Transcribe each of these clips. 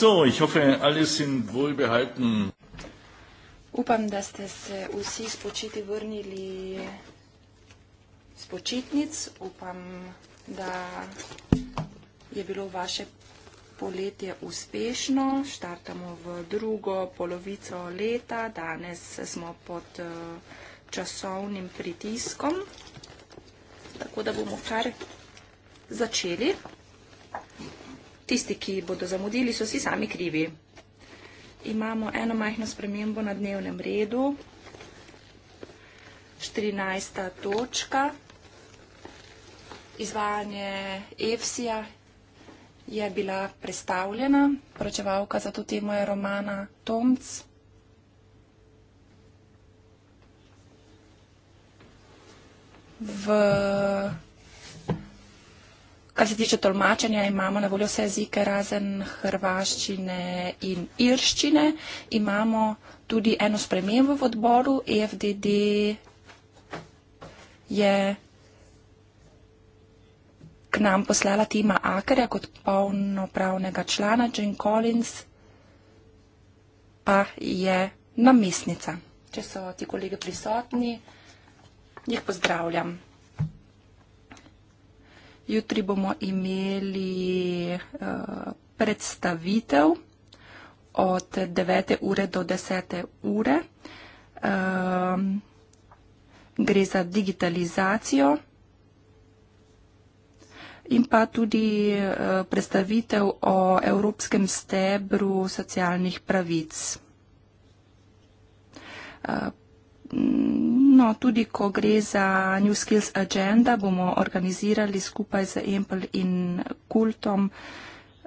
So, ich hoffe, alle sind wohlbehalten. Upam, da ste se vsi spočiti vrnili spočitnic. Upam, da je bilo vaše poletje uspešno. Štartamo v drugo polovico leta. Danes smo pod eh, časovnim pritiskom. Tako da bomo kar začeli tisti, ki bodo zamudili, so si sami krivi. Imamo eno majhno spremembo na dnevnem redu. 14. točka. Izvajanje EFSI-ja je bila predstavljena. Pročevalka za to temo je Romana Tomc. V Kar se tiče tolmačenja, imamo na voljo vse jezike razen hrvaščine in irščine. Imamo tudi eno spremembo v odboru, EFDD je k nam poslala Tima Akerja kot polnopravnega člana, Jane Collins pa je namestnica. Če so ti kolege prisotni, jih pozdravljam. Jutri bomo imeli uh, predstavitev od 9. ure do 10. ure. Uh, gre za digitalizacijo in pa tudi uh, predstavitev o evropskem stebru socialnih pravic. Uh, No, tudi ko gre za New Skills Agenda, bomo organizirali skupaj z Ample in Kultom,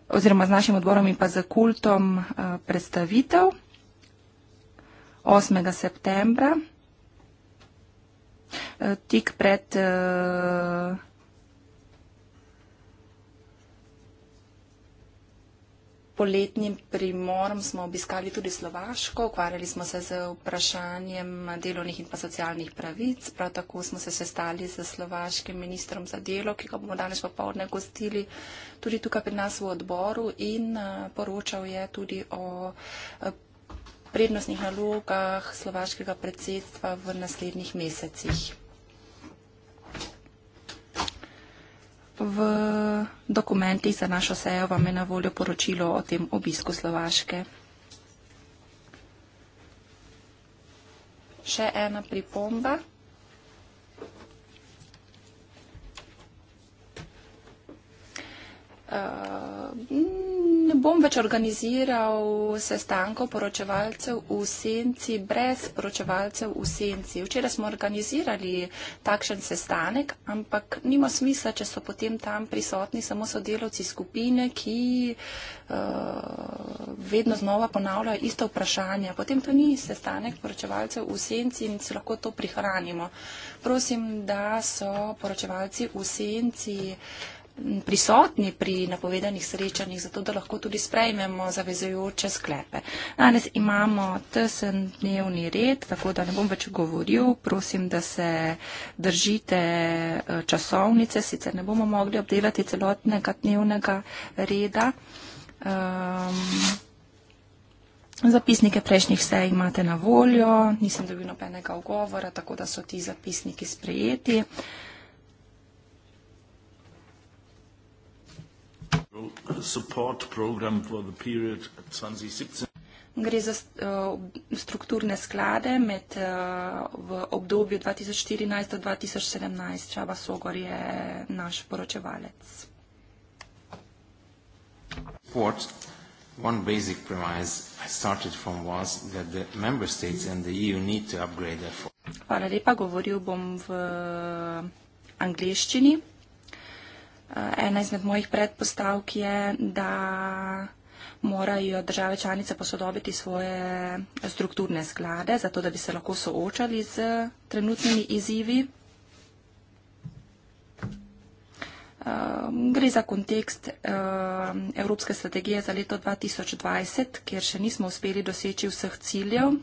oziroma z našim odborom in pa z Kultom eh, predstavitev 8. septembra, eh, tik pred eh, poletnim primorom smo obiskali tudi Slovaško, ukvarjali smo se z vprašanjem delovnih in pa socialnih pravic, prav tako smo se sestali z slovaškim ministrom za delo, ki ga bomo danes popovdne gostili tudi tukaj pri nas v odboru in eh, poročal je tudi o eh, prednostnih nalogah slovaškega predsedstva v naslednjih mesecih. V dokumentih za našo sejo vam je na voljo poročilo o tem obisku Slovaške. Še ena pripomba. Eh, ne bom več organiziral sestankov poročevalcev v senci, brez poročevalcev v senci. Včeraj smo organizirali takšen sestanek, ampak nima smisla, če so potem tam prisotni samo sodelovci skupine, ki uh, vedno znova ponavljajo isto vprašanje. Potem to ni sestanek poročevalcev v senci in se lahko to prihranimo. Prosim, da so poročevalci v senci. Uh, prisotni pri napovedanih srečanjih, zato da lahko tudi sprejmemo zavezujoče sklepe. Danes imamo tesen dnevni red, tako da ne bom več govoril. Prosim, da se držite eh, časovnice, sicer ne bomo mogli obdelati celotnega dnevnega reda. Um, Zapisnike prejšnjih sej imate na voljo, nisem dobil nobenega ogovora, tako da so ti zapisniki sprejeti. Uh, Global Support Program for the period 2017. Gre za uh, strukturne sklade med, uh, v obdobju 2014 do 2017. Čava Sogor je naš poročevalec. Port. One basic premise I started from was that the member states and the EU need to upgrade their Hvala lepa, govoril bom v eh, angleščini. Eh, ena izmed mojih predpostavk je, da morajo države članice posodobiti svoje strukturne sklade, zato da bi se lahko soočali z trenutnimi izzivi. Eh, gre za kontekst eh, Evropske strategije za leto 2020, kjer še nismo uspeli doseči vseh ciljev.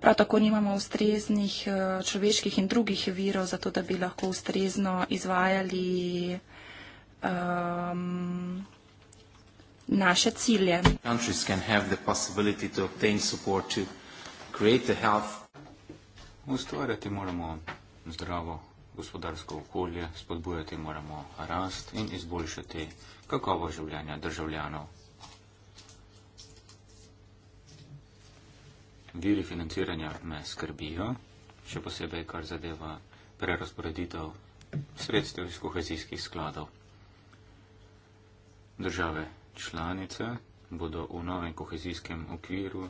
Prav tako nimamo ustreznih eh, človeških in drugih virov, zato da bi lahko ustrezno izvajali um, naše cilje. Ustvarjati moramo zdravo gospodarsko okolje, spodbujati moramo rast in izboljšati kakovo življenja državljanov. viri financiranja me skrbijo, še posebej kar zadeva prerasporeditev sredstev iz kohezijskih skladov. Države članice bodo v novem kohezijskem okviru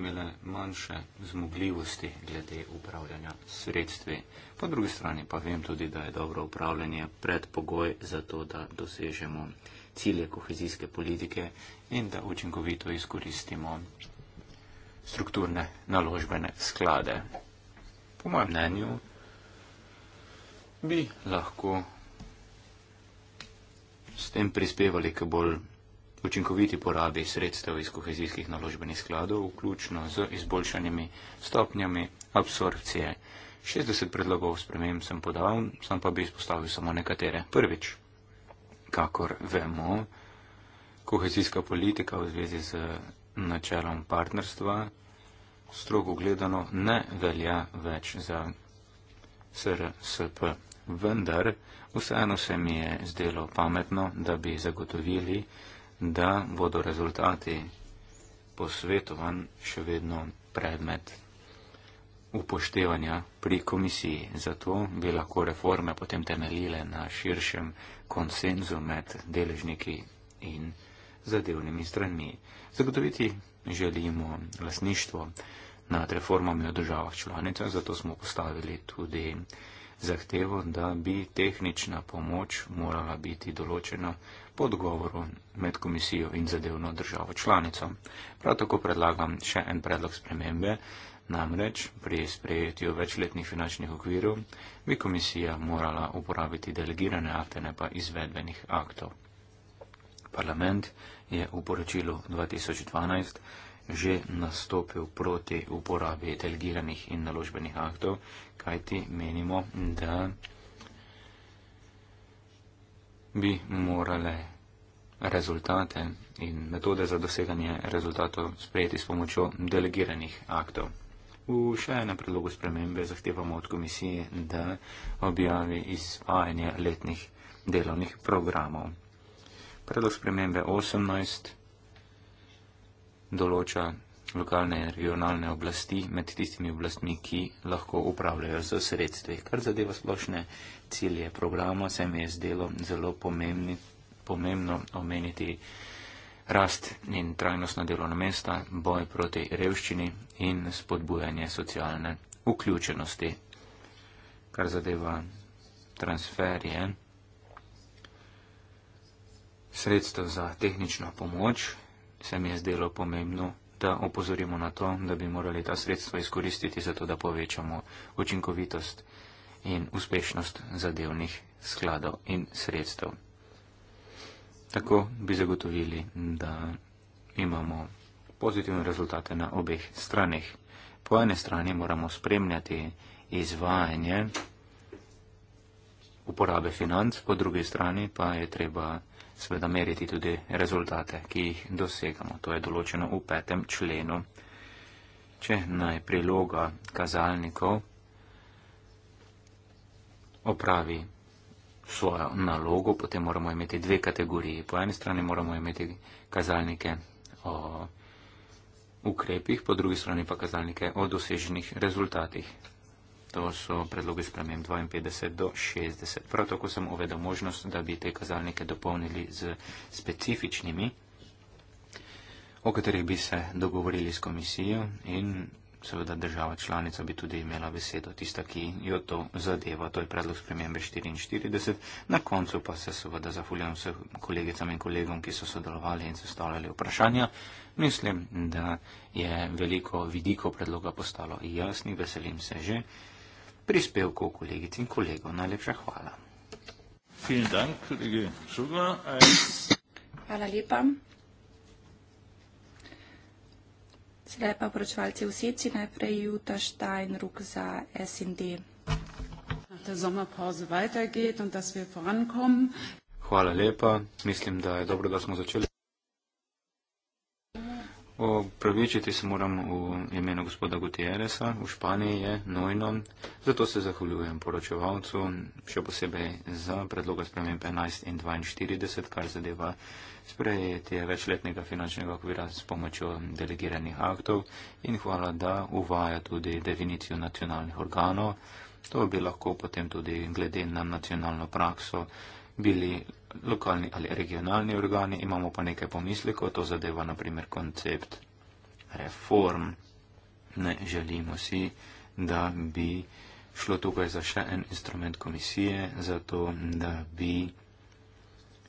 imele manjše zmogljivosti glede upravljanja sredstvi. Po drugi strani pa vem tudi, da je dobro upravljanje predpogoj za to, da dosežemo cilje kohezijske politike in da učinkovito izkoristimo strukturne naložbene sklade. Po mojem mnenju bi lahko s tem prispevali k bolj učinkoviti porabi sredstev iz kohezijskih naložbenih skladov, vključno z izboljšanimi stopnjami absorpcije. 60 predlogov sprememb sem podal, sam pa bi izpostavil samo nekatere. Prvič, kakor vemo, kohezijska politika v zvezi z načelom partnerstva, strogo gledano, ne velja več za SRSP. Vendar vseeno se mi je zdelo pametno, da bi zagotovili, da bodo rezultati posvetovan še vedno predmet upoštevanja pri komisiji. Zato bi lahko reforme potem temeljile na širšem konsenzu med deležniki in komisijo zadevnimi stranmi. Zagotoviti želimo lasništvo nad reformami v državah članicah, zato smo postavili tudi zahtevo, da bi tehnična pomoč morala biti določena po dogovoru med komisijo in zadevno državo članico. Prav tako predlagam še en predlog spremembe, namreč pri sprejetju večletnih finančnih okvirov bi komisija morala uporabiti delegirane akte, ne pa izvedbenih aktov parlament je v poročilu 2012 že nastopil proti uporabi delegiranih in naložbenih aktov, kajti menimo, da bi morale rezultate in metode za doseganje rezultatov sprejeti s pomočjo delegiranih aktov. V še enem predlogu spremembe zahtevamo od komisije, da objavi izvajanje letnih delovnih programov. Predlog spremembe 18 določa lokalne in regionalne oblasti med tistimi oblastmi, ki lahko upravljajo z sredstvi. Kar zadeva splošne cilje programa, se mi je zdelo zelo pomembni, pomembno omeniti rast in trajnostna delovna mesta, boj proti revščini in spodbujanje socialne vključenosti. Kar zadeva transferje. Eh? sredstev za tehnično pomoč, se mi je zdelo pomembno, da opozorimo na to, da bi morali ta sredstva izkoristiti za to, da povečamo učinkovitost in uspešnost zadevnih skladov in sredstev. Tako bi zagotovili, da imamo pozitivne rezultate na obeh stranih. Po ene strani moramo spremljati izvajanje uporabe financ, po drugi strani pa je treba seveda meriti tudi rezultate, ki jih dosegamo. To je določeno v petem členu. Če naj priloga kazalnikov opravi svojo nalogo, potem moramo imeti dve kategoriji. Po eni strani moramo imeti kazalnike o ukrepih, po drugi strani pa kazalnike o doseženih rezultatih to so predloge sprememb 52 do 60. Prav tako sem uvedel možnost, da bi te kazalnike dopolnili z specifičnimi, o katerih bi se dogovorili s komisijo in seveda država članica bi tudi imela besedo tista, ki jo to zadeva. To je predlog spremembe 44. Na koncu pa se seveda zahvaljujem vse kolegicam in kolegom, ki so sodelovali in zastavljali vprašanja. Mislim, da je veliko vidiko predloga postalo jasni, veselim se že prispevku kolegic in kolegov. Najlepša hvala. Hvala lepa. Sedaj pa poročevalci v seci, najprej Juta Steinruk za SND. Hvala lepa. Mislim, da je dobro, da smo začeli. Opravičiti se moram v imenu gospoda Gutieresa, v Španiji je nojno, zato se zahvaljujem poročevalcu, še posebej za predloga spremembe 15 in 42, kar zadeva sprejetje večletnega finančnega okvira s pomočjo delegiranih aktov in hvala, da uvaja tudi definicijo nacionalnih organov. To bi lahko potem tudi glede na nacionalno prakso bili lokalni ali regionalni organi, imamo pa nekaj pomislekov, to zadeva naprimer koncept reform. Ne želimo si, da bi šlo tukaj za še en instrument komisije, zato da bi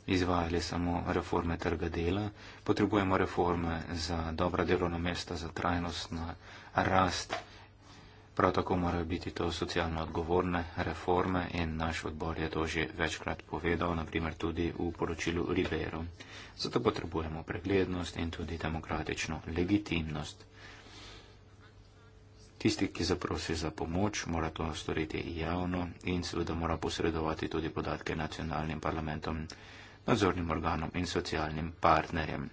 izvajali samo reforme trga dela. Potrebujemo reforme za dobra delovna mesta, za trajnostna rast Prav tako morajo biti to socialno odgovorne reforme in naš odbor je to že večkrat povedal, naprimer tudi v poročilu Ribeiro. Zato potrebujemo preglednost in tudi demokratično legitimnost. Tisti, ki zaprosi za pomoč, mora to storiti javno in seveda mora posredovati tudi podatke nacionalnim parlamentom, nadzornim organom in socialnim partnerjem.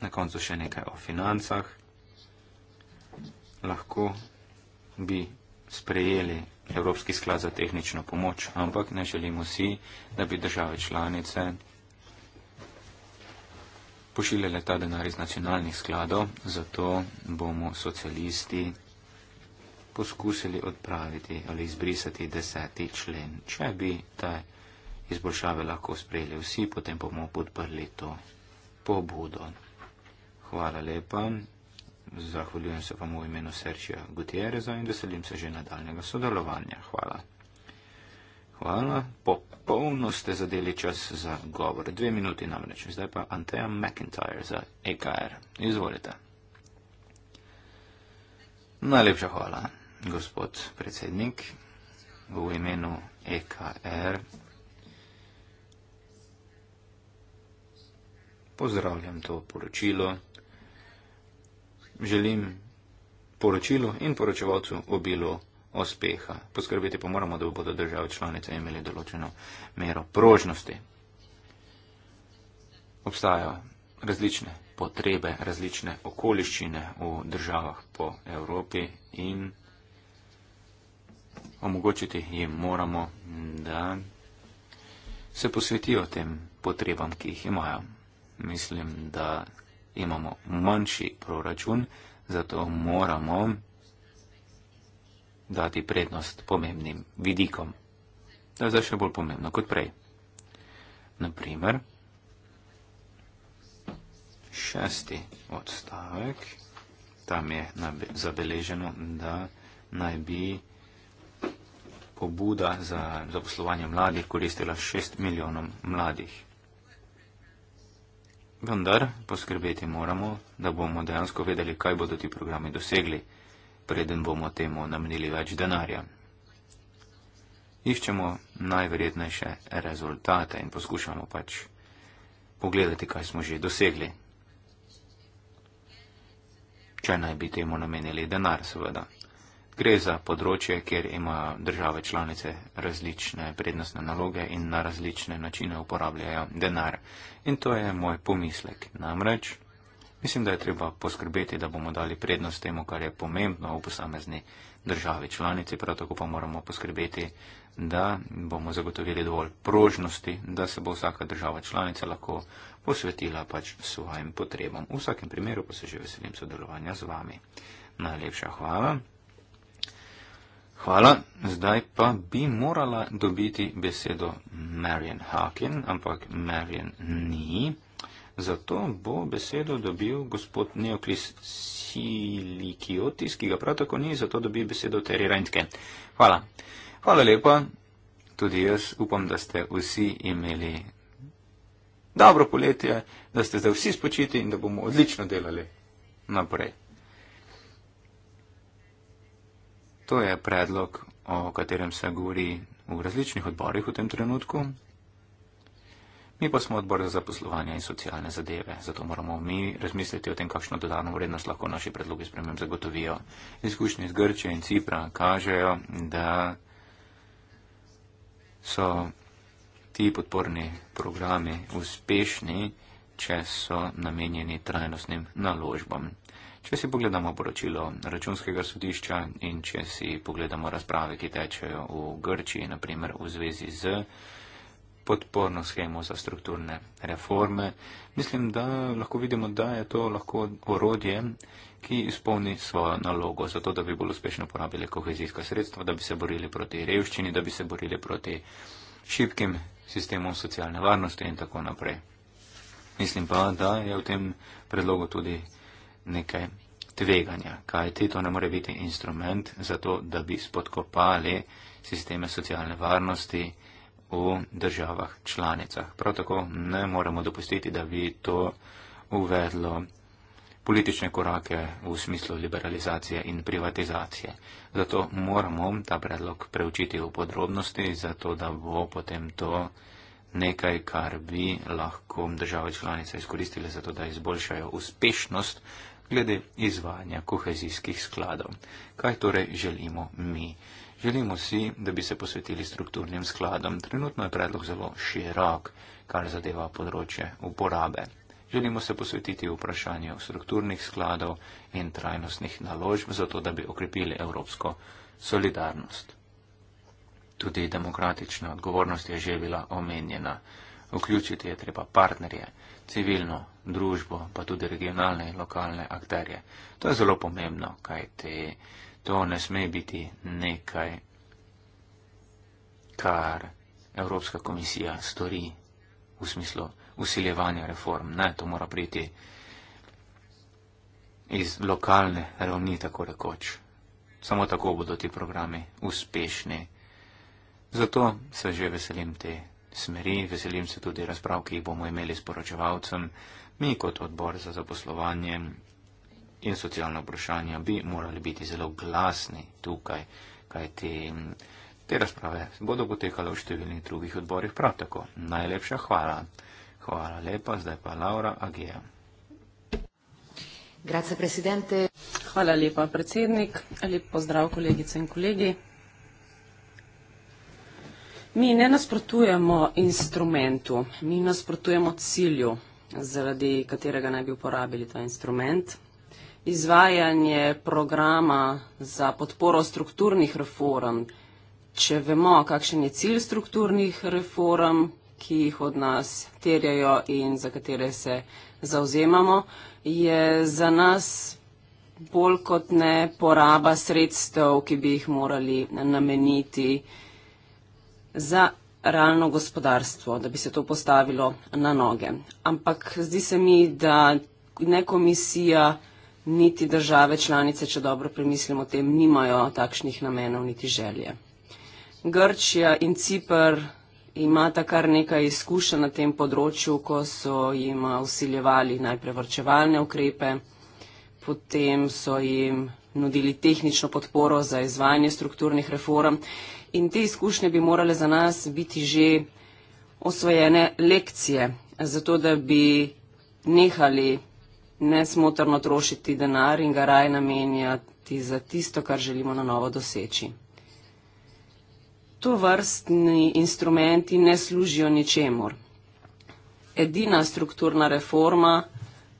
Na koncu še nekaj o financah. Lahko bi sprejeli Evropski sklad za tehnično pomoč, ampak ne želimo si, da bi države članice pošiljale ta denar iz nacionalnih skladov, zato bomo socialisti poskusili odpraviti ali izbrisati deseti člen. Če bi te izboljšave lahko sprejeli vsi, potem bomo podprli to pobudo. Hvala lepa. Zahvaljujem se vam v imenu Serčija Gutierreza in veselim se že nadaljnega sodelovanja. Hvala. Hvala. Popolno ste zadeli čas za govor. Dve minuti namreč. Zdaj pa Anteja McIntyre za EKR. Izvolite. Najlepša hvala, gospod predsednik. V imenu EKR pozdravljam to poročilo želim poročilu in poročevalcu obilo uspeha. Poskrbeti pa moramo, da bodo države članice imeli določeno mero prožnosti. Obstajajo različne potrebe, različne okoliščine v državah po Evropi in omogočiti jim moramo, da se posvetijo tem potrebam, ki jih imajo. Mislim, da imamo manjši proračun, zato moramo dati prednost pomembnim vidikom. To je zdaj še bolj pomembno kot prej. Naprimer, šesti odstavek, tam je zabeleženo, da naj bi pobuda za zaposlovanje mladih koristila šest milijonom mladih. Vendar poskrbeti moramo, da bomo dejansko vedeli, kaj bodo ti programi dosegli, preden bomo temu namenili več denarja. Iščemo najverjetnejše rezultate in poskušamo pač pogledati, kaj smo že dosegli. Če naj bi temu namenili denar, seveda gre za področje, kjer imajo države članice različne prednostne naloge in na različne načine uporabljajo denar. In to je moj pomislek. Namreč, mislim, da je treba poskrbeti, da bomo dali prednost temu, kar je pomembno v posamezni državi članici, prav tako pa moramo poskrbeti, da bomo zagotovili dovolj prožnosti, da se bo vsaka država članica lahko posvetila pač svojim potrebam. V vsakem primeru pa se že veselim sodelovanja z vami. Najlepša hvala. Hvala. Zdaj pa bi morala dobiti besedo Marian Hakin, ampak Marian ni. Zato bo besedo dobil gospod Neoklis Silikiotis, ki ga prav tako ni, zato dobi besedo Terry Reintke. Hvala. Hvala lepa. Tudi jaz upam, da ste vsi imeli dobro poletje, da ste zdaj vsi spočiti in da bomo odlično delali naprej. To je predlog, o katerem se govori v različnih odborih v tem trenutku. Mi pa smo odbor za zaposlovanje in socialne zadeve, zato moramo mi razmisliti o tem, kakšno dodano vrednost lahko naši predlogi sprememb zagotovijo. Izkušnje iz Grče in Cipra kažejo, da so ti podporni programi uspešni, če so namenjeni trajnostnim naložbam. Če si pogledamo poročilo računskega sodišča in če si pogledamo razprave, ki tečejo v Grčiji, naprimer v zvezi z podporno schemo za strukturne reforme, mislim, da lahko vidimo, da je to lahko orodje, ki izpolni svojo nalogo za to, da bi bolj uspešno porabili kohezijska sredstva, da bi se borili proti revščini, da bi se borili proti šibkim sistemom socialne varnosti in tako naprej. Mislim pa, da je v tem predlogu tudi neke tveganja, kaj ti to ne more biti instrument za to, da bi spodkopali sisteme socialne varnosti v državah članicah. Prav tako ne moremo dopustiti, da bi to uvedlo politične korake v smislu liberalizacije in privatizacije. Zato moramo ta predlog preučiti v podrobnosti, zato da bo potem to nekaj, kar bi lahko države članice izkoristile za to, da izboljšajo uspešnost glede izvajanja kohezijskih skladov. Kaj torej želimo mi? Želimo si, da bi se posvetili strukturnim skladom. Trenutno je predlog zelo širok, kar zadeva področje uporabe. Želimo se posvetiti vprašanju strukturnih skladov in trajnostnih naložb, zato da bi okrepili evropsko solidarnost. Tudi demokratična odgovornost je že bila omenjena. Vključiti je treba partnerje civilno družbo, pa tudi regionalne in lokalne akterje. To je zelo pomembno, kaj te, to ne sme biti nekaj, kar Evropska komisija stori v smislu usiljevanja reform. Ne, to mora priti iz lokalne ravni, tako rekoč. Samo tako bodo ti programi uspešni. Zato se že veselim te smeri. Veselim se tudi razprav, ki jih bomo imeli s poročevalcem. Mi kot odbor za zaposlovanje in socialno vprašanje bi morali biti zelo glasni tukaj, kajti te razprave bodo potekale v številnih drugih odborih prav tako. Najlepša hvala. Hvala lepa, zdaj pa Laura Agija. Hvala lepa, predsednik. Lep pozdrav, kolegice in kolegi. Mi ne nasprotujemo instrumentu, mi nasprotujemo cilju, zaradi katerega naj bi uporabili ta instrument. Izvajanje programa za podporo strukturnih reform, če vemo, kakšen je cilj strukturnih reform, ki jih od nas terjajo in za katere se zauzemamo, je za nas bolj kot ne poraba sredstev, ki bi jih morali nameniti za realno gospodarstvo, da bi se to postavilo na noge. Ampak zdi se mi, da ne komisija, niti države članice, če dobro premislimo o tem, nimajo takšnih namenov niti želje. Grčija in Cipr imata kar nekaj izkušenj na tem področju, ko so jim usiljevali najprej vrčevalne ukrepe, potem so jim nudili tehnično podporo za izvajanje strukturnih reform in te izkušnje bi morale za nas biti že osvojene lekcije, zato da bi nehali nesmotrno trošiti denar in ga raj namenjati za tisto, kar želimo na novo doseči. To vrstni instrumenti ne služijo ničemor. Edina strukturna reforma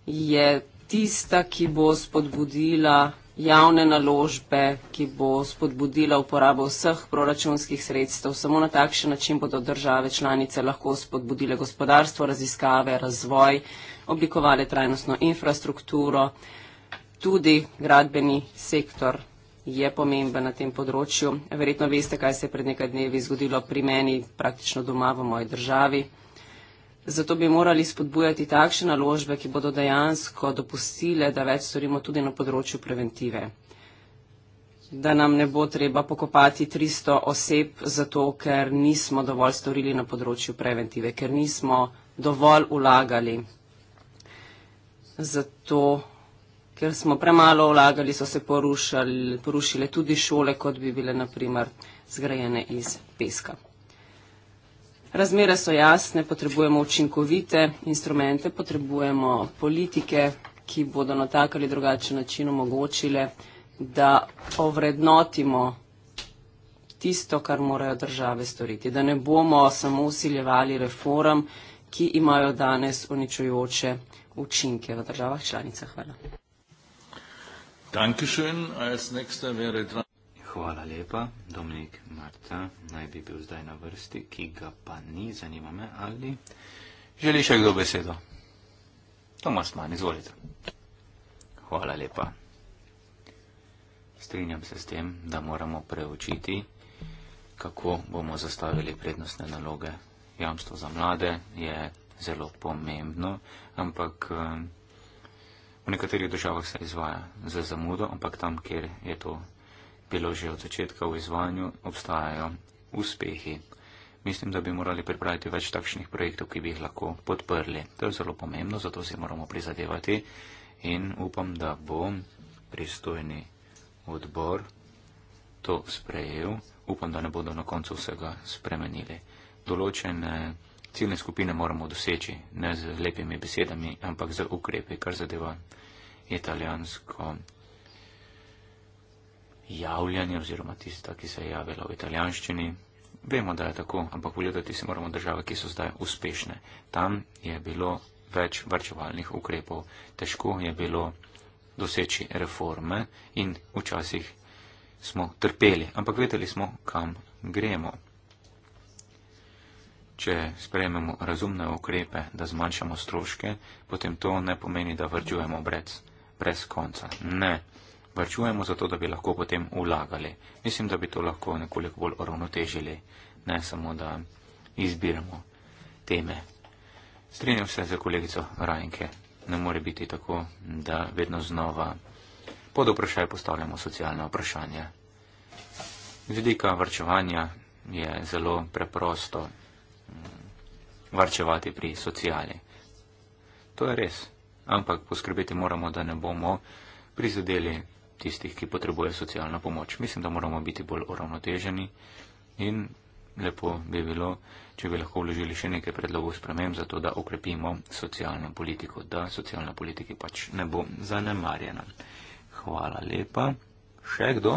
je tista, ki bo spodbudila javne naložbe, ki bo spodbudila uporabo vseh proračunskih sredstev. Samo na takšen način bodo države članice lahko spodbudile gospodarstvo, raziskave, razvoj, oblikovale trajnostno infrastrukturo. Tudi gradbeni sektor je pomemben na tem področju. Verjetno veste, kaj se je pred nekaj dnevi zgodilo pri meni, praktično doma v moji državi. Zato bi morali spodbujati takšne naložbe, ki bodo dejansko dopustile, da več storimo tudi na področju preventive. Da nam ne bo treba pokopati 300 oseb, zato ker nismo dovolj storili na področju preventive, ker nismo dovolj ulagali. Zato, ker smo premalo ulagali, so se porušali, porušile tudi šole, kot bi bile naprimer zgrajene iz peska. Razmere so jasne, potrebujemo učinkovite instrumente, potrebujemo politike, ki bodo na tak ali drugačen način omogočile, da ovrednotimo tisto, kar morajo države storiti. Da ne bomo samo usiljevali reform, ki imajo danes uničujoče učinke v državah članicah. Hvala. Dankeschön. Als nächster wäre dran. Hvala lepa. Dominik Marta naj bi bil zdaj na vrsti, ki ga pa ni. Zanima me, ali želi še kdo besedo. Tomas Man, izvolite. Hvala lepa. Strinjam se s tem, da moramo preučiti, kako bomo zastavili prednostne naloge. Jamstvo za mlade je zelo pomembno, ampak eh, v nekaterih državah se izvaja za zamudo, ampak tam, kjer je to bilo že od začetka v izvajanju, obstajajo uspehi. Mislim, da bi morali pripraviti več takšnih projektov, ki bi jih lahko podprli. To je zelo pomembno, zato si moramo prizadevati in upam, da bo pristojni odbor to sprejel. Upam, da ne bodo na koncu vsega spremenili. Določene ciljne skupine moramo doseči, ne z lepimi besedami, ampak z ukrepi, kar zadeva italijansko javljanje oziroma tista, ki se je javila v italijanščini. Vemo, da je tako, ampak pogledati si moramo države, ki so zdaj uspešne. Tam je bilo več varčevalnih ukrepov, težko je bilo doseči reforme in včasih smo trpeli, ampak vedeli smo, kam gremo. Če sprejmemo razumne ukrepe, da zmanjšamo stroške, potem to ne pomeni, da vrčujemo brez, brez konca. Ne varčujemo zato, da bi lahko potem ulagali. Mislim, da bi to lahko nekoliko bolj uravnotežili, ne samo, da izbiramo teme. Strinjam se za kolegico Rajnke. Ne more biti tako, da vedno znova pod vprašaj postavljamo socialne vprašanja. Z vidika varčevanja je zelo preprosto mm, varčevati pri sociali. To je res, ampak poskrbeti moramo, da ne bomo prizadeli tistih, ki potrebuje socialno pomoč. Mislim, da moramo biti bolj uravnoteženi in lepo bi bilo, če bi lahko vložili še nekaj predlogov sprememb za to, da okrepimo socialno politiko, da socialna politika pač ne bo zanemarjena. Hvala lepa. Še kdo?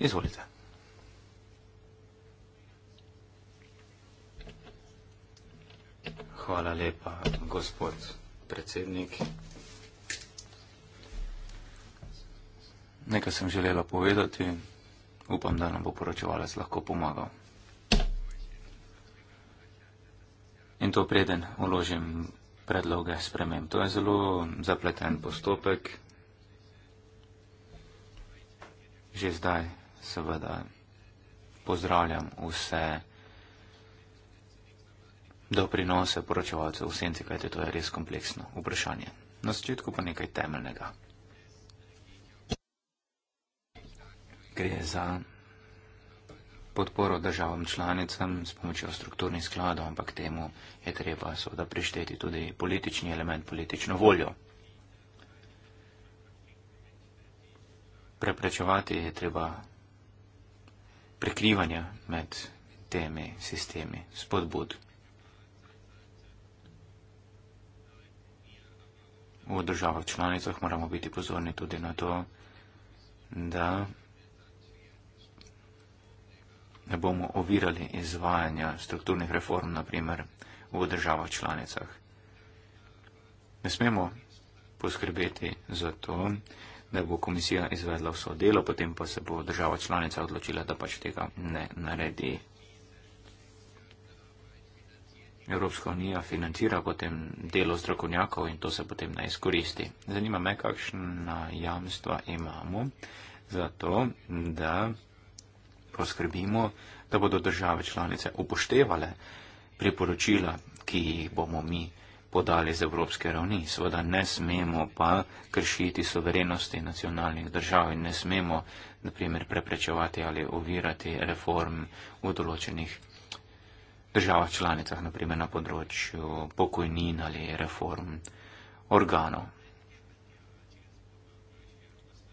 Izvolite. Hvala lepa, gospod predsednik. Nekaj sem želela povedati. Upam, da nam bo poročevalec lahko pomagal. In to preden uložim predloge sprememb. To je zelo zapleten postopek. Že zdaj seveda pozdravljam vse doprinose poročevalcev v senci, kajte to je res kompleksno vprašanje. Na začetku pa nekaj temeljnega. gre za podporo državam članicam s pomočjo strukturnih skladov, ampak temu je treba seveda prišteti tudi politični element, politično voljo. Preprečevati je treba prekrivanja med temi sistemi spodbud. V državah članicah moramo biti pozorni tudi na to, da ne bomo ovirali izvajanja strukturnih reform, naprimer v državah članicah. Ne smemo poskrbeti za to, da bo komisija izvedla vso delo, potem pa se bo država članica odločila, da pač tega ne naredi. Evropska unija financira potem delo strokovnjakov in to se potem ne izkoristi. Zanima me, kakšna jamstva imamo za to, da proskrbimo, da bodo države članice upoštevale priporočila, ki jih bomo mi podali z evropske ravni. Seveda ne smemo pa kršiti soverenosti nacionalnih držav in ne smemo, naprimer, preprečevati ali ovirati reform v določenih državah članicah, naprimer na področju pokojnin ali reform organov.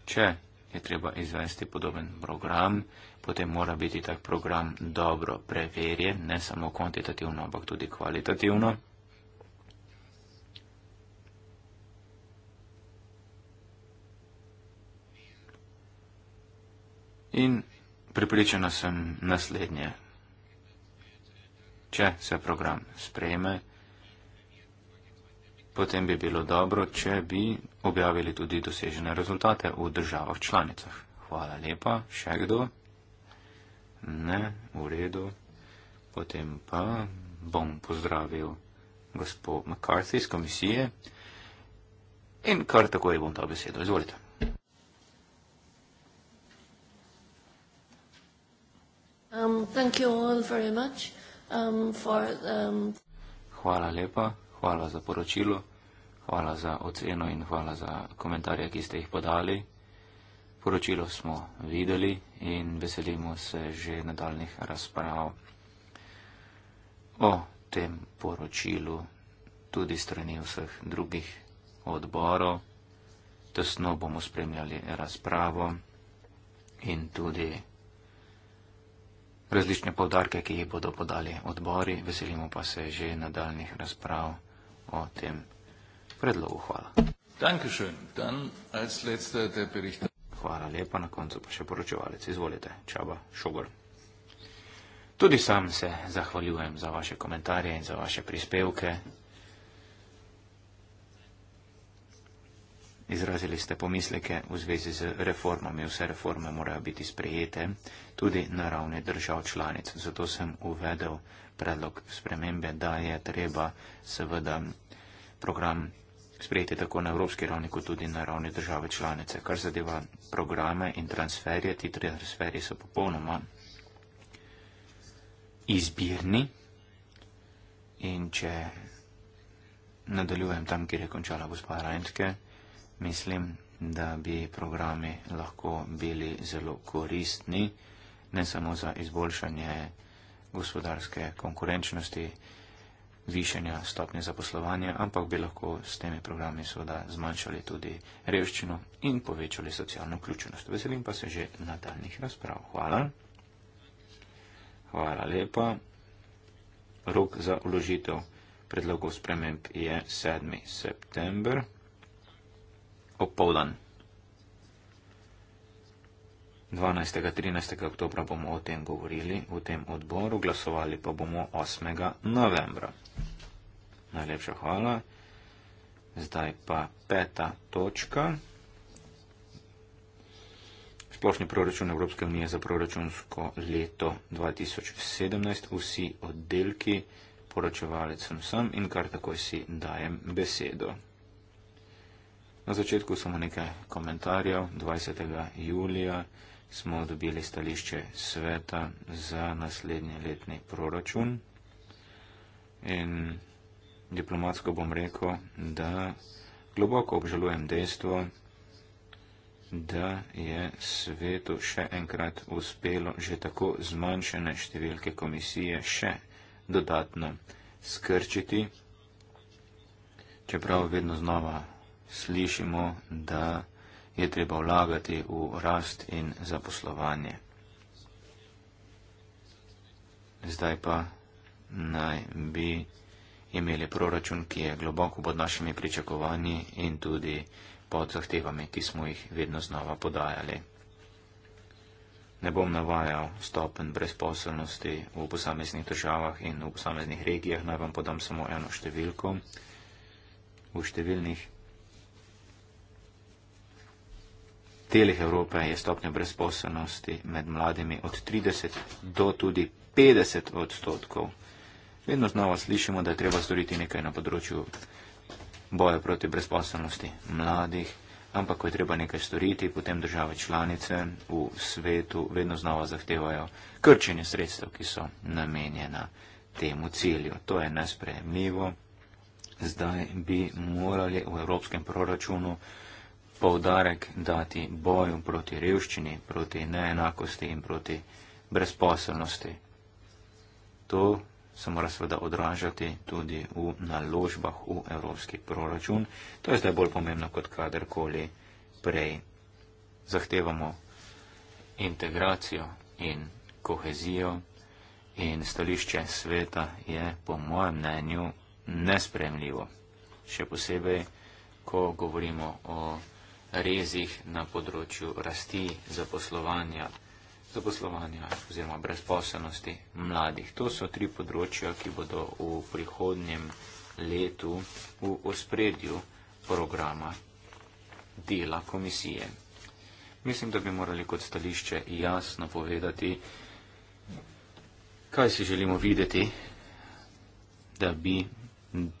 Če je treba izvesti podoben program, potem mora biti tak program dobro preverjen, ne samo kvantitativno, ampak tudi kvalitativno. In pripričana sem naslednje. Če se program sprejme, potem bi bilo dobro, če bi objavili tudi dosežene rezultate v državah članicah. Hvala lepa, še kdo? Ne, v redu. Potem pa bom pozdravil gospod McCarthy iz komisije in kar takoj bom ta besedo. Izvolite. Um, thank you all very much um, for. Um... Hvala lepa, hvala za poročilo, hvala za oceno in hvala za komentarje, ki ste jih podali. Poročilo smo videli in veselimo se že nadaljnih razprav o tem poročilu, tudi strani vseh drugih odborov. Tesno bomo spremljali razpravo in tudi različne povdarke, ki jih bodo podali odbori. Veselimo pa se že nadaljnih razprav o tem predlogu. Hvala. Danke schön. Dann als letzter der Bericht. Hvala lepa, na koncu pa še poročevalec. Izvolite, Čaba Šogor. Tudi sam se zahvaljujem za vaše komentarje in za vaše prispevke. Izrazili ste pomisleke v zvezi z reformami. Vse reforme morajo biti sprejete tudi na ravni držav članic. Zato sem uvedel predlog spremembe, da je treba seveda program sprejeti tako na evropski ravni, kot tudi na ravni države članice. Kar zadeva programe in transferje, ti tri transferje so popolnoma izbirni. In če nadaljujem tam, kjer je končala gospa Rajnske, mislim, da bi programi lahko bili zelo koristni, ne samo za izboljšanje gospodarske konkurenčnosti, višanja stopnje zaposlovanja, ampak bi lahko s temi programi seveda zmanjšali tudi revščino in povečali socialno vključenost. Veselim pa se že nadaljnih razprav. Hvala. Hvala lepa. Rok za uložitev predlogov sprememb je 7. september. Opoldan. 12. in 13. oktobra bomo o tem govorili v tem odboru, glasovali pa bomo 8. novembra. Najlepša hvala. Zdaj pa peta točka. Splošni proračun Evropske unije za proračunsko leto 2017. Vsi oddelki, poročevalec sem sam in kar takoj si dajem besedo. Na začetku samo nekaj komentarjev. 20. julija smo dobili stališče sveta za naslednji letni proračun. In diplomatsko bom rekel, da globoko obžalujem dejstvo, da je svetu še enkrat uspelo že tako zmanjšene številke komisije še dodatno skrčiti, čeprav vedno znova slišimo, da je treba vlagati v rast in zaposlovanje. Zdaj pa naj bi imeli proračun, ki je globoko pod našimi pričakovanji in tudi pod zahtevami, ki smo jih vedno znova podajali. Ne bom navajal stopen brezposelnosti v posameznih državah in v posameznih regijah, naj vam podam samo eno številko. V številnih delih Evrope je stopnja brezposelnosti med mladimi od 30 do tudi 50 odstotkov. Vedno znova slišimo, da je treba storiti nekaj na področju boja proti brezposobnosti mladih, ampak ko je treba nekaj storiti, potem države članice v svetu vedno znova zahtevajo krčenje sredstev, ki so namenjena temu cilju. To je nesprejemljivo. Zdaj bi morali v evropskem proračunu povdarek dati boju proti revščini, proti neenakosti in proti brezposobnosti. To se mora seveda odražati tudi v naložbah v evropski proračun. To je zdaj bolj pomembno kot kadarkoli prej. Zahtevamo integracijo in kohezijo in stališče sveta je po mojem mnenju nespremljivo. Še posebej, ko govorimo o rezih na področju rasti, zaposlovanja, zaposlovanja oziroma brezposelnosti mladih. To so tri področja, ki bodo v prihodnjem letu v ospredju programa dela komisije. Mislim, da bi morali kot stališče jasno povedati, kaj si želimo videti, da bi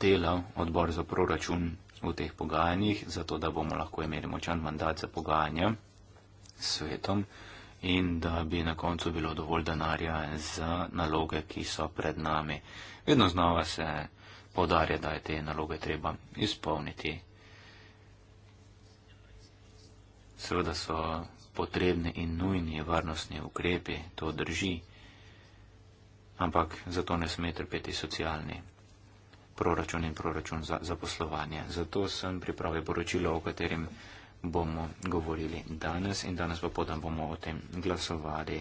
delal odbor za proračun v teh pogajanjih, zato da bomo lahko imeli močan mandat za pogajanja s svetom in da bi na koncu bilo dovolj denarja za naloge, ki so pred nami. Vedno znova se podarja, da je te naloge treba izpolniti. Seveda so potrebni in nujni varnostni ukrepi, to drži, ampak zato ne sme trpeti socialni proračun in proračun za zaposlovanje. Zato sem pripravil poročilo, o katerem bomo govorili danes in danes v podan bomo o tem glasovali.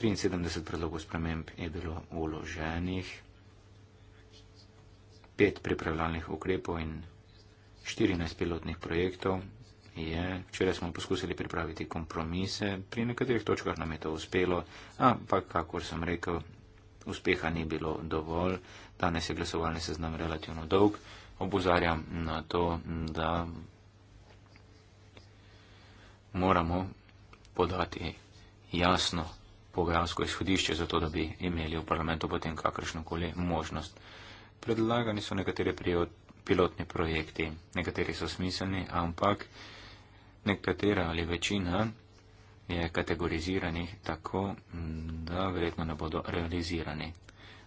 73 predlogov sprememb je bilo uloženih, pet pripravljalnih ukrepov in 14 pilotnih projektov je. Včeraj smo poskusili pripraviti kompromise, pri nekaterih točkah nam je to uspelo, ampak, kakor sem rekel, uspeha ni bilo dovolj. Danes je glasovalni seznam relativno dolg. Obozarjam na to, da moramo podati jasno pogajalsko izhodišče, zato da bi imeli v parlamentu potem kakršno koli možnost. Predlagani so nekateri pilotni projekti, nekateri so smiselni, ampak nekatera ali večina je kategoriziranih tako, da verjetno ne bodo realizirani.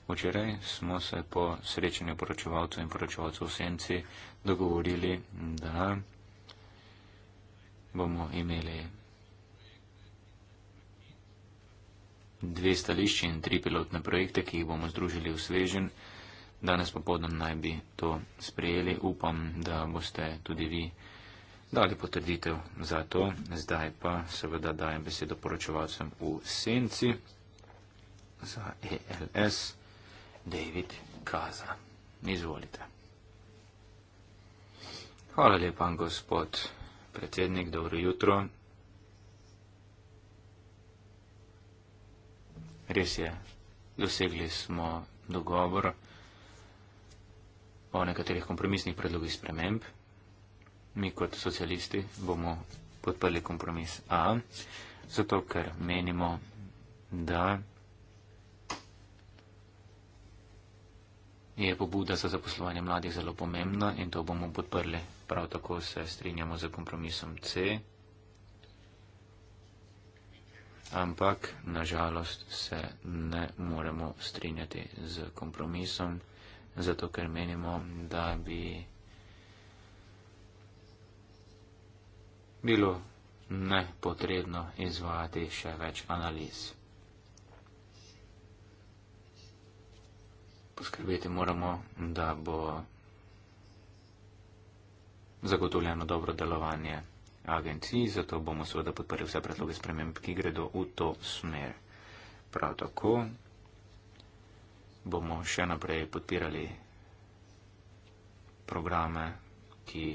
Včeraj smo se po srečanju poročevalcev in poročevalcev v Senci dogovorili, da bomo imeli dve stališči in tri pilotne projekte, ki jih bomo združili v svežen. Danes popodnem naj bi to sprejeli. Upam, da boste tudi vi dali potrditev za to. Zdaj pa seveda dajem besedo poročevalcem v senci za ELS. David Kaza. Izvolite. Hvala lepa, gospod predsednik, dobro jutro. Res je, dosegli smo dogovor o nekaterih kompromisnih predlogih sprememb. Mi kot socialisti bomo podprli kompromis A, zato ker menimo, da je pobuda za zaposlovanje mladih zelo pomembna in to bomo podprli prav tako se strinjamo za kompromisom C, ampak nažalost se ne moremo strinjati z kompromisom, zato ker menimo, da bi bilo nepotrebno izvajati še več analiz. Poskrbeti moramo, da bo zagotovljeno dobro delovanje agencij, zato bomo seveda podprli vse predloge sprememb, ki gredo v to smer. Prav tako bomo še naprej podpirali programe, ki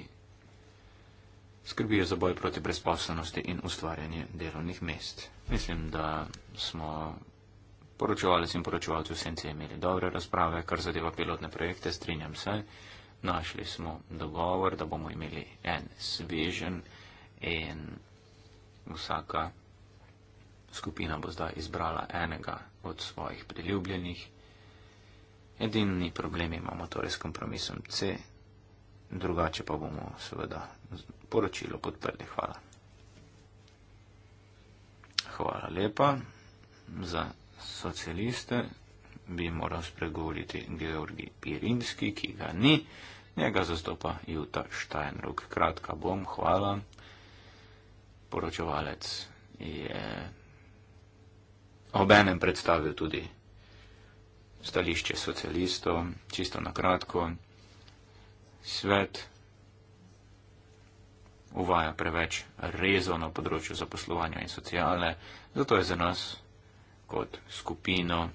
skrbijo za boj proti brezposlenosti in ustvarjanje delovnih mest. Mislim, da smo poročevalci in poročevalci v Sence imeli dobre razprave, kar zadeva pilotne projekte, strinjam se našli smo dogovor, da bomo imeli en svežen in vsaka skupina bo zdaj izbrala enega od svojih priljubljenih. Edini problem imamo torej s kompromisom C, drugače pa bomo seveda poročilo podprli. Hvala. Hvala lepa za socialiste bi moral spregovoriti Georgi Pirinski, ki ga ni, njega zastopa Juta Štajnrug. Kratka bom, hvala. Poročevalec je obenem predstavil tudi stališče socialistov, čisto na kratko. Svet uvaja preveč rezov na področju zaposlovanja in sociale, zato je za nas kot skupino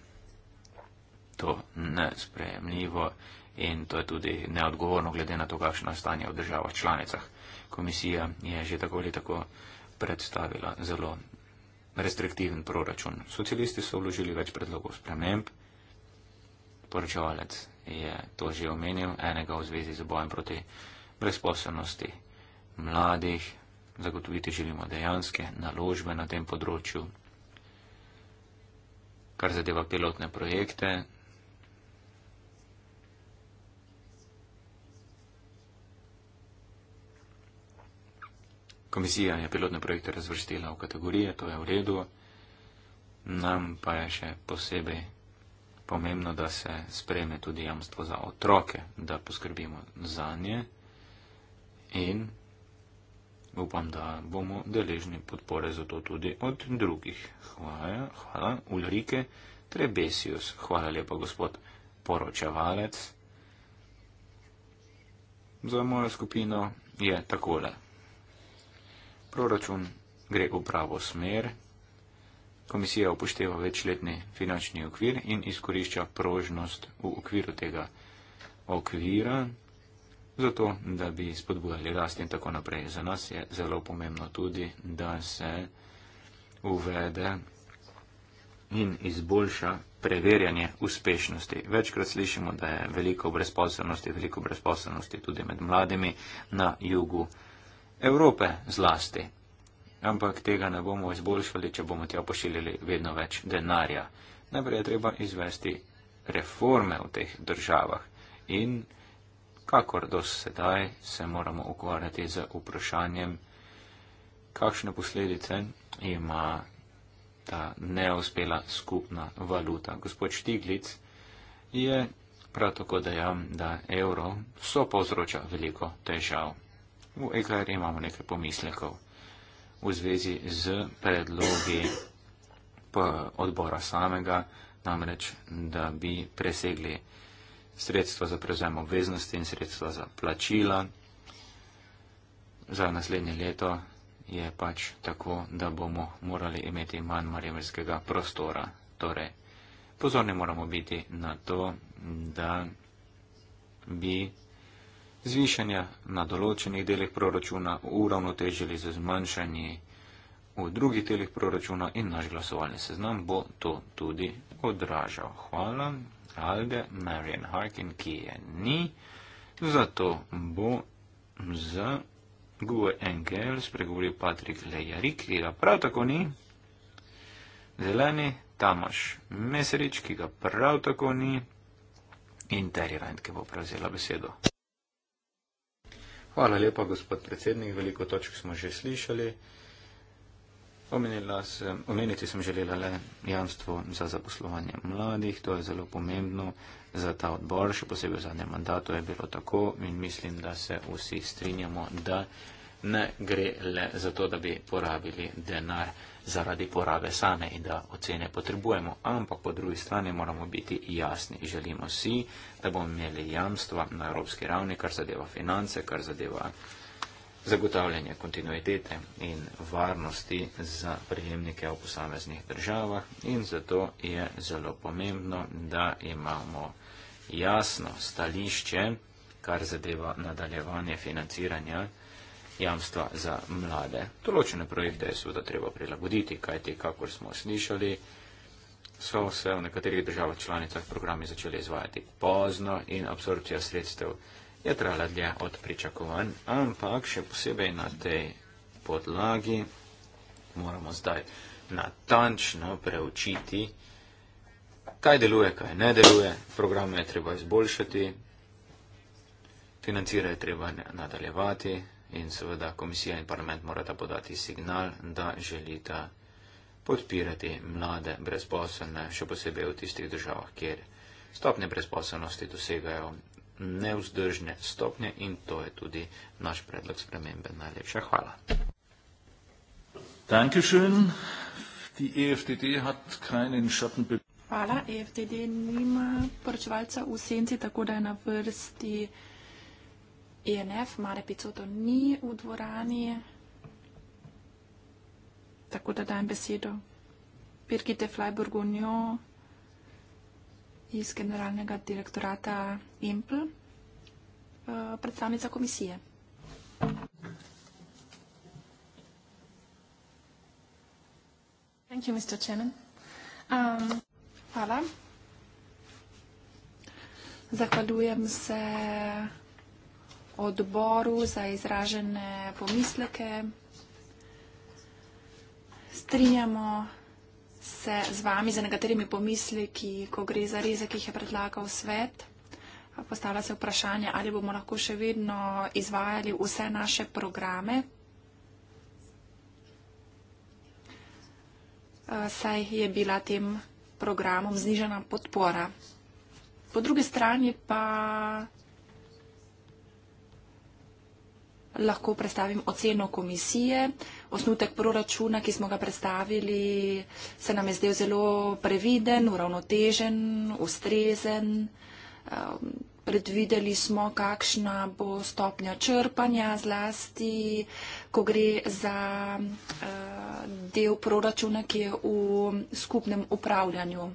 to nesprejemljivo in to je tudi neodgovorno, glede na to, kakšno stanje v državah članicah. Komisija je že tako ali tako predstavila zelo restriktiven proračun. Socialisti so vložili več predlogov sprememb, poročevalec je to že omenil, enega v zvezi z bojem proti brezposobnosti mladih, zagotoviti želimo dejanske naložbe na tem področju. Kar zadeva pilotne projekte, komisija je pilotne projekte razvrstila v kategorije, to je v redu. Nam pa je še posebej pomembno, da se spreme tudi jamstvo za otroke, da poskrbimo za nje in upam, da bomo deležni podpore za to tudi od drugih. Hvala, hvala Ulrike Trebesius, hvala lepa gospod poročevalec. Za mojo skupino je takole proračun gre v pravo smer, komisija upošteva večletni finančni okvir in izkorišča prožnost v okviru tega okvira, zato da bi spodbujali rast in tako naprej. Za nas je zelo pomembno tudi, da se uvede in izboljša preverjanje uspešnosti. Večkrat slišimo, da je veliko brezposobnosti, veliko brezposobnosti tudi med mladimi na jugu. Evrope zlasti. Ampak tega ne bomo izboljšali, če bomo tja pošiljali vedno več denarja. Najprej je treba izvesti reforme v teh državah in kakor do sedaj se moramo ukvarjati z vprašanjem, kakšne posledice ima ta neuspela skupna valuta. Gospod Štiglic je prav tako dejal, da evro so povzroča veliko težav. V EKR imamo nekaj pomislekov v zvezi z predlogi odbora samega, namreč, da bi presegli sredstva za prevzem obveznosti in sredstva za plačila za naslednje leto je pač tako, da bomo morali imeti manj marjevskega prostora. Torej, pozorni moramo biti na to, da bi zvišanja na določenih delih proračuna uravnotežili z zmanjšanji v drugih delih proračuna in naš glasovalni seznam bo to tudi odražal. Hvala Alge Marian Harkin, ki je ni, zato bo za Gue Engel spregovoril Patrik Lejarik, ki ga prav tako ni, zeleni Tamaš Meserič, ki ga prav tako ni, in Terry Rand, ki bo prevzela besedo. Hvala lepa, gospod predsednik. Veliko točk smo že slišali. Sem, omeniti sem želela le jamstvo za zaposlovanje mladih. To je zelo pomembno za ta odbor, še posebej v zadnjem mandatu je bilo tako in mislim, da se vsi strinjamo, da ne gre le za to, da bi porabili denar zaradi porabe same in da ocene potrebujemo, ampak po drugi strani moramo biti jasni. Želimo si, da bomo imeli jamstva na evropski ravni, kar zadeva finance, kar zadeva zagotavljanje kontinuitete in varnosti za prejemnike v posameznih državah in zato je zelo pomembno, da imamo jasno stališče, kar zadeva nadaljevanje financiranja jamstva za mlade. Določene projekte je seveda treba prilagoditi, kajti, kakor smo slišali, so se v nekaterih državah članicah programi začeli izvajati pozno in absorpcija sredstev je trajala dlje od pričakovanj, ampak še posebej na tej podlagi moramo zdaj natančno preučiti, kaj deluje, kaj ne deluje, programe je treba izboljšati, financiranje je treba nadaljevati, in seveda komisija in parlament morata podati signal, da želita podpirati mlade brezposelne, še posebej v tistih državah, kjer stopne brezposelnosti dosegajo nevzdržne stopnje in to je tudi naš predlog spremembe. Najlepša hvala. E hvala, EFTD nima poročevalca v senci, tako da je na vrsti. INF, e Mare Picoto ni v dvorani, tako da dajem besedo Birgite Flajburgunjo iz generalnega direktorata IMPL, eh, predstavnica komisije. Thank you, Mr. Chairman. Um... Hvala. Zahvaljujem se odboru za izražene pomisleke. Strinjamo se z vami za nekaterimi pomisleki, ko gre za reze, ki jih je predlagal svet. Postavlja se vprašanje, ali bomo lahko še vedno izvajali vse naše programe. Eh, saj je bila tem programom znižena podpora. Po drugi strani pa lahko predstavim oceno komisije. Osnutek proračuna, ki smo ga predstavili, se nam je zdel zelo previden, uravnotežen, ustrezen. Ehm, predvideli smo, kakšna bo stopnja črpanja, zlasti, ko gre za eh, del proračuna, ki je v skupnem upravljanju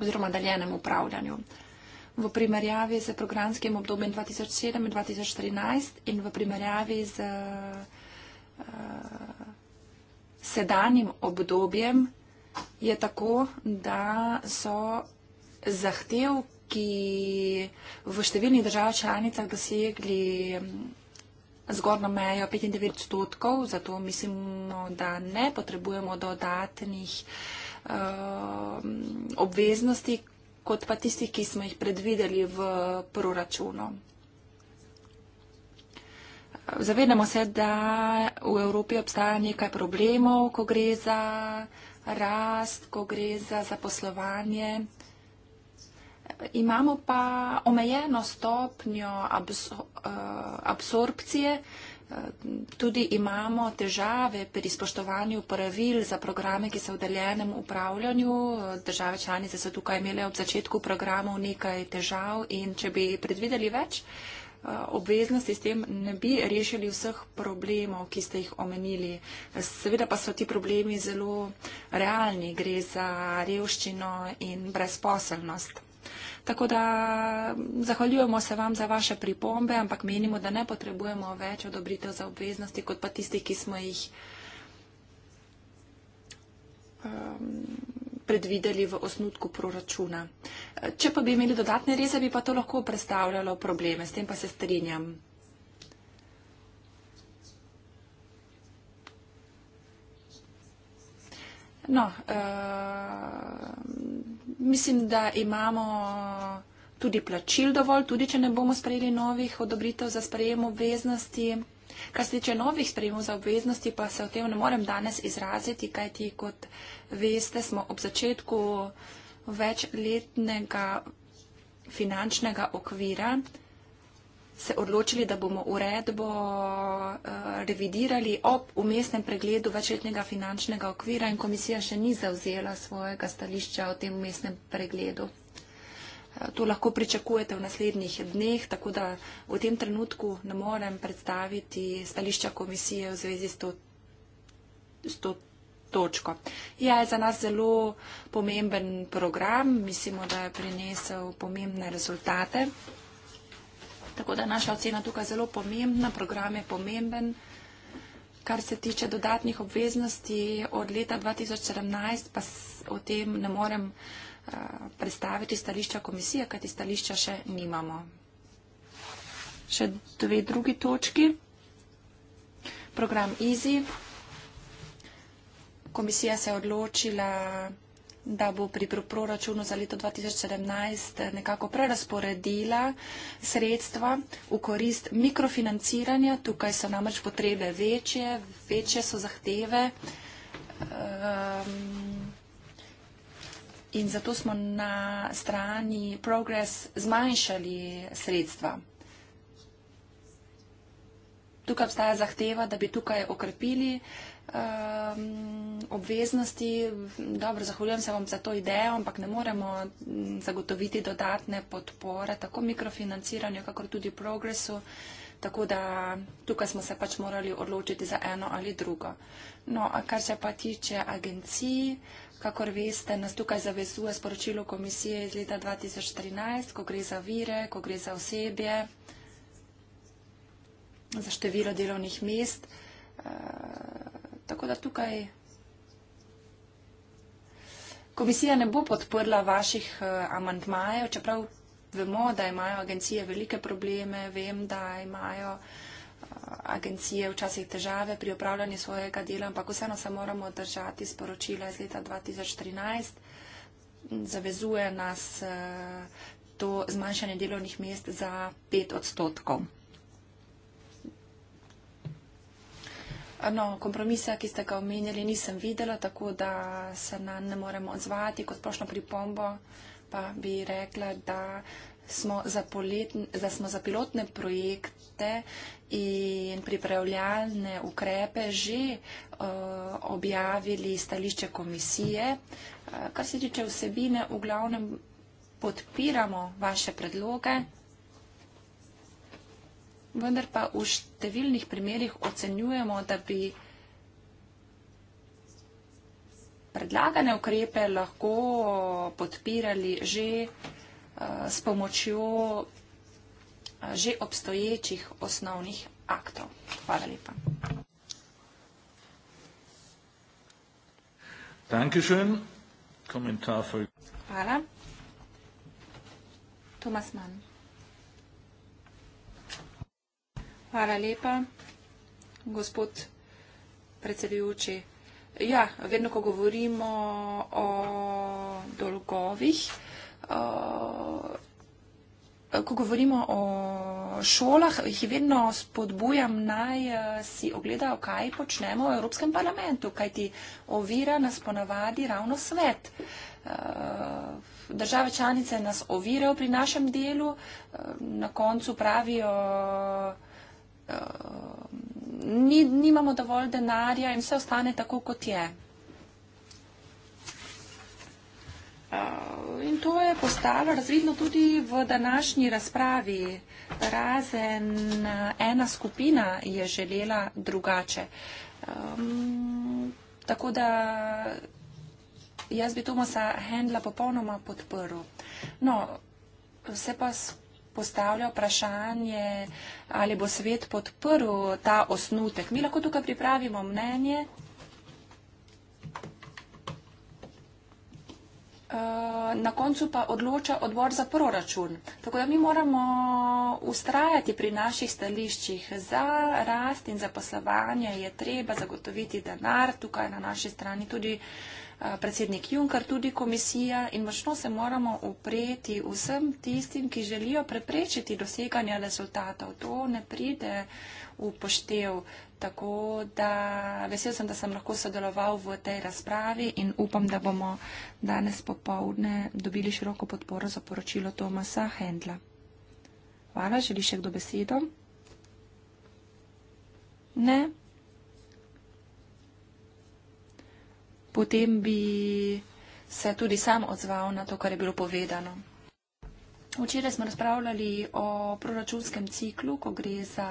oziroma daljenem upravljanju v primerjavi z programskim obdobjem 2007-2013 in v primerjavi z uh, sedanjim obdobjem je tako, da so zahtevki v številnih državah članicah dosegli mm, zgornjo mejo 95 odstotkov, zato mislimo, da ne potrebujemo dodatnih uh, obveznosti, kot pa tistih, ki smo jih predvideli v proračunu. Zavedamo se, da v Evropi obstaja nekaj problemov, ko gre za rast, ko gre za zaposlovanje. Imamo pa omejeno stopnjo absor eh, absorpcije, tudi imamo težave pri spoštovanju pravil za programe, ki so v deljenem upravljanju. Države članice so tukaj imele ob začetku programov nekaj težav in če bi predvideli več obveznosti s tem ne bi rešili vseh problemov, ki ste jih omenili. Seveda pa so ti problemi zelo realni, gre za revščino in brezposelnost. Tako da zahvaljujemo se vam za vaše pripombe, ampak menimo, da ne potrebujemo več odobritev za obveznosti, kot pa tisti, ki smo jih um, predvideli v osnutku proračuna. Če pa bi imeli dodatne reze, bi pa to lahko predstavljalo probleme. S tem pa se strinjam. No, uh, mislim, da imamo tudi plačil dovolj, tudi če ne bomo sprejeli novih odobritev za sprejem obveznosti. Kar se tiče novih sprejemov za obveznosti, pa se o tem ne morem danes izraziti, kajti kot veste, smo ob začetku večletnega finančnega okvira se odločili, da bomo uredbo eh, revidirali ob umestnem pregledu večletnega finančnega okvira in komisija še ni zauzela svojega stališča o tem umestnem pregledu. Eh, to lahko pričakujete v naslednjih dneh, tako da v tem trenutku ne morem predstaviti stališča komisije v zvezi s to, s to točko. Ja, je za nas zelo pomemben program, mislimo, da je prinesel pomembne rezultate. Tako da je naša ocena tukaj zelo pomembna, program je pomemben. Kar se tiče dodatnih obveznosti od leta 2017, pa o tem ne morem eh, predstaviti stališča komisije, kajti stališča še nimamo. Še dve drugi točki. Program EASY. Komisija se je odločila da bo pri proračunu za leto 2017 nekako prerasporedila sredstva v korist mikrofinanciranja. Tukaj so namreč potrebe večje, večje so zahteve. Um, in zato smo na strani Progress zmanjšali sredstva. Tukaj obstaja zahteva, da bi tukaj okrepili uh, um, obveznosti. Dobro, zahvaljujem se vam za to idejo, ampak ne moremo zagotoviti dodatne podpore tako mikrofinanciranju, kakor tudi progresu. Tako da tukaj smo se pač morali odločiti za eno ali drugo. No, a kar se pa tiče agencij, kakor veste, nas tukaj zavezuje sporočilo komisije iz leta 2013, ko gre za vire, ko gre za osebje, za število delovnih mest tako da tukaj komisija ne bo podprla vaših eh, amantmajev, čeprav vemo, da imajo agencije velike probleme, vem, da imajo eh, agencije včasih težave pri upravljanju svojega dela, ampak vseeno se moramo držati sporočila iz leta 2013. Zavezuje nas eh, to zmanjšanje delovnih mest za pet odstotkov. No, kompromisa, ki ste ga omenjali, nisem videla, tako da se na ne moremo odzvati kot splošno pripombo, pa bi rekla, da smo za, poletn, da smo za pilotne projekte in pripravljalne ukrepe že uh, objavili stališče komisije. Uh, kar se tiče vsebine, v glavnem podpiramo vaše predloge, vendar pa v številnih primerjih ocenjujemo, da bi predlagane ukrepe lahko podpirali že eh, s pomočjo eh, že obstoječih osnovnih aktov. Hvala lepa. Hvala. Tomas Mann. Hvala lepa, gospod predsedujoči. Ja, vedno, ko govorimo o dolgovih, eh, ko govorimo o šolah, jih vedno spodbujam naj eh, si ogledajo, kaj počnemo v Evropskem parlamentu, kaj ti ovira nas ponavadi ravno svet. Eh, države članice nas ovirajo pri našem delu, na koncu pravijo, Ehm, ni, nimamo dovolj denarja in vse ostane tako, kot je. Ehm, in to je postalo razvidno tudi v današnji razpravi. Razen eh, ena skupina je želela drugače. Um, tako da jaz bi Tomasa Hendla popolnoma podprl. No, se pa postavlja vprašanje, ali bo svet podprl ta osnutek. Mi lahko tukaj pripravimo mnenje. Eh, na koncu pa odloča odbor za proračun. Tako da mi moramo ustrajati pri naših stališčih. Za rast in zaposlovanje je treba zagotoviti denar. Tukaj na naši strani tudi uh, predsednik Juncker, tudi komisija in močno se moramo upreti vsem tistim, ki želijo preprečiti doseganje rezultatov. To ne pride v poštev. Tako da vesel sem, da sem lahko sodeloval v tej razpravi in upam, da bomo danes popovdne dobili široko podporo za poročilo Tomasa Hendla. Hvala, želi še kdo besedo? Ne. potem bi se tudi sam odzval na to, kar je bilo povedano. Včeraj smo razpravljali o proračunskem ciklu, ko gre za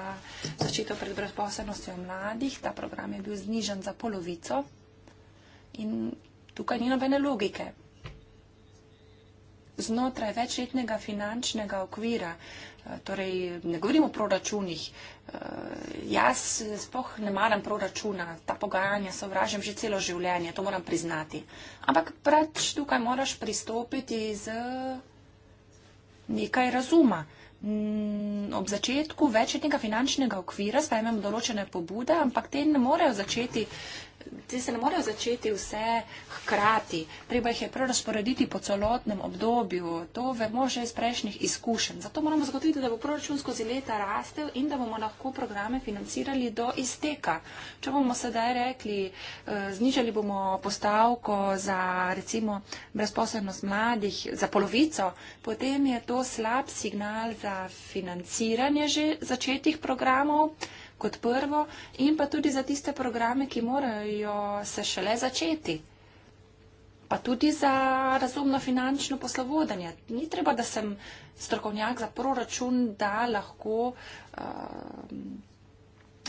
zaščito pred brezposobnostjo mladih. Ta program je bil znižen za polovico in tukaj ni nobene logike. Znotraj večletnega finančnega okvira Torej, ne govorimo o proračunih. Eh, jaz spoh ne maram proračuna, ta pogajanja sovražim že celo življenje, to moram priznati. Ampak pač tukaj moraš pristopiti z nekaj razuma. Mm, ob začetku večetnega finančnega okvira sprejmemo določene pobude, ampak te ne morejo začeti uh, ti se ne morejo začeti vse hkrati, treba jih je prerasporediti po celotnem obdobju, to vemo že iz prejšnjih izkušenj. Zato moramo zagotoviti, da bo proračun skozi leta rastel in da bomo lahko programe financirali do izteka. Če bomo sedaj rekli, eh, znižali bomo postavko za recimo brezposobnost mladih za polovico, potem je to slab signal za financiranje že začetih programov kot prvo in pa tudi za tiste programe, ki morajo se šele začeti. Pa tudi za razumno finančno poslovodanje. Ni treba, da sem strokovnjak za proračun, da lahko. Uh,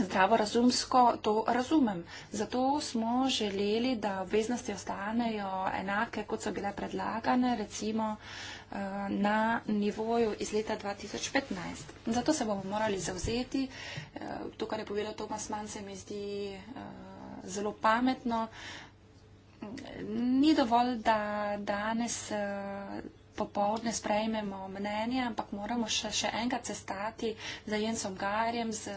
zdravorazumsko to razumem. Zato smo želeli, da obveznosti ostanejo enake, kot so bile predlagane, recimo eh, na nivoju iz leta 2015. Zato se bomo morali zavzeti. Eh, to, kar je povedal Tomas Mann, se mi zdi eh, zelo pametno. Ni dovolj, da danes popovdne sprejmemo mnenje, ampak moramo še, še enkrat se stati za Jensom Garjem, z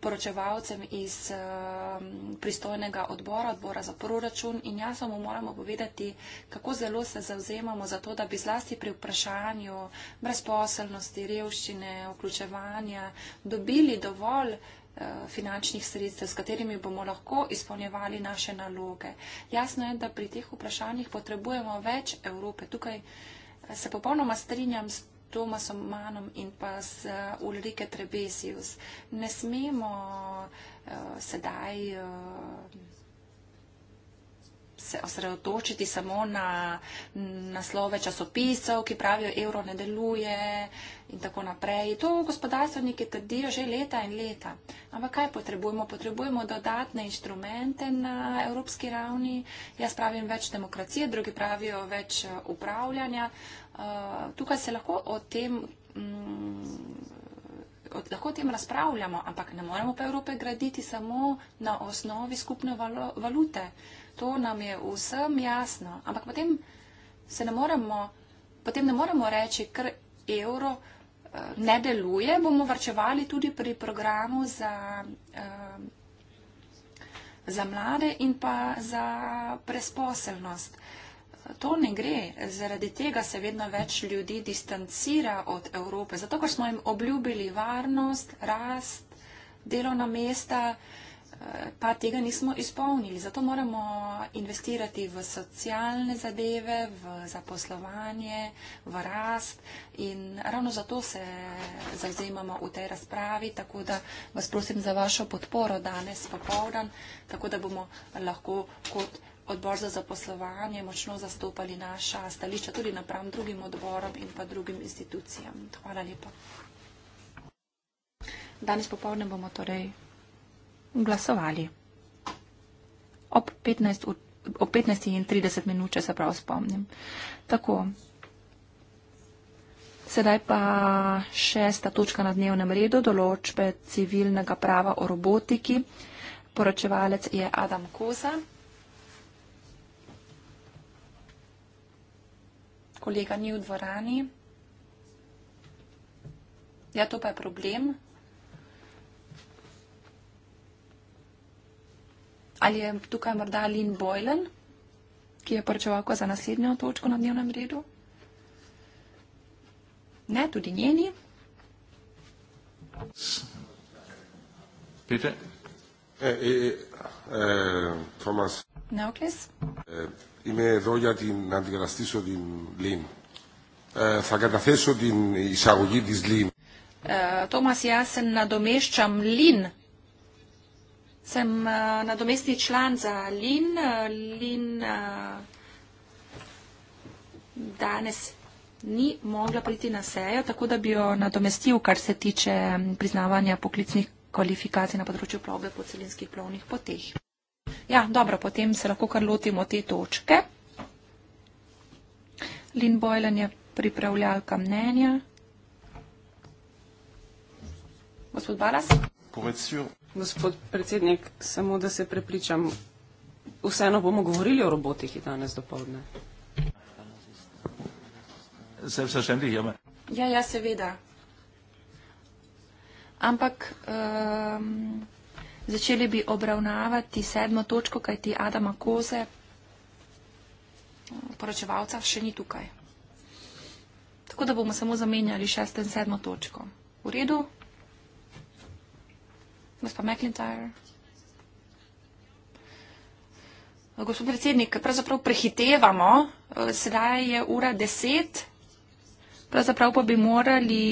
poročevalcem iz um, pristojnega odbora, odbora za proračun in jasno mu moramo povedati, kako zelo se zauzemamo za to, da bi zlasti pri vprašanju brezposelnosti, revščine, vključevanja dobili dovolj uh, finančnih sredstev, s katerimi bomo lahko izpolnjevali naše naloge. Jasno je, da pri teh vprašanjih potrebujemo več Evrope. Tukaj uh, se popolnoma strinjam s Tomasom Manom in pa s eh, Ulrike Trebesius. Ne smemo uh, sedaj uh, se osredotočiti samo na naslove časopisov, ki pravijo, evro ne deluje in tako naprej. To gospodarstveniki trdijo že leta in leta. Ampak kaj potrebujemo? Potrebujemo dodatne inštrumente na evropski ravni. Jaz pravim več demokracije, drugi pravijo več upravljanja. Eh, tukaj se lahko o tem. Mm, Lahko o tem razpravljamo, ampak ne moremo pa Evrope graditi samo na osnovi skupne valute. To nam je vsem jasno. Ampak potem, ne moremo, potem ne moremo reči, ker evro eh, ne deluje, bomo varčevali tudi pri programu za, eh, za mlade in pa za presposelnost. To ne gre. Zaradi tega se vedno več ljudi distancira od Evrope. Zato, ker smo jim obljubili varnost, rast, delovna mesta, eh, pa tega nismo izpolnili. Zato moramo investirati v socialne zadeve, v zaposlovanje, v rast in ravno zato se zavzemamo v tej razpravi, tako da vas prosim za vašo podporo danes popovdan, tako da bomo lahko kot odbor za zaposlovanje močno zastopali naša stališča tudi napram drugim odborom in pa drugim institucijam. Hvala lepa. Danes popovdne bomo torej glasovali. Ob 15.30 ob 15 minut, če se prav spomnim. Tako. Sedaj pa šesta točka na dnevnem redu, določbe civilnega prava o robotiki. Poročevalec je Adam Koza. kolega ni v dvorani. Ja, to pa je problem. Ali je tukaj morda Lin Boylan, ki je poročeval za naslednjo točko na dnevnem redu? Ne, tudi njeni. Peter? E, e, e, Thomas? Neokles? E. Είμαι εδώ για την, να αντικαταστήσω την ΛΙΝ. Ε, θα καταθέσω την εισαγωγή της ΛΙΝ. Το μασιάσεν να ντομίσχαμ ΛΙΝ. Σεμ να ντομίστη τσλάντζα ΛΙΝ, ΛΙΝ δάνες ni mogla priti na sejo, tako da bi jo nadomestil, kar se tiče priznavanja poklicnih kvalifikacij na področju plovbe po celinskih plovnih poteh. Ja, dobro, potem se lahko kar lotimo te točke. Lynn Boylan je pripravljalka mnenja. Gospod Balas. Gospod predsednik, samo da se prepričam, vseeno bomo govorili o robotih danes do povdne. Se vse še enih jame? Ja, ja, seveda. Ampak um, začeli bi obravnavati sedmo točko, kajti Adama Koze, poročevalca, še ni tukaj. Tako da bomo samo zamenjali šest in sedmo točko. V redu? Gospod McIntyre? Gospod predsednik, pravzaprav prehitevamo. Sedaj je ura deset. Pravzaprav pa bi morali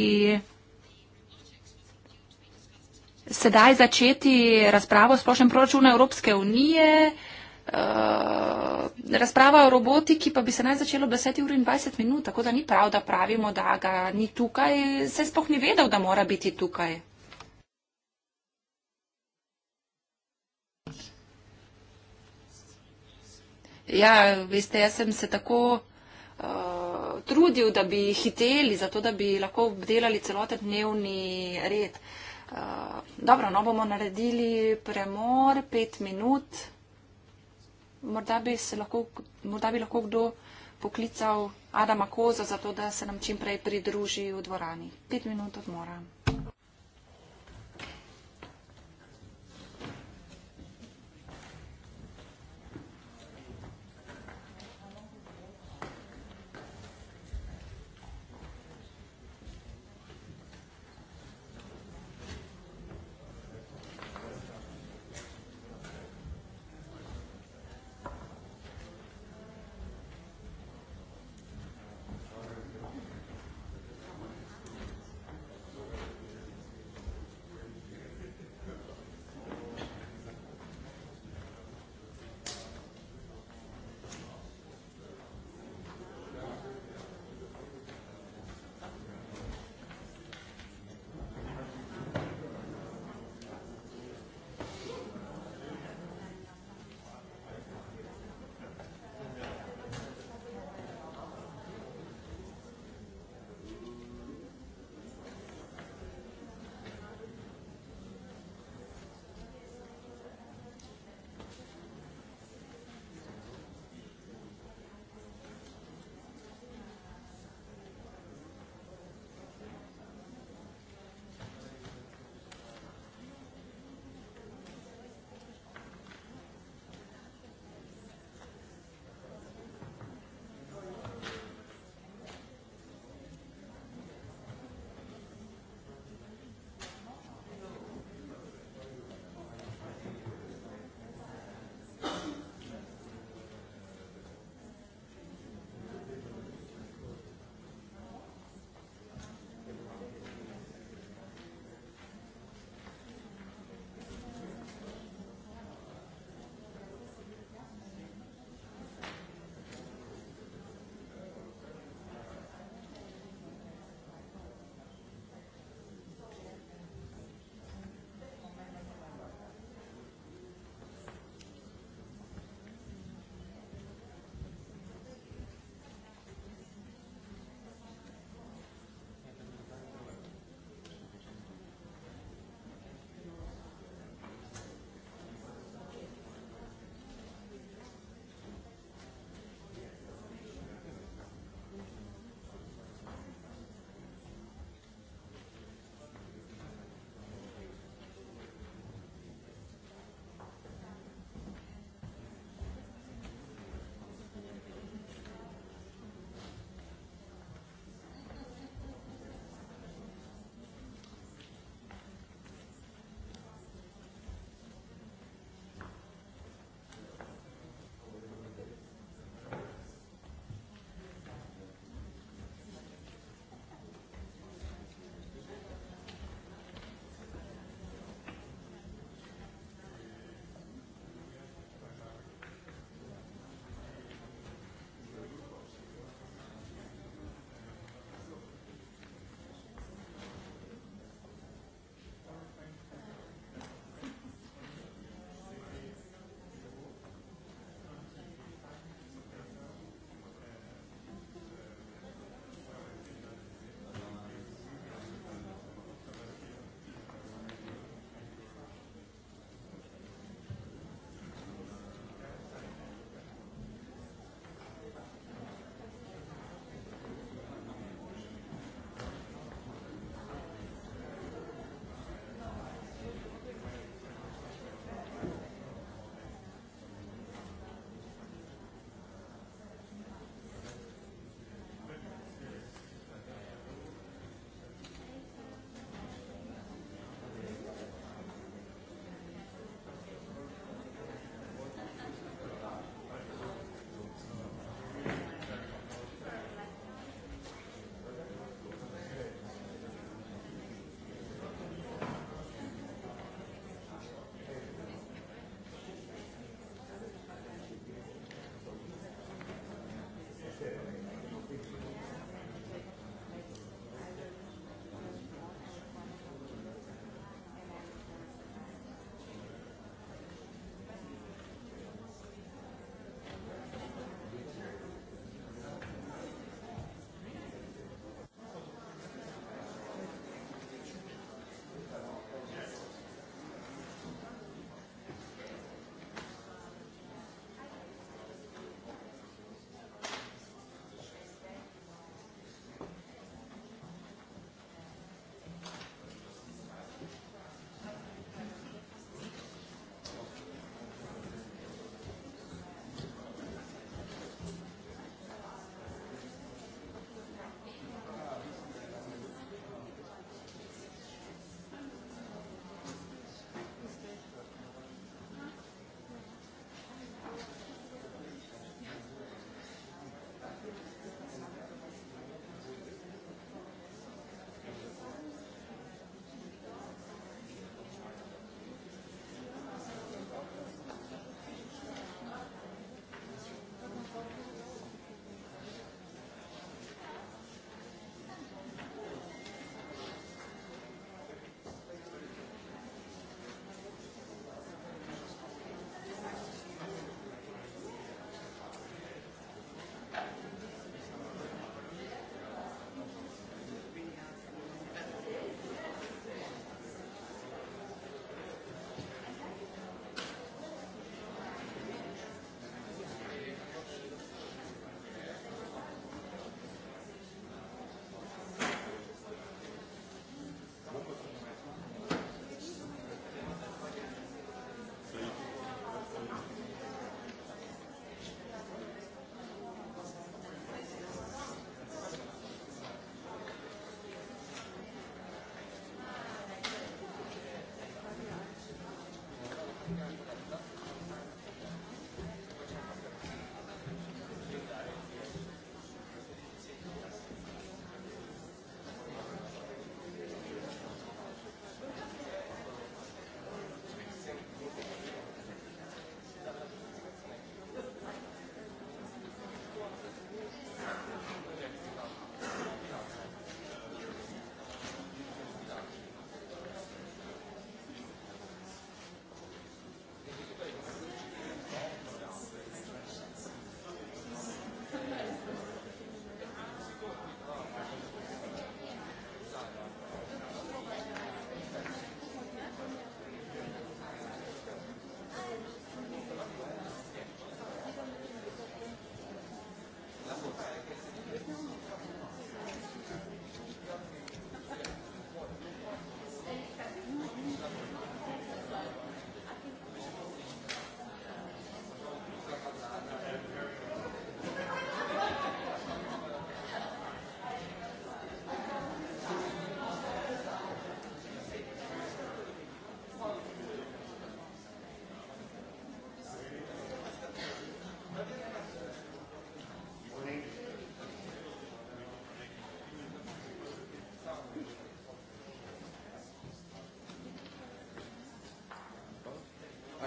sedaj začeti razpravo o splošnem proračunu Evropske unije. Uh, razprava o robotiki pa bi se naj začela ob 10 uri in 20 minut, tako da ni prav, da pravimo, da ga ni tukaj. Se spoh ni vedel, da mora biti tukaj. Ja, veste, jaz sem se tako uh, trudil, da bi hiteli, zato da bi lahko obdelali celoten dnevni red. Uh, Eh, dobro, no bomo naredili premor, pet minut. Morda bi, lahko, morda bi lahko kdo poklical Adama Koza, zato da se nam čim prej pridruži v dvorani. Pet minut odmora.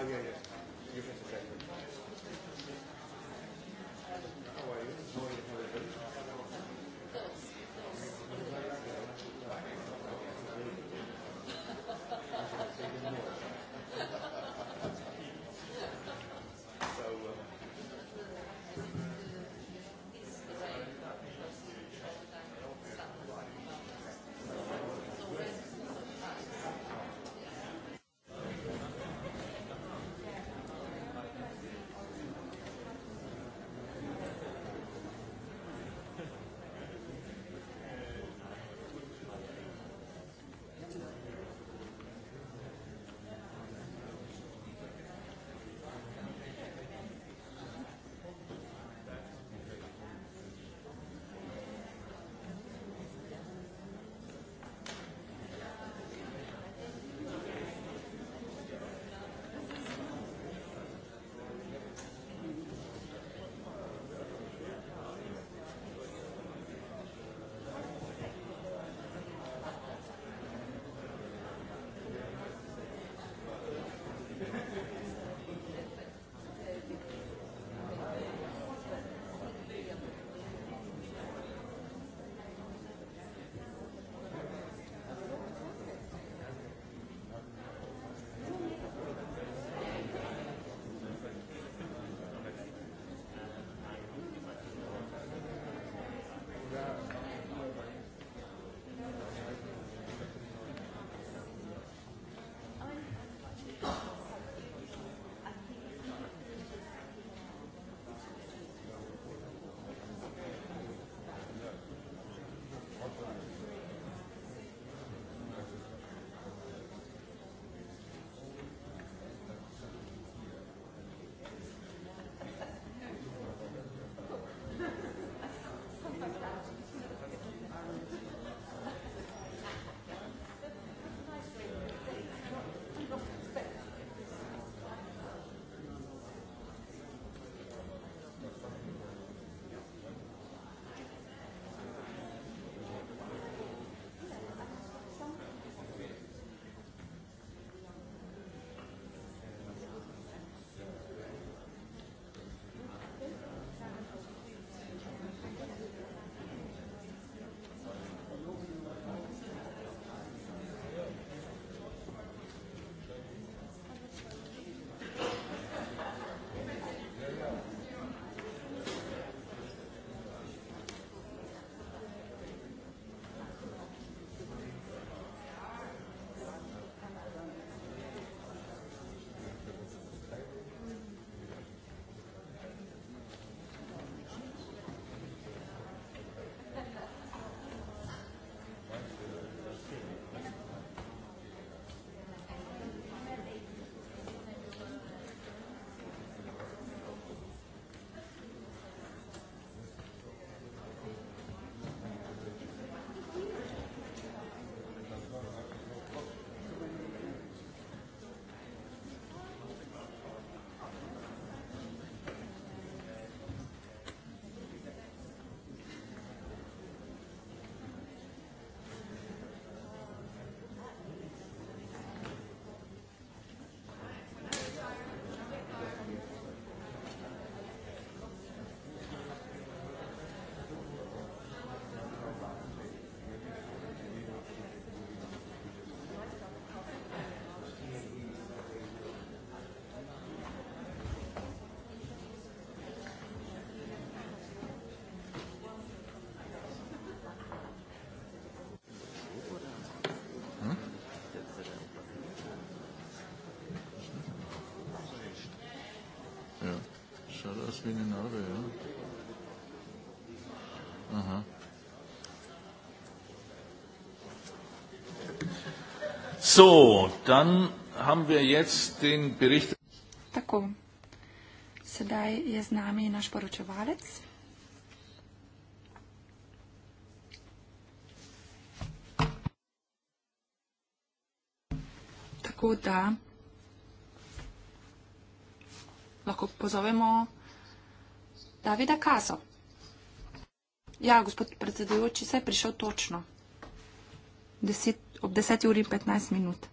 Adiós. sasvim narobe, ja? Aha. So, dann haben wir jetzt den Bericht... Tako. Sedaj je z nami naš poročevalec. Tako da lahko pozovemo Davida Kaso. Ja, gospod predsedujoči, se je prišel točno. Deset, ob 10 uri in 15 minut.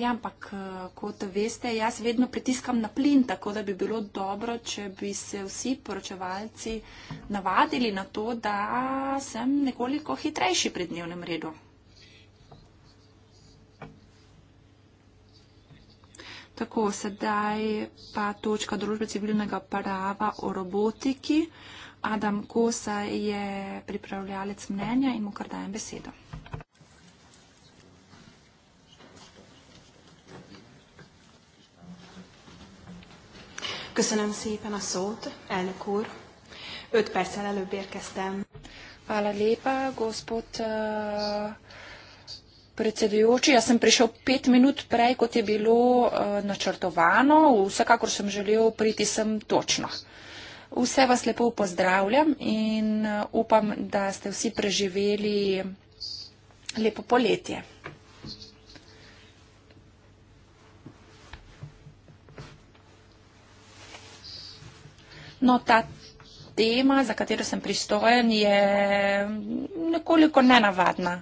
Ja, ampak eh, kot veste, jaz vedno pritiskam na plin, tako da bi bilo dobro, če bi se vsi poročevalci navadili na to, da sem nekoliko hitrejši pri dnevnem redu. tako, sedaj pa točka družbe civilnega prava o robotiki. Adam Kosa je pripravljalec mnenja in mu kar dajem besedo. Köszönöm szépen a szót, elnök úr. Öt perccel előbb érkeztem. Hála lépa, gospod uh, Predsedujoči, jaz sem prišel pet minut prej, kot je bilo uh, načrtovano. Vsekakor sem želel priti sem točno. Vse vas lepo pozdravljam in eh, upam, da ste vsi preživeli lepo poletje. No, ta tema, za katero sem pristojen, je nekoliko nenavadna.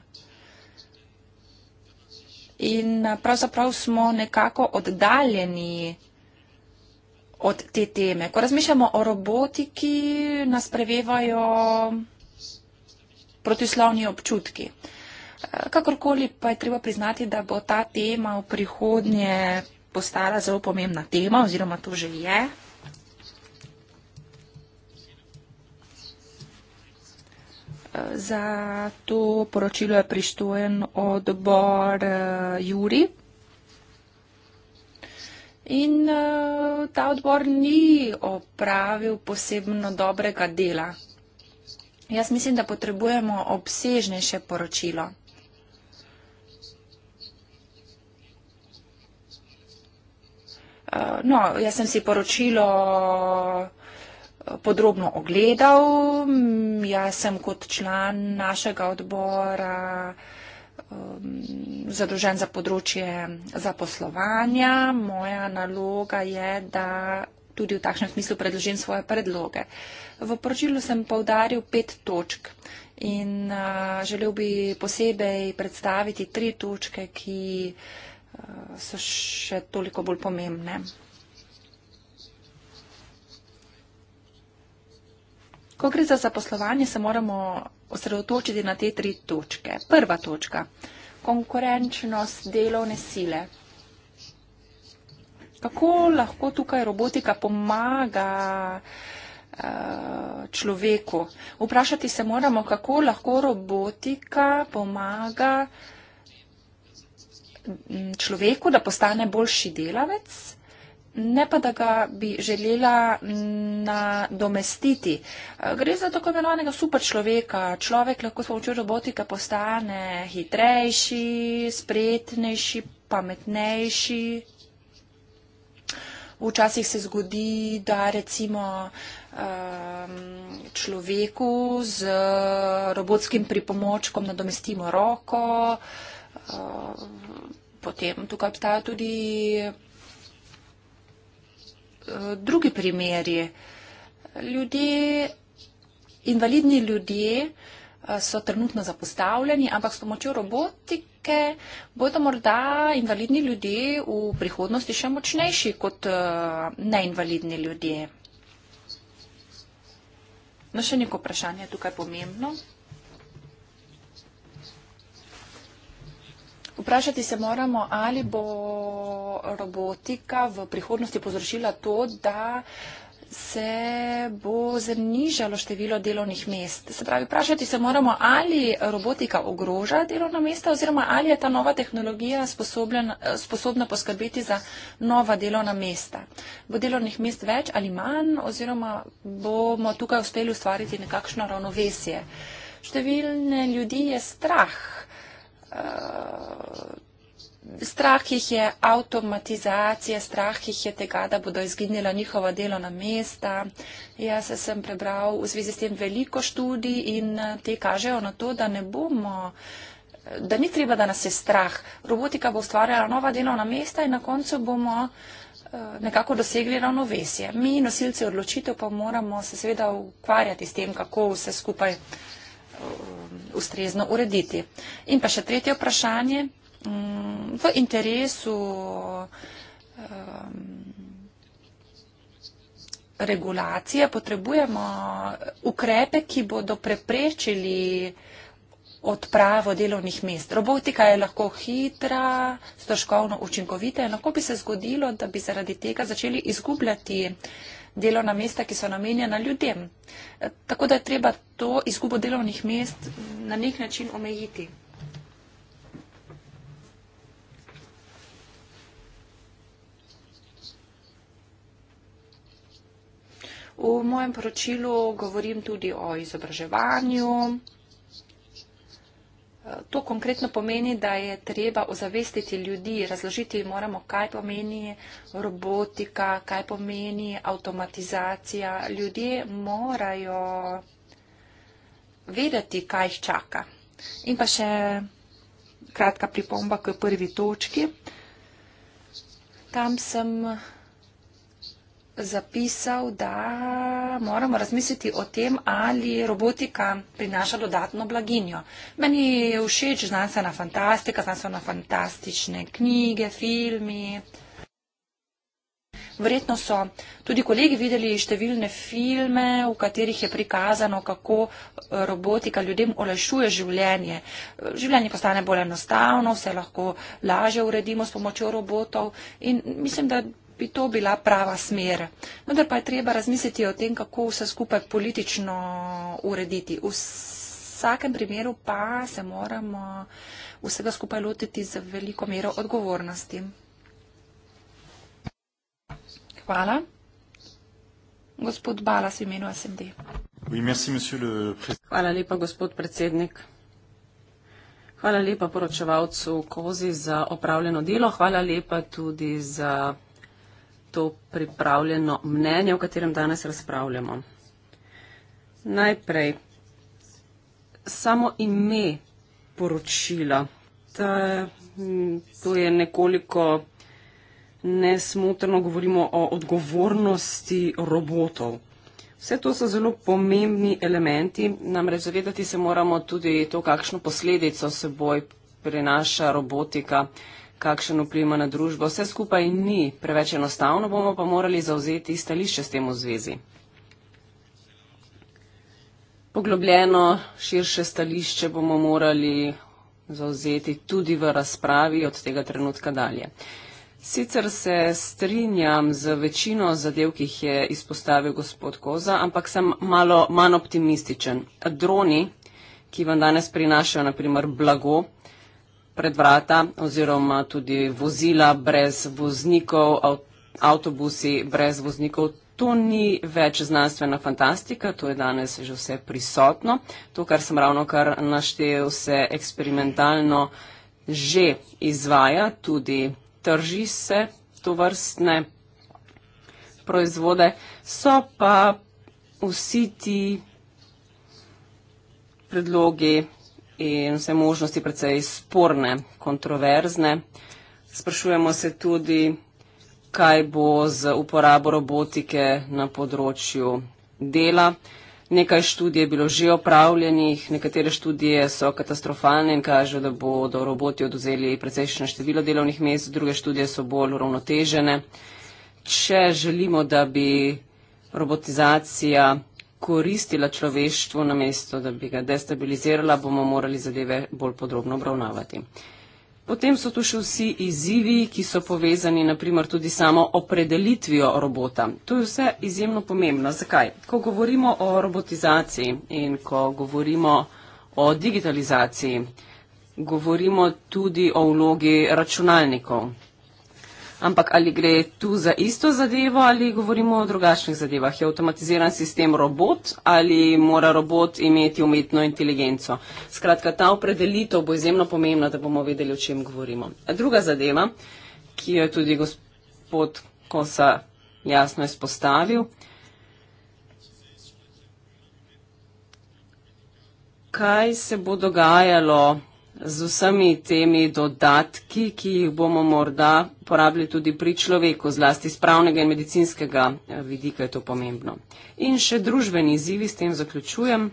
In eh, pravzaprav smo nekako oddaljeni od te teme. Ko razmišljamo o robotiki, nas prevevajo protislovni občutki. Eh, kakorkoli pa je treba priznati, da bo ta tema v prihodnje postala zelo pomembna tema oziroma to že je. Za to poročilo je prištojen odbor eh, Juri. In eh, ta odbor ni opravil posebno dobrega dela. Jaz mislim, da potrebujemo obsežnejše poročilo. Eh, no, jaz sem si poročilo podrobno ogledal. Jaz sem kot član našega odbora um, zadolžen za področje zaposlovanja. Moja naloga je, da tudi v takšnem smislu predložim svoje predloge. V poročilu sem povdaril pet točk in uh, želel bi posebej predstaviti tri točke, ki uh, so še toliko bolj pomembne. Ko gre za zaposlovanje, se moramo osredotočiti na te tri točke. Prva točka. Konkurenčnost delovne sile. Kako lahko tukaj robotika pomaga eh, človeku? Vprašati se moramo, kako lahko robotika pomaga mm, človeku, da postane boljši delavec ne pa da ga bi želela nadomestiti. Eh, gre za tako imenovanega super človeka. Človek lahko s pomočjo robotike postane hitrejši, spretnejši, pametnejši. Včasih se zgodi, da recimo ehm, človeku z robotskim pripomočkom nadomestimo roko, eh, potem tukaj obstaja tudi drugi primeri. Ljudje, invalidni ljudje so trenutno zapostavljeni, ampak s pomočjo robotike bodo morda invalidni ljudje v prihodnosti še močnejši kot neinvalidni ljudje. No, še neko vprašanje tukaj pomembno. Vprašati se moramo, ali bo robotika v prihodnosti povzročila to, da se bo znižalo število delovnih mest. Se pravi, vprašati se moramo, ali robotika ogroža delovna mesta oziroma ali je ta nova tehnologija sposobna poskrbeti za nova delovna mesta. Bo delovnih mest več ali manj oziroma bomo tukaj uspeli ustvariti nekakšno ravnovesje. Številne ljudi je strah uh, strah jih je avtomatizacije, strah jih je tega, da bodo izginjela njihova delovna mesta. Jaz se sem prebral v zvezi s tem veliko študij in eh, te kažejo na to, da ne bomo da ni treba, da nas je strah. Robotika bo ustvarjala nova delovna mesta in na koncu bomo eh, nekako dosegli ravnovesje. Mi, nosilci odločitev, pa moramo se seveda ukvarjati s tem, kako vse skupaj ustrezno urediti. In pa še tretje vprašanje. Mm, v interesu um, regulacije potrebujemo ukrepe, ki bodo preprečili odpravo delovnih mest. Robotika je lahko hitra, stroškovno učinkovita in lahko bi se zgodilo, da bi zaradi tega začeli izgubljati delovna mesta, ki so namenjena ljudem. E, tako da je treba to izgubo delovnih mest na nek način omejiti. V mojem poročilu govorim tudi o izobraževanju. To konkretno pomeni, da je treba ozavestiti ljudi, razložiti moramo, kaj pomeni robotika, kaj pomeni avtomatizacija. Ljudje morajo vedeti, kaj jih čaka. In pa še kratka pripomba k prvi točki. Tam sem zapisal, da moramo razmisliti o tem, ali robotika prinaša dodatno blaginjo. Meni je všeč znanstvena fantastika, znanstvena fantastične knjige, filmi. Verjetno so tudi kolegi videli številne filme, v katerih je prikazano, kako robotika ljudem olajšuje življenje. Življenje postane bolj enostavno, vse lahko lažje uredimo s pomočjo robotov in mislim, da bi to bila prava smer. Vendar pa je treba razmisliti o tem, kako vse skupaj politično urediti. V vsakem primeru pa se moramo vsega skupaj lotiti z veliko mero odgovornosti. Hvala. Gospod Balas v imenu SMD. Hvala lepa, gospod predsednik. Hvala lepa poročevalcu Kozi za opravljeno delo. Hvala lepa tudi za to pripravljeno mnenje, o katerem danes razpravljamo. Najprej, samo ime poročila. Ta, hm, to je nekoliko nesmotrno, govorimo o odgovornosti robotov. Vse to so zelo pomembni elementi, namreč zavedati se moramo tudi to, kakšno posledico seboj prenaša robotika kakšen vpliva na družbo. Vse skupaj ni preveč enostavno, bomo pa morali zauzeti stališče s tem v zvezi. Poglobljeno širše stališče bomo morali zauzeti tudi v razpravi od tega trenutka dalje. Sicer se strinjam z večino zadev, ki jih je izpostavil gospod Koza, ampak sem malo manj optimističen. Droni, ki vam danes prinašajo naprimer blago, pred vrata oziroma tudi vozila brez voznikov, avtobusi brez voznikov. To ni več znanstvena fantastika, to je danes že vse prisotno. To, kar sem ravno kar naštel, se eksperimentalno že izvaja, tudi trži se to vrstne proizvode. So pa vsi ti predlogi in vse možnosti precej sporne, kontroverzne. Sprašujemo se tudi, kaj bo z uporabo robotike na področju dela. Nekaj študij je bilo že opravljenih, nekatere študije so katastrofalne in kažejo, da bodo roboti oduzeli precejšnje število delovnih mest, druge študije so bolj uravnotežene. Če želimo, da bi robotizacija koristila človeštvu, namesto da bi ga destabilizirala, bomo morali zadeve bolj podrobno obravnavati. Potem so tu še vsi izzivi, ki so povezani naprimer tudi samo opredelitvijo robota. To je vse izjemno pomembno. Zakaj? Ko govorimo o robotizaciji in ko govorimo o digitalizaciji, govorimo tudi o vlogi računalnikov. Ampak ali gre tu za isto zadevo ali govorimo o drugačnih zadevah? Je avtomatiziran sistem robot ali mora robot imeti umetno inteligenco? Skratka, ta opredelitev bo izjemno pomembna, da bomo vedeli, o čem govorimo. Druga zadeva, ki jo je tudi gospod Kosa jasno izpostavil. Kaj se bo dogajalo z vsemi temi dodatki, ki jih bomo morda porabili tudi pri človeku, zlasti z pravnega in medicinskega eh, vidika je to pomembno. In še družbeni izzivi, s tem zaključujem.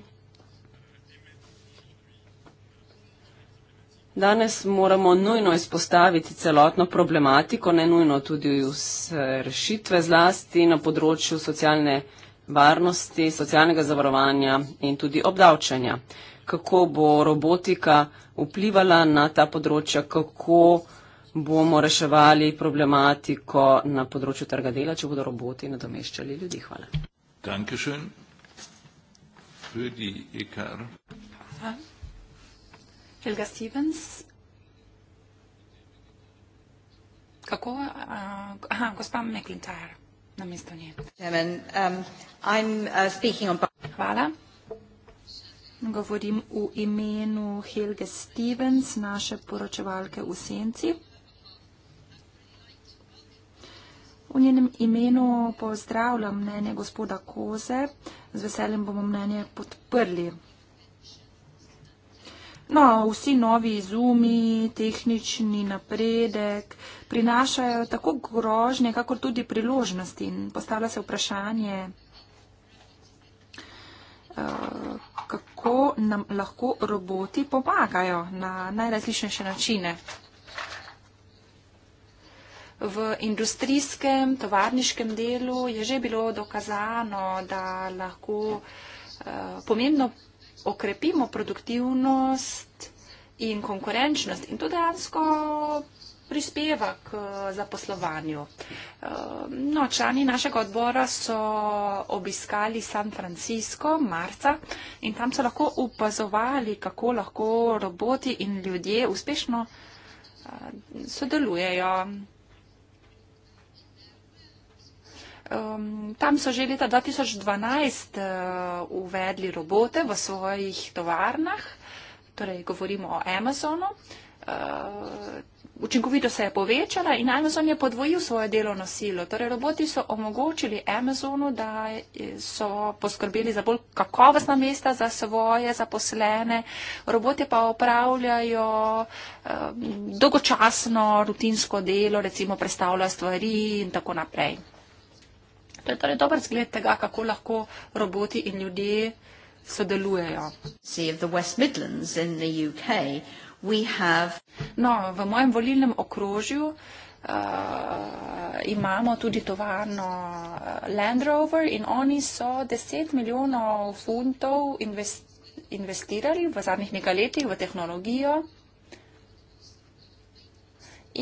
Danes moramo nujno izpostaviti celotno problematiko, ne nujno tudi vse rešitve zlasti na področju socialne varnosti, socialnega zavarovanja in tudi obdavčanja kako bo robotika vplivala na ta področja, kako bomo reševali problematiko na področju trga dela, če bodo roboti nadomeščali ljudi. Hvala. Dankeschön. Für die EKR. Helga Stevens. Kako, uh, aha, gospa McIntyre, namesto nje. Um, uh, Hvala govorim v imenu Helge Stevens, naše poročevalke v senci. V njenem imenu pozdravljam mnenje gospoda Koze, z veseljem bomo mnenje podprli. No, vsi novi izumi, tehnični napredek prinašajo tako grožnje, kako tudi priložnosti. Postavlja se vprašanje, kako nam lahko roboti pomagajo na najrazličnejše načine. V industrijskem, tovarniškem delu je že bilo dokazano, da lahko eh, pomembno okrepimo produktivnost in konkurenčnost. In to dejansko prispeva k eh, zaposlovanju. Eh, no, člani našega odbora so obiskali San Francisco marca in tam so lahko upazovali, kako lahko roboti in ljudje uspešno eh, sodelujejo. Ehm, tam so že leta 2012 uvedli robote v svojih tovarnah, torej govorimo o Amazonu učinkovitost se je povečala in Amazon je podvojil svojo delovno silo. Torej, roboti so omogočili Amazonu, da so poskrbeli za bolj kakovostna mesta za svoje zaposlene. Roboti pa opravljajo eh, dolgočasno, rutinsko delo, recimo predstavljajo stvari in tako naprej. To je torej dober zgled tega, kako lahko roboti in ljudje sodelujejo. No, v mojem volilnem okrožju uh, imamo tudi tovarno uh, Land Rover in oni so 10 milijonov funtov invest investirali v zadnjih nekaj letih v tehnologijo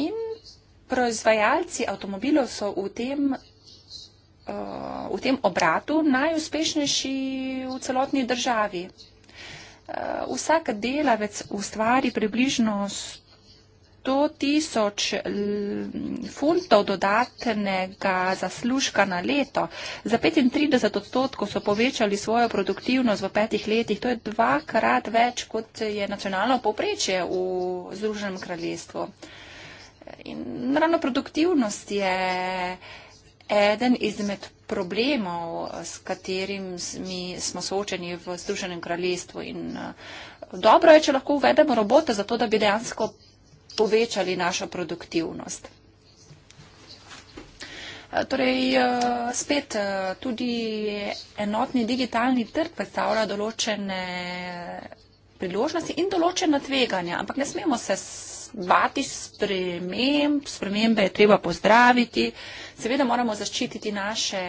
in proizvajalci avtomobilov so v tem, uh, v tem obratu najuspešnejši v celotni državi. Eh, vsak delavec ustvari približno 100 tisoč mm, funtov dodatnega zaslužka na leto. Za 35 odstotkov so povečali svojo produktivnost v petih letih. To je dvakrat več, kot je nacionalno poprečje v Združenem kraljestvu. In ravno produktivnost je eh, Eden izmed problemov, s katerimi smo soočeni v Združenem kraljestvu in eh, dobro je, če lahko uvedemo robote za to, da bi dejansko povečali našo produktivnost. Eh, torej, eh, spet tudi enotni digitalni trg predstavlja določene priložnosti in določena tveganja, ampak ne smemo se bati sprememb, spremembe je treba pozdraviti. Seveda moramo zaščititi naše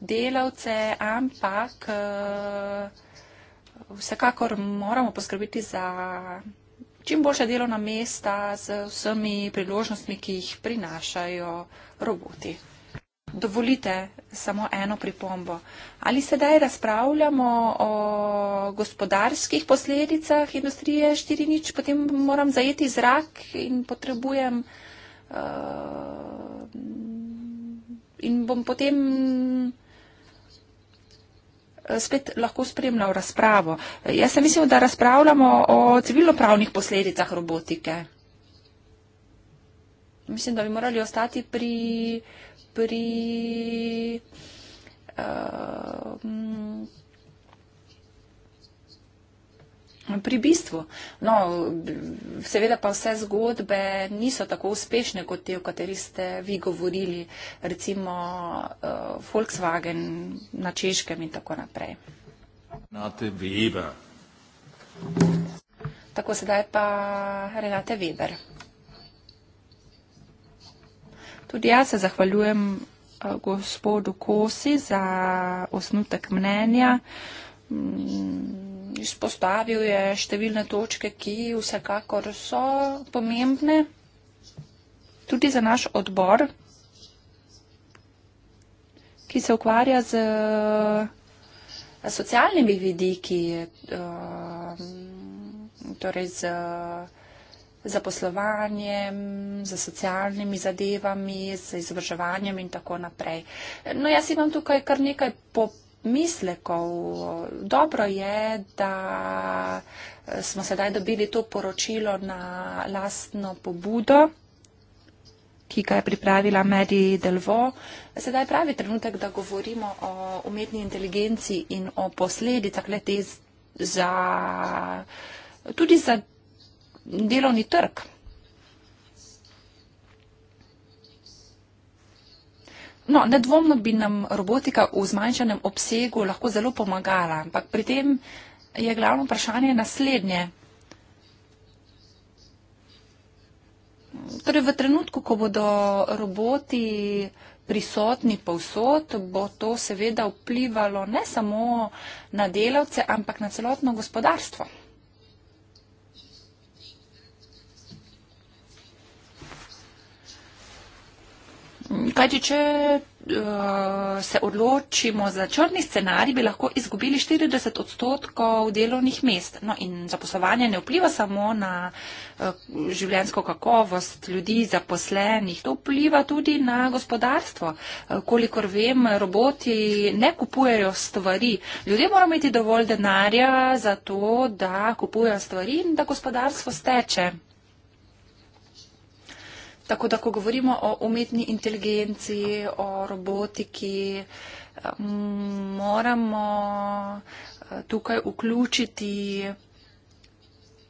delavce, ampak eh, vsekakor moramo poskrbiti za čim boljša delovna mesta z vsemi priložnostmi, ki jih prinašajo roboti. Dovolite samo eno pripombo. Ali sedaj razpravljamo o gospodarskih posledicah industrije 4.0, potem moram zajeti zrak in potrebujem uh, in bom potem eh, spet lahko spremljal razpravo. Jaz sem mislil, da razpravljamo o civilnopravnih posledicah robotike. Mislim, da bi morali ostati pri, pri uh, Pri bistvu. No, seveda pa vse zgodbe niso tako uspešne, kot te, o kateri ste vi govorili, recimo uh, Volkswagen na Češkem in tako naprej. Renate Weber. Tako sedaj pa Renate Weber. Tudi jaz se zahvaljujem uh, gospodu Kosi za osnutek mnenja. Mm izpostavil je številne točke, ki vsekakor so pomembne tudi za naš odbor, ki se ukvarja z eh, socialnimi vidiki, eh, torej z eh, zaposlovanjem, za socialnimi zadevami, za izobraževanjem in tako naprej. No, jaz imam tukaj kar nekaj popolnosti, mislekov. Dobro je, da smo sedaj dobili to poročilo na lastno pobudo, ki ga je pripravila Mary Delvo. Sedaj pravi trenutek, da govorimo o umetni inteligenci in o posledicah te za, tudi za delovni trg. No, nedvomno bi nam robotika v zmanjšanem obsegu lahko zelo pomagala, ampak pri tem je glavno vprašanje naslednje. Torej, v trenutku, ko bodo roboti prisotni povsod, bo to seveda vplivalo ne samo na delavce, ampak na celotno gospodarstvo. Kajti, če uh, se odločimo za črni scenarij, bi lahko izgubili 40 odstotkov delovnih mest. No, in zaposlovanje ne vpliva samo na uh, eh, življensko kakovost ljudi, zaposlenih, to vpliva tudi na gospodarstvo. Uh, kolikor vem, roboti ne kupujejo stvari. Ljudje morajo imeti dovolj denarja za to, da kupujejo stvari in da gospodarstvo steče. Tako da, ko govorimo o umetni inteligenci, o robotiki, moramo eh, tukaj vključiti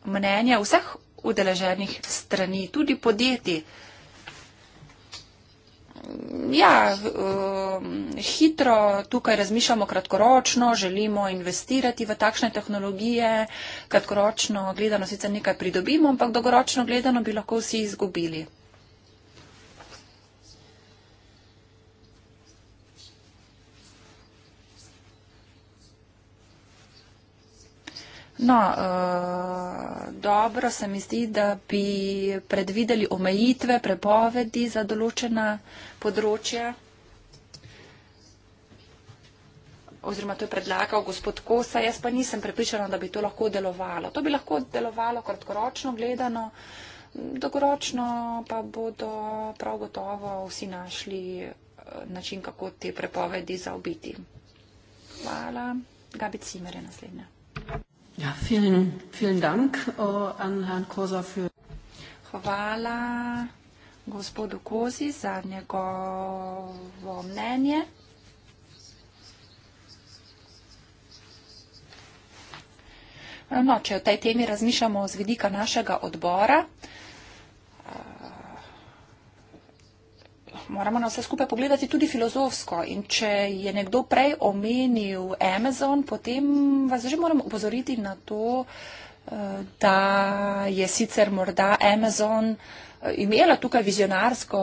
mnenja vseh udeleženih strani, tudi podjetij. Ja, hitro tukaj razmišljamo kratkoročno, želimo investirati v takšne tehnologije, kratkoročno gledano sicer nekaj pridobimo, ampak dolgoročno gledano bi lahko vsi izgubili. No, eh, dobro se mi zdi, da bi predvideli omejitve, prepovedi za določena področja. Oziroma, to je predlagal gospod Kosa, jaz pa nisem prepričana, da bi to lahko delovalo. To bi lahko delovalo kratkoročno gledano, dolgoročno pa bodo prav gotovo vsi našli eh, način, kako te prepovedi zaobiti. Hvala. Gabi Cimer je naslednja. Ja, vielen, vielen Dank uh, an Herrn Kosa für. Hvala gospodu Kozi za njegovo mnenje. No, če o tej temi razmišljamo z vidika našega odbora, moramo na vse skupaj pogledati tudi filozofsko. In če je nekdo prej omenil Amazon, potem vas že moramo upozoriti na to, eh, da je sicer morda Amazon eh, imela tukaj vizionarsko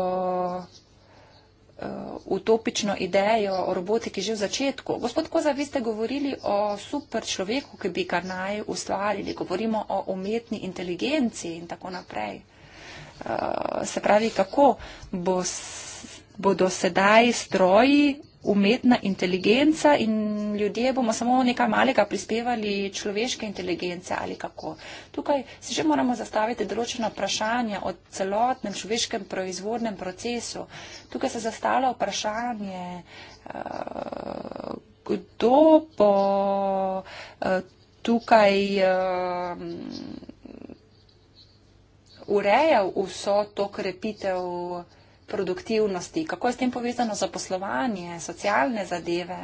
eh, utopično idejo o robotiki že v začetku. Gospod Koza, vi ste govorili o super človeku, ki bi ga naj ustvarili. Govorimo o umetni inteligenci in tako naprej. Se pravi, kako bo bodo sedaj stroji, umetna inteligenca in ljudje bomo samo nekaj malega prispevali človeške inteligence ali kako. Tukaj si že moramo zastaviti določena vprašanja o celotnem človeškem proizvodnem procesu. Tukaj se zastavlja vprašanje, eh, kdo bo eh, tukaj eh, urejal vso to krepitev produktivnosti, kako je s tem povezano zaposlovanje, socialne zadeve.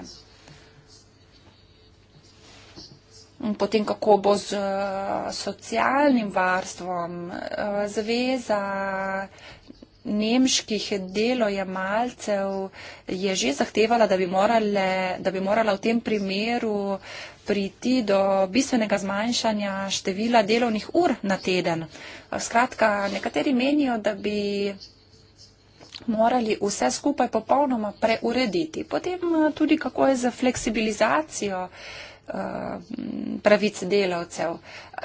Potem, kako bo z uh, socialnim varstvom, uh, eh, zveza nemških delojemalcev je že zahtevala, da bi, morale, da bi morala v tem primeru priti do bistvenega zmanjšanja števila delovnih ur na teden. Uh, skratka, nekateri menijo, da bi morali vse skupaj popolnoma preurediti. Potem eh, tudi kako je za fleksibilizacijo eh, pravic delavcev.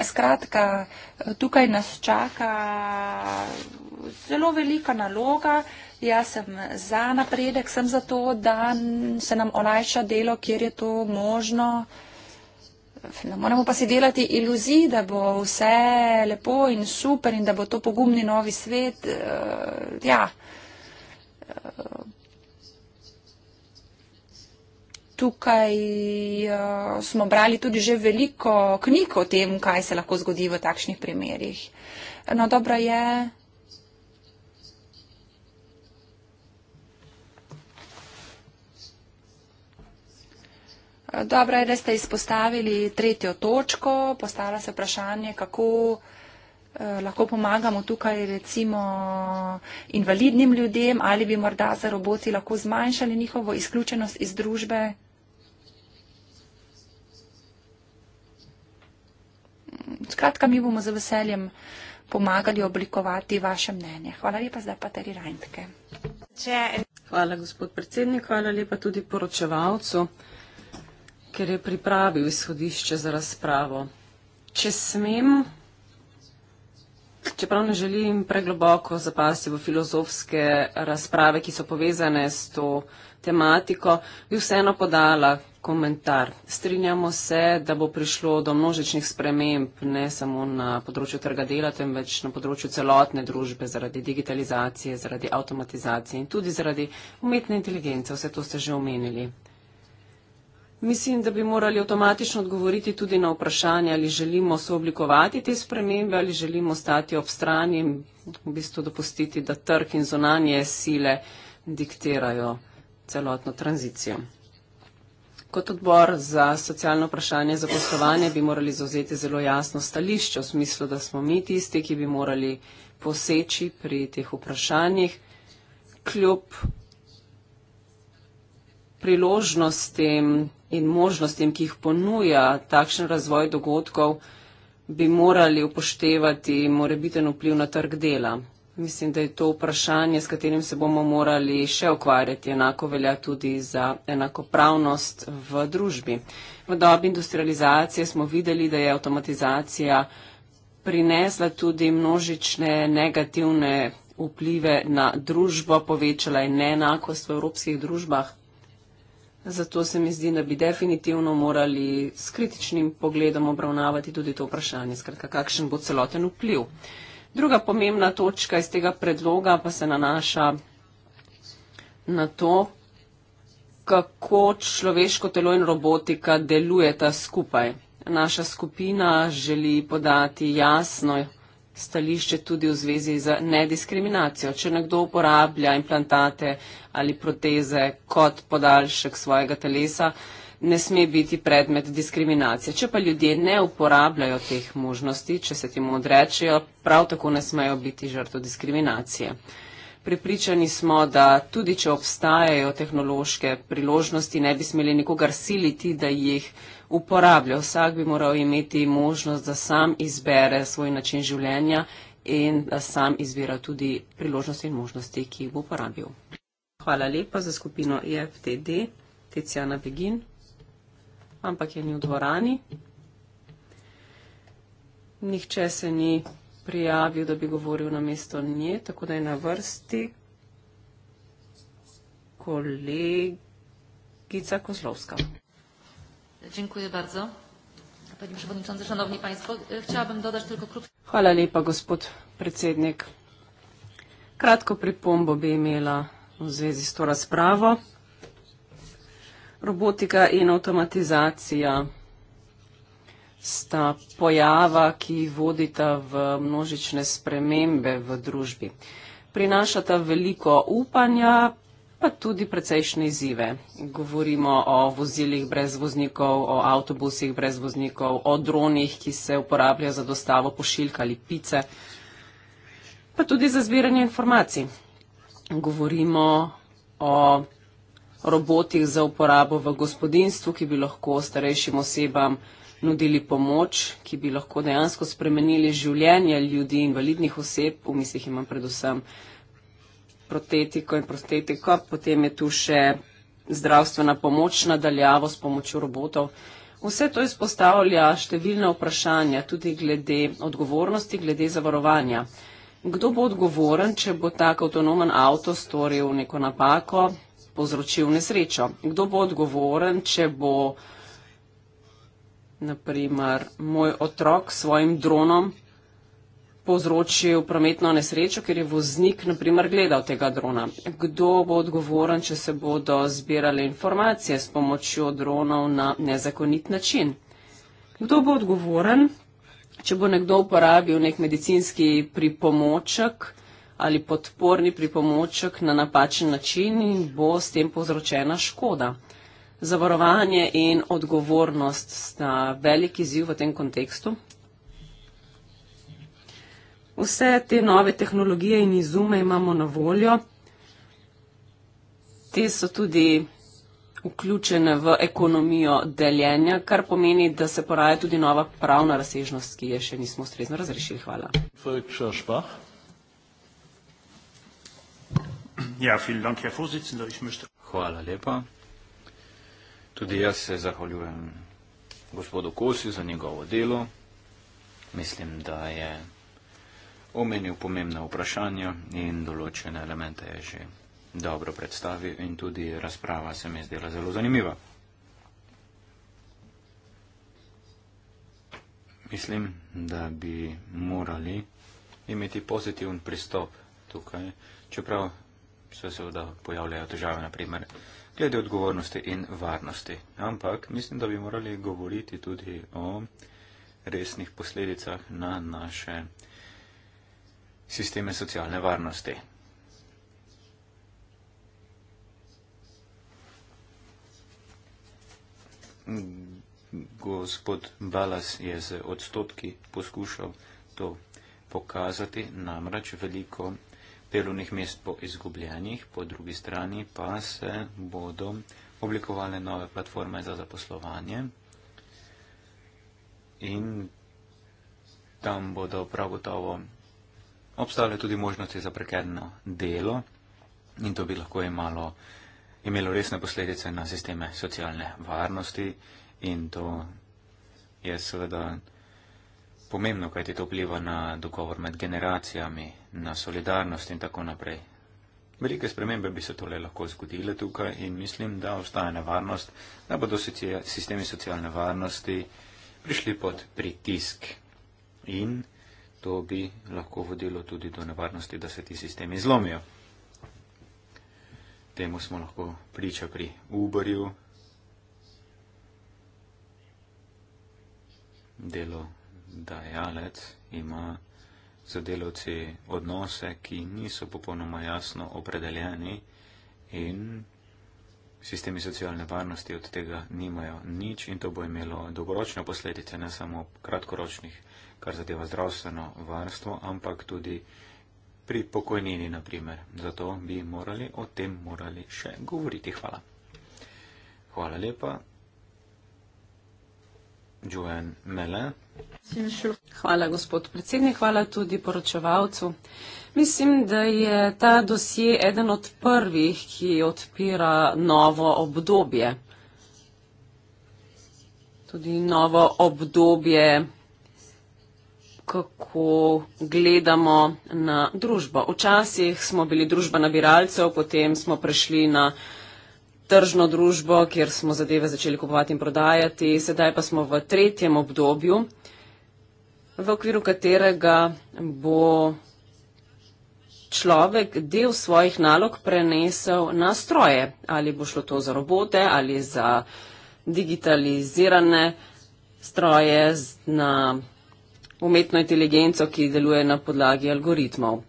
Skratka, eh, tukaj nas čaka zelo velika naloga. Jaz sem za napredek, sem za to, da se nam olajša delo, kjer je to možno. Ne moremo pa si delati iluziji, da bo vse lepo in super in da bo to pogumni novi svet. Ja. Tukaj uh, smo brali tudi že veliko knjig o tem, kaj se lahko zgodi v takšnih primerjih. No, dobro je. Dobro je, da ste izpostavili tretjo točko, postavlja se vprašanje, kako. Eh, lahko pomagamo tukaj recimo invalidnim ljudem ali bi morda za roboti lahko zmanjšali njihovo izključenost iz družbe? Skratka, mi bomo z veseljem pomagali oblikovati vaše mnenje. Hvala lepa zdaj, Pateri Rajntke. Hvala, gospod predsednik, hvala lepa tudi poročevalcu, ker je pripravil izhodišče za razpravo. Če smem Čeprav ne želim pregloboko zapasti v filozofske razprave, ki so povezane s to tematiko, bi vseeno podala komentar. Strinjamo se, da bo prišlo do množičnih sprememb ne samo na področju trga dela, temveč na področju celotne družbe zaradi digitalizacije, zaradi avtomatizacije in tudi zaradi umetne inteligence. Vse to ste že omenili. Mislim, da bi morali avtomatično odgovoriti tudi na vprašanje, ali želimo sooblikovati te spremembe, ali želimo stati ob strani in v bistvu dopustiti, da trg in zonanje sile diktirajo celotno tranzicijo. Kot odbor za socialno vprašanje za poslovanje bi morali zauzeti zelo jasno stališče v smislu, da smo mi tisti, ki bi morali poseči pri teh vprašanjih. Kljub priložnostim in možnostim, ki jih ponuja takšen razvoj dogodkov, bi morali upoštevati morebiten vpliv na trg dela. Mislim, da je to vprašanje, s katerim se bomo morali še ukvarjati, enako velja tudi za enakopravnost v družbi. V dobi industrializacije smo videli, da je avtomatizacija prinesla tudi množične negativne vplive na družbo, povečala je neenakost v evropskih družbah. Zato se mi zdi, da bi definitivno morali s kritičnim pogledom obravnavati tudi to vprašanje, skratka, kakšen bo celoten vpliv. Druga pomembna točka iz tega predloga pa se nanaša na to, kako človeško telo in robotika delujeta skupaj. Naša skupina želi podati jasno stališče tudi v zvezi z nediskriminacijo. Če nekdo uporablja implantate ali proteze kot podaljšek svojega telesa, ne sme biti predmet diskriminacije. Če pa ljudje ne uporabljajo teh možnosti, če se temu odrečijo, prav tako ne smejo biti žrtvo diskriminacije. Pripričani smo, da tudi če obstajajo tehnološke priložnosti, ne bi smeli nikogar siliti, da jih uporablja. Vsak bi moral imeti možnost, da sam izbere svoj način življenja in da sam izbira tudi priložnosti in možnosti, ki jih bo uporabil. Hvala lepa za skupino EFTD, Ticijana Begin, ampak je ni v dvorani. Nihče se ni prijavil, da bi govoril na mesto nje, tako da je na vrsti kolegica Kozlovska. Dziękuję bardzo. Panie Przewodniczący, Szanowni Państwo, chciałabym dodać tylko krótko... Hvala lepa, gospod predsednik. Kratko pripombo bi imela v zvezi s to razpravo. Robotika in automatizacija sta pojava, ki vodita v množične spremembe v družbi. Prinašata veliko upanja, pa tudi precejšnje izzive. Govorimo o vozilih brez voznikov, o avtobusih brez voznikov, o dronih, ki se uporabljajo za dostavo pošiljka ali pice, pa tudi za zbiranje informacij. Govorimo o robotih za uporabo v gospodinstvu, ki bi lahko starejšim osebam nudili pomoč, ki bi lahko dejansko spremenili življenje ljudi, invalidnih oseb, v mislih imam predvsem protetiko in protetiko, potem je tu še zdravstvena pomoč nadaljavo s pomočjo robotov. Vse to izpostavlja številne vprašanja, tudi glede odgovornosti, glede zavarovanja. Kdo bo odgovoren, če bo tak avtonomen avto storil neko napako, povzročil nesrečo? Kdo bo odgovoren, če bo naprimer moj otrok s svojim dronom povzročil prometno nesrečo, ker je voznik, naprimer, gledal tega drona. Kdo bo odgovoren, če se bodo zbirale informacije s pomočjo dronov na nezakonit način? Kdo bo odgovoren, če bo nekdo uporabil nek medicinski pripomoček ali podporni pripomoček na napačen način in bo s tem povzročena škoda? Zavarovanje in odgovornost sta veliki ziv v tem kontekstu. Vse te nove tehnologije in izume imamo na voljo. Te so tudi vključene v ekonomijo deljenja, kar pomeni, da se poraja tudi nova pravna razsežnost, ki je še nismo ustrezno razrešili. Hvala. Ja, Hvala lepa. Tudi jaz se zahvaljujem gospodu Kosi za njegovo delo. Mislim, da je omenil pomembna vprašanja in določene elemente je že dobro predstavil in tudi razprava se mi je zdela zelo zanimiva. Mislim, da bi morali imeti pozitiven pristop tukaj, čeprav se seveda pojavljajo težave, naprimer, glede odgovornosti in varnosti. Ampak mislim, da bi morali govoriti tudi o resnih posledicah na naše sisteme socialne varnosti. Gospod Balas je z odstotki poskušal to pokazati, namreč veliko delovnih mest bo izgubljenih, po drugi strani pa se bodo oblikovale nove platforme za zaposlovanje in tam bodo prav gotovo obstajale tudi možnosti za prekerno delo in to bi lahko imalo, imelo resne posledice na sisteme socialne varnosti in to je seveda pomembno, kaj ti to vpliva na dogovor med generacijami, na solidarnost in tako naprej. Velike spremembe bi se tole lahko zgodile tukaj in mislim, da ostaja nevarnost, da bodo sistemi socialne varnosti prišli pod pritisk in to bi lahko vodilo tudi do nevarnosti, da se ti sistemi zlomijo. Temu smo lahko priča pri Uberju, delo dajalec ima za delovci odnose, ki niso popolnoma jasno opredeljeni in sistemi socialne varnosti od tega nimajo nič in to bo imelo dolgoročne posledice, ne samo kratkoročnih posledic kar zadeva zdravstveno varstvo, ampak tudi pri pokojnini, naprimer. Zato bi morali o tem morali še govoriti. Hvala. Hvala lepa. Joen Mele. Hvala, gospod predsednik. Hvala tudi poročevalcu. Mislim, da je ta dosje eden od prvih, ki odpira novo obdobje. Tudi novo obdobje kako gledamo na družbo. Včasih smo bili družba nabiralcev, potem smo prešli na tržno družbo, kjer smo zadeve začeli kupovati in prodajati. Sedaj pa smo v tretjem obdobju, v okviru katerega bo človek del svojih nalog prenesel na stroje. Ali bo šlo to za robote ali za digitalizirane stroje na umetno inteligenco, ki deluje na podlagi algoritmov.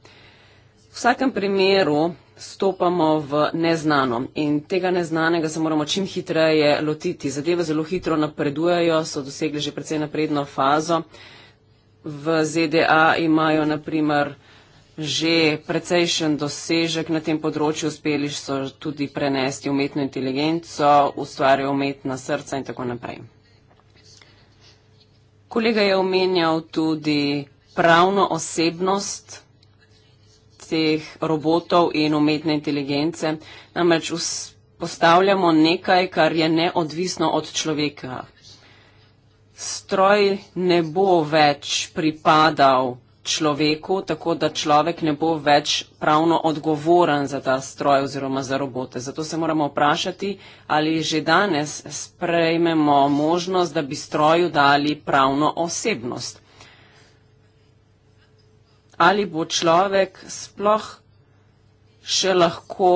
V vsakem primeru stopamo v neznano in tega neznanega se moramo čim hitreje lotiti. Zadeve zelo hitro napredujejo, so dosegli že precej napredno fazo. V ZDA imajo naprimer že precejšen dosežek na tem področju, uspeli so tudi prenesti umetno inteligenco, ustvarjajo umetna srca in tako naprej. Kolega je omenjal tudi pravno osebnost teh robotov in umetne inteligence. Namreč postavljamo nekaj, kar je neodvisno od človeka. Stroj ne bo več pripadal človeku, tako da človek ne bo več pravno odgovoren za ta stroj oziroma za robote. Zato se moramo vprašati, ali že danes sprejmemo možnost, da bi stroju dali pravno osebnost. Ali bo človek sploh še lahko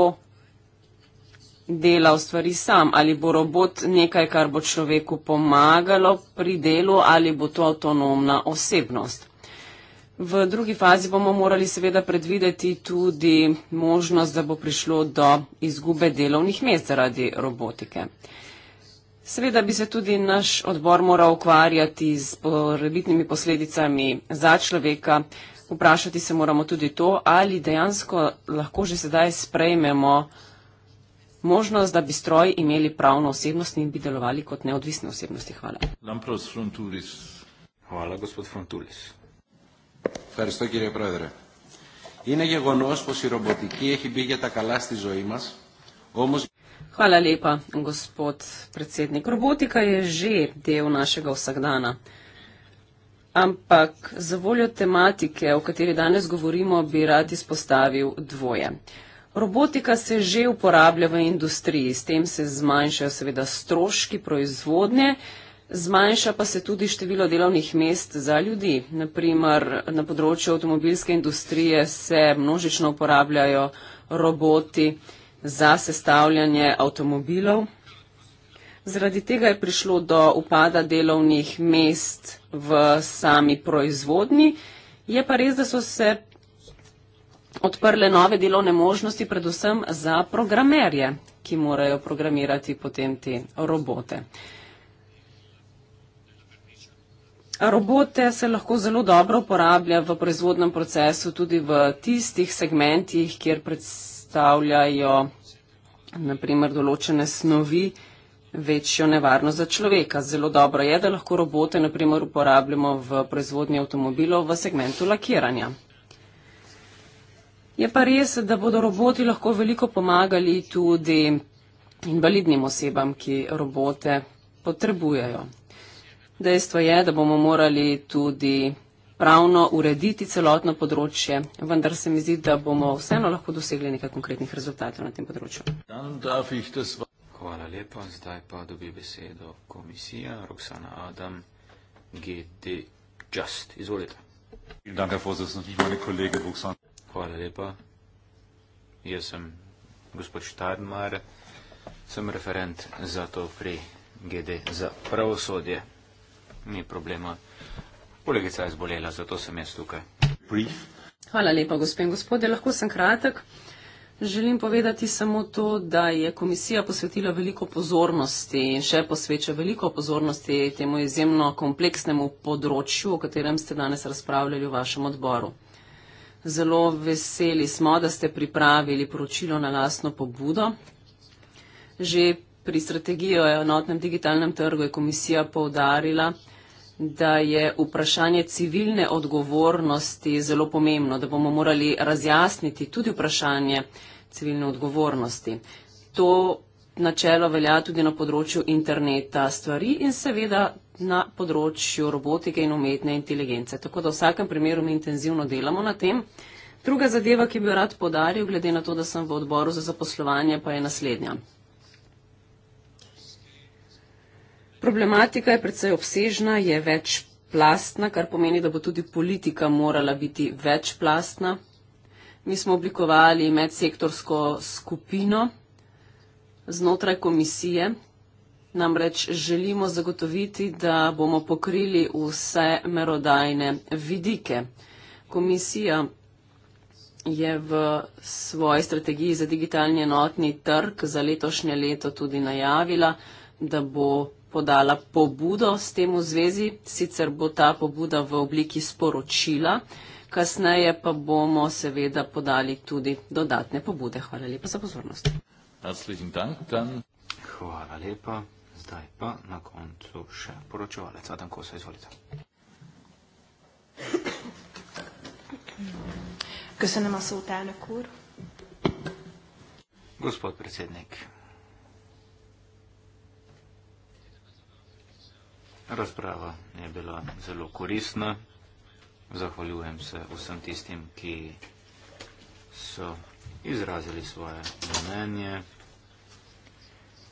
delal stvari sam, ali bo robot nekaj, kar bo človeku pomagalo pri delu, ali bo to avtonomna osebnost. V drugi fazi bomo morali seveda predvideti tudi možnost, da bo prišlo do izgube delovnih mest zaradi robotike. Seveda bi se tudi naš odbor moral ukvarjati z morebitnimi posledicami za človeka. Vprašati se moramo tudi to, ali dejansko lahko že sedaj sprejmemo možnost, da bi stroji imeli pravno osebnost in bi delovali kot neodvisne osebnosti. Hvala. Hvala, gospod Fontulis. Ευχαριστώ κύριε Πρόεδρε. Είναι γεγονός πως η ρομποτική έχει μπει για τα καλά στη ζωή μας, όμως... Hvala lepa, gospod predsednik. Robotika je že del našega vsakdana. Ampak za voljo tematike, o kateri danes govorimo, bi rad izpostavil dvoje. Robotika se že uporablja v industriji, s tem se zmanjšajo seveda stroški proizvodnje. Zmanjša pa se tudi število delovnih mest za ljudi. Naprimer, na področju avtomobilske industrije se množično uporabljajo roboti za sestavljanje avtomobilov. Zaradi tega je prišlo do upada delovnih mest v sami proizvodni. Je pa res, da so se odprle nove delovne možnosti, predvsem za programerje, ki morajo programirati potem te robote. Robote se lahko zelo dobro uporablja v proizvodnem procesu, tudi v tistih segmentih, kjer predstavljajo naprimer določene snovi večjo nevarnost za človeka. Zelo dobro je, da lahko robote naprimer uporabljamo v proizvodnji avtomobilov v segmentu lakiranja. Je pa res, da bodo roboti lahko veliko pomagali tudi invalidnim osebam, ki robote potrebujejo. Dejstvo je, da bomo morali tudi pravno urediti celotno področje, vendar se mi zdi, da bomo vseeno lahko dosegli nekaj konkretnih rezultatov na tem področju. Hvala lepa. Zdaj pa dobi besedo komisija Roksana Adam, GT Just. Izvolite. Hvala lepa. Jaz sem gospod Štadmar, sem referent za to pri GD za pravosodje. Ni problema. Kolegica je zbolela, zato sem jaz tukaj. Brief. Hvala lepa, gospe in gospode. Lahko sem kratek. Želim povedati samo to, da je komisija posvetila veliko pozornosti in še posveča veliko pozornosti temu izjemno kompleksnemu področju, o katerem ste danes razpravljali v vašem odboru. Zelo veseli smo, da ste pripravili poročilo na lasno pobudo. Že pri strategiji o enotnem digitalnem trgu je komisija poudarila, da je vprašanje civilne odgovornosti zelo pomembno, da bomo morali razjasniti tudi vprašanje civilne odgovornosti. To načelo velja tudi na področju interneta stvari in seveda na področju robotike in umetne inteligence. Tako da v vsakem primeru mi intenzivno delamo na tem. Druga zadeva, ki bi jo rad podaril, glede na to, da sem v odboru za zaposlovanje, pa je naslednja. Problematika je predvsej obsežna, je večplastna, kar pomeni, da bo tudi politika morala biti večplastna. Mi smo oblikovali medsektorsko skupino znotraj komisije. Namreč želimo zagotoviti, da bomo pokrili vse merodajne vidike. Komisija je v svoji strategiji za digitalni enotni trg za letošnje leto tudi najavila, da bo podala pobudo s tem v zvezi, sicer bo ta pobuda v obliki sporočila, kasneje pa bomo seveda podali tudi dodatne pobude. Hvala lepa za pozornost. Hvala lepa. Zdaj pa na koncu še poročevalec Adam Kosa, izvolite. Gospod predsednik, Razprava je bila zelo koristna. Zahvaljujem se vsem tistim, ki so izrazili svoje mnenje.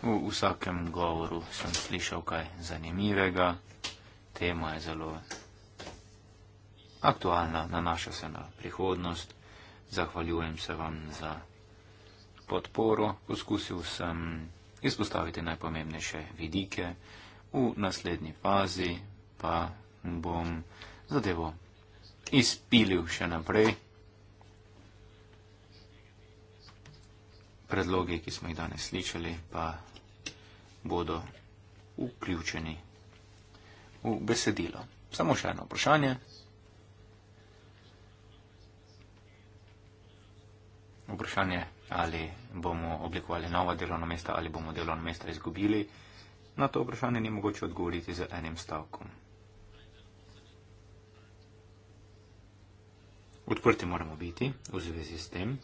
V vsakem govoru sem slišal kaj zanimivega. Tema je zelo aktualna, nanaša se na prihodnost. Zahvaljujem se vam za podporo. Poskusil sem izpostaviti najpomembnejše vidike v naslednji fazi pa bom zadevo izpilil še naprej. Predloge, ki smo jih danes slišali, pa bodo vključeni v besedilo. Samo še eno vprašanje. Vprašanje, ali bomo oblikovali nova delovna mesta ali bomo delovna mesta izgubili. Na to vprašanje ni mogoče odgovoriti z enim stavkom. Odprti moramo biti v zvezi s tem,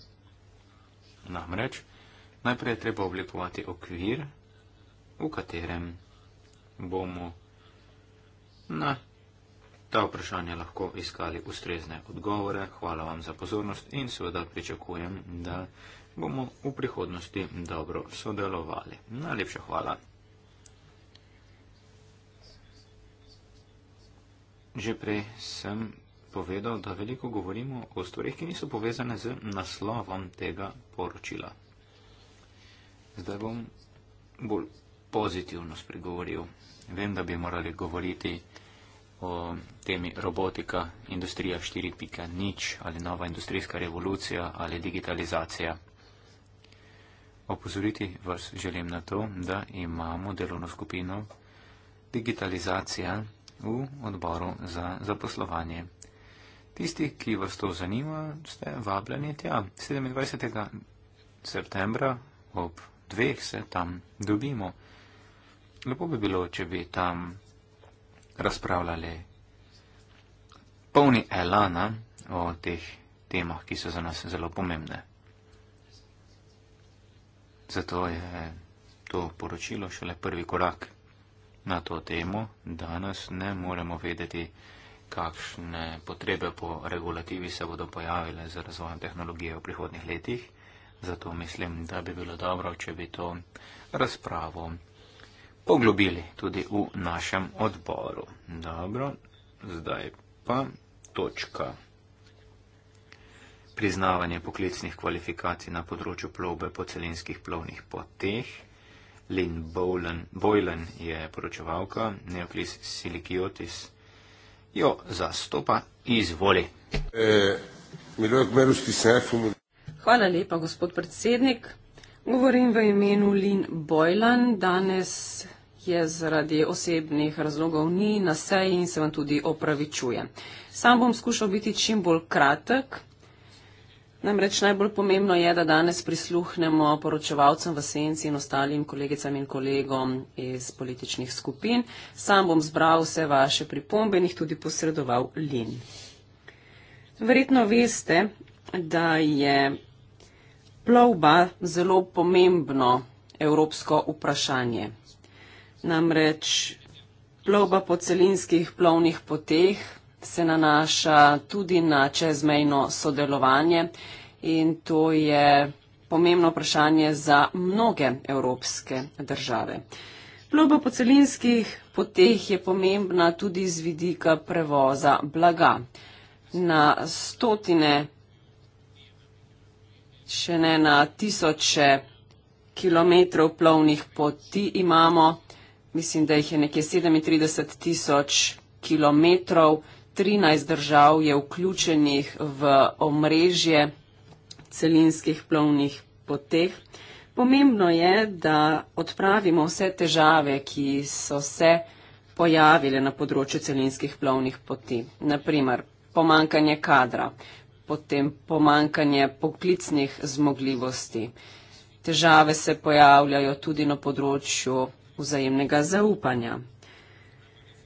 namreč najprej je treba oblikovati okvir, v katerem bomo na ta vprašanja lahko iskali ustrezne odgovore. Hvala vam za pozornost in seveda pričakujem, da bomo v prihodnosti dobro sodelovali. Najlepša hvala. Že prej sem povedal, da veliko govorimo o stvarih, ki niso povezane z naslovom tega poročila. Zdaj bom bolj pozitivno spregovoril. Vem, da bi morali govoriti o temi robotika, industrija 4.0 ali nova industrijska revolucija ali digitalizacija. Opozoriti vas želim na to, da imamo delovno skupino digitalizacija v odboru za zaposlovanje. Tisti, ki vas to zanima, ste vabljeni tja. 27. septembra ob dveh se tam dobimo. Lepo bi bilo, če bi tam razpravljali polni elana o teh temah, ki so za nas zelo pomembne. Zato je to poročilo šele prvi korak na to temo, danes ne moremo vedeti, kakšne potrebe po regulativi se bodo pojavile z razvojem tehnologije v prihodnih letih. Zato mislim, da bi bilo dobro, če bi to razpravo poglobili tudi v našem odboru. Dobro, zdaj pa točka. Priznavanje poklicnih kvalifikacij na področju plovbe po celinskih plovnih poteh. Lynn Boylan, Boylan je poročevalka Neoklis Silikiotis. Jo zastopa izvoli. E, Hvala lepa, gospod predsednik. Govorim v imenu Lynn Boylan. Danes je zaradi osebnih razlogov ni na seji in se vam tudi opravičujem. Sam bom skušal biti čim bolj kratek. Namreč najbolj pomembno je, da danes prisluhnemo poročevalcem v senci in ostalim kolegicam in kolegom iz političnih skupin. Sam bom zbral vse vaše pripombe in jih tudi posredoval Lin. Verjetno veste, da je plovba zelo pomembno evropsko vprašanje. Namreč plovba po celinskih plovnih poteh se nanaša tudi na čezmejno sodelovanje in to je pomembno vprašanje za mnoge evropske države. Ploba po celinskih poteh je pomembna tudi z vidika prevoza blaga. Na stotine, še ne na tisoče kilometrov plovnih poti imamo, mislim, da jih je nekje 37 tisoč kilometrov trinajst držav je vključenih v omrežje celinskih plovnih poteh. Pomembno je, da odpravimo vse težave, ki so se pojavile na področju celinskih plovnih poti. Naprimer, pomankanje kadra, potem pomankanje poklicnih zmogljivosti. Težave se pojavljajo tudi na področju vzajemnega zaupanja.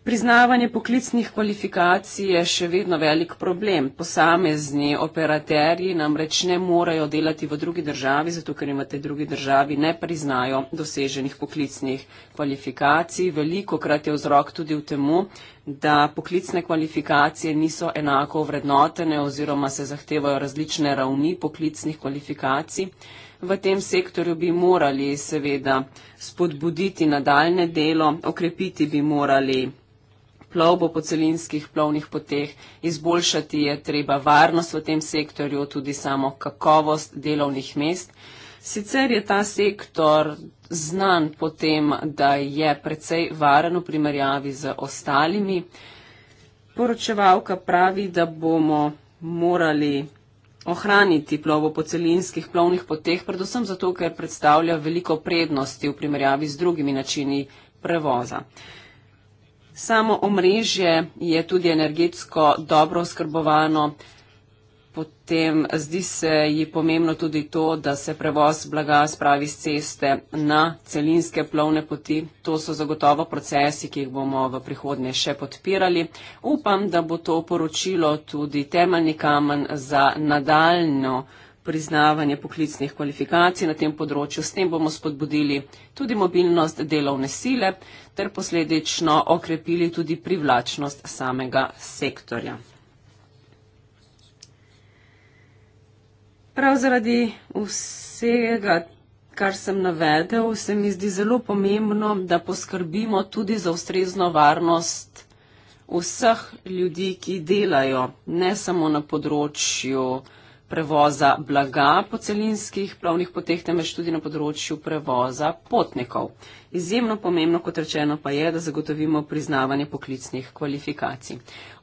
Priznavanje poklicnih kvalifikacij je še vedno velik problem. Posamezni operaterji namreč ne morejo delati v drugi državi, zato ker jim v tej drugi državi ne priznajo doseženih poklicnih kvalifikacij. Veliko krat je vzrok tudi v tem, da poklicne kvalifikacije niso enako vrednotene oziroma se zahtevajo različne ravni poklicnih kvalifikacij. V tem sektorju bi morali seveda spodbuditi nadaljne delo, okrepiti bi morali plovbo po celinskih plovnih poteh, izboljšati je treba varnost v tem sektorju, tudi samo kakovost delovnih mest. Sicer je ta sektor znan po tem, da je precej varen v primerjavi z ostalimi. Poročevalka pravi, da bomo morali ohraniti plovbo po celinskih plovnih poteh, predvsem zato, ker predstavlja veliko prednosti v primerjavi z drugimi načini prevoza. Samo omrežje je tudi energetsko dobro oskrbovano. Potem zdi se ji pomembno tudi to, da se prevoz blaga spravi z ceste na celinske plovne poti. To so zagotovo procesi, ki jih bomo v prihodnje še podpirali. Upam, da bo to poročilo tudi temeljni kamen za nadaljno priznavanje poklicnih kvalifikacij na tem področju. S tem bomo spodbudili tudi mobilnost delovne sile ter posledično okrepili tudi privlačnost samega sektorja. Prav zaradi vsega, kar sem navedel, se mi zdi zelo pomembno, da poskrbimo tudi za ustrezno varnost vseh ljudi, ki delajo, ne samo na področju prevoza blaga po celinskih plovnih poteh, temveč tudi na področju prevoza potnikov. Izjemno pomembno, kot rečeno, pa je, da zagotovimo priznavanje poklicnih kvalifikacij.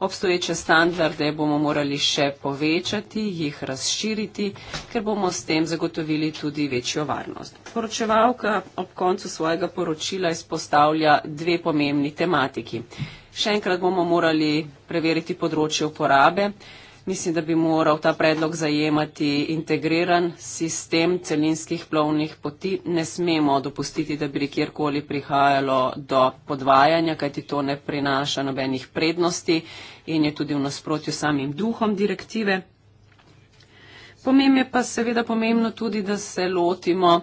Obstoječe standarde bomo morali še povečati, jih razširiti, ker bomo s tem zagotovili tudi večjo varnost. Poročevalka ob koncu svojega poročila izpostavlja dve pomembni tematiki. Še enkrat bomo morali preveriti področje uporabe. Mislim, da bi moral ta predlog zajemati integriran sistem celinskih plovnih poti. Ne smemo dopustiti, da bi kjerkoli prihajalo do podvajanja, kajti to ne prinaša nobenih prednosti in je tudi v nasprotju samim duhom direktive. Pomembno je pa seveda pomembno tudi, da se lotimo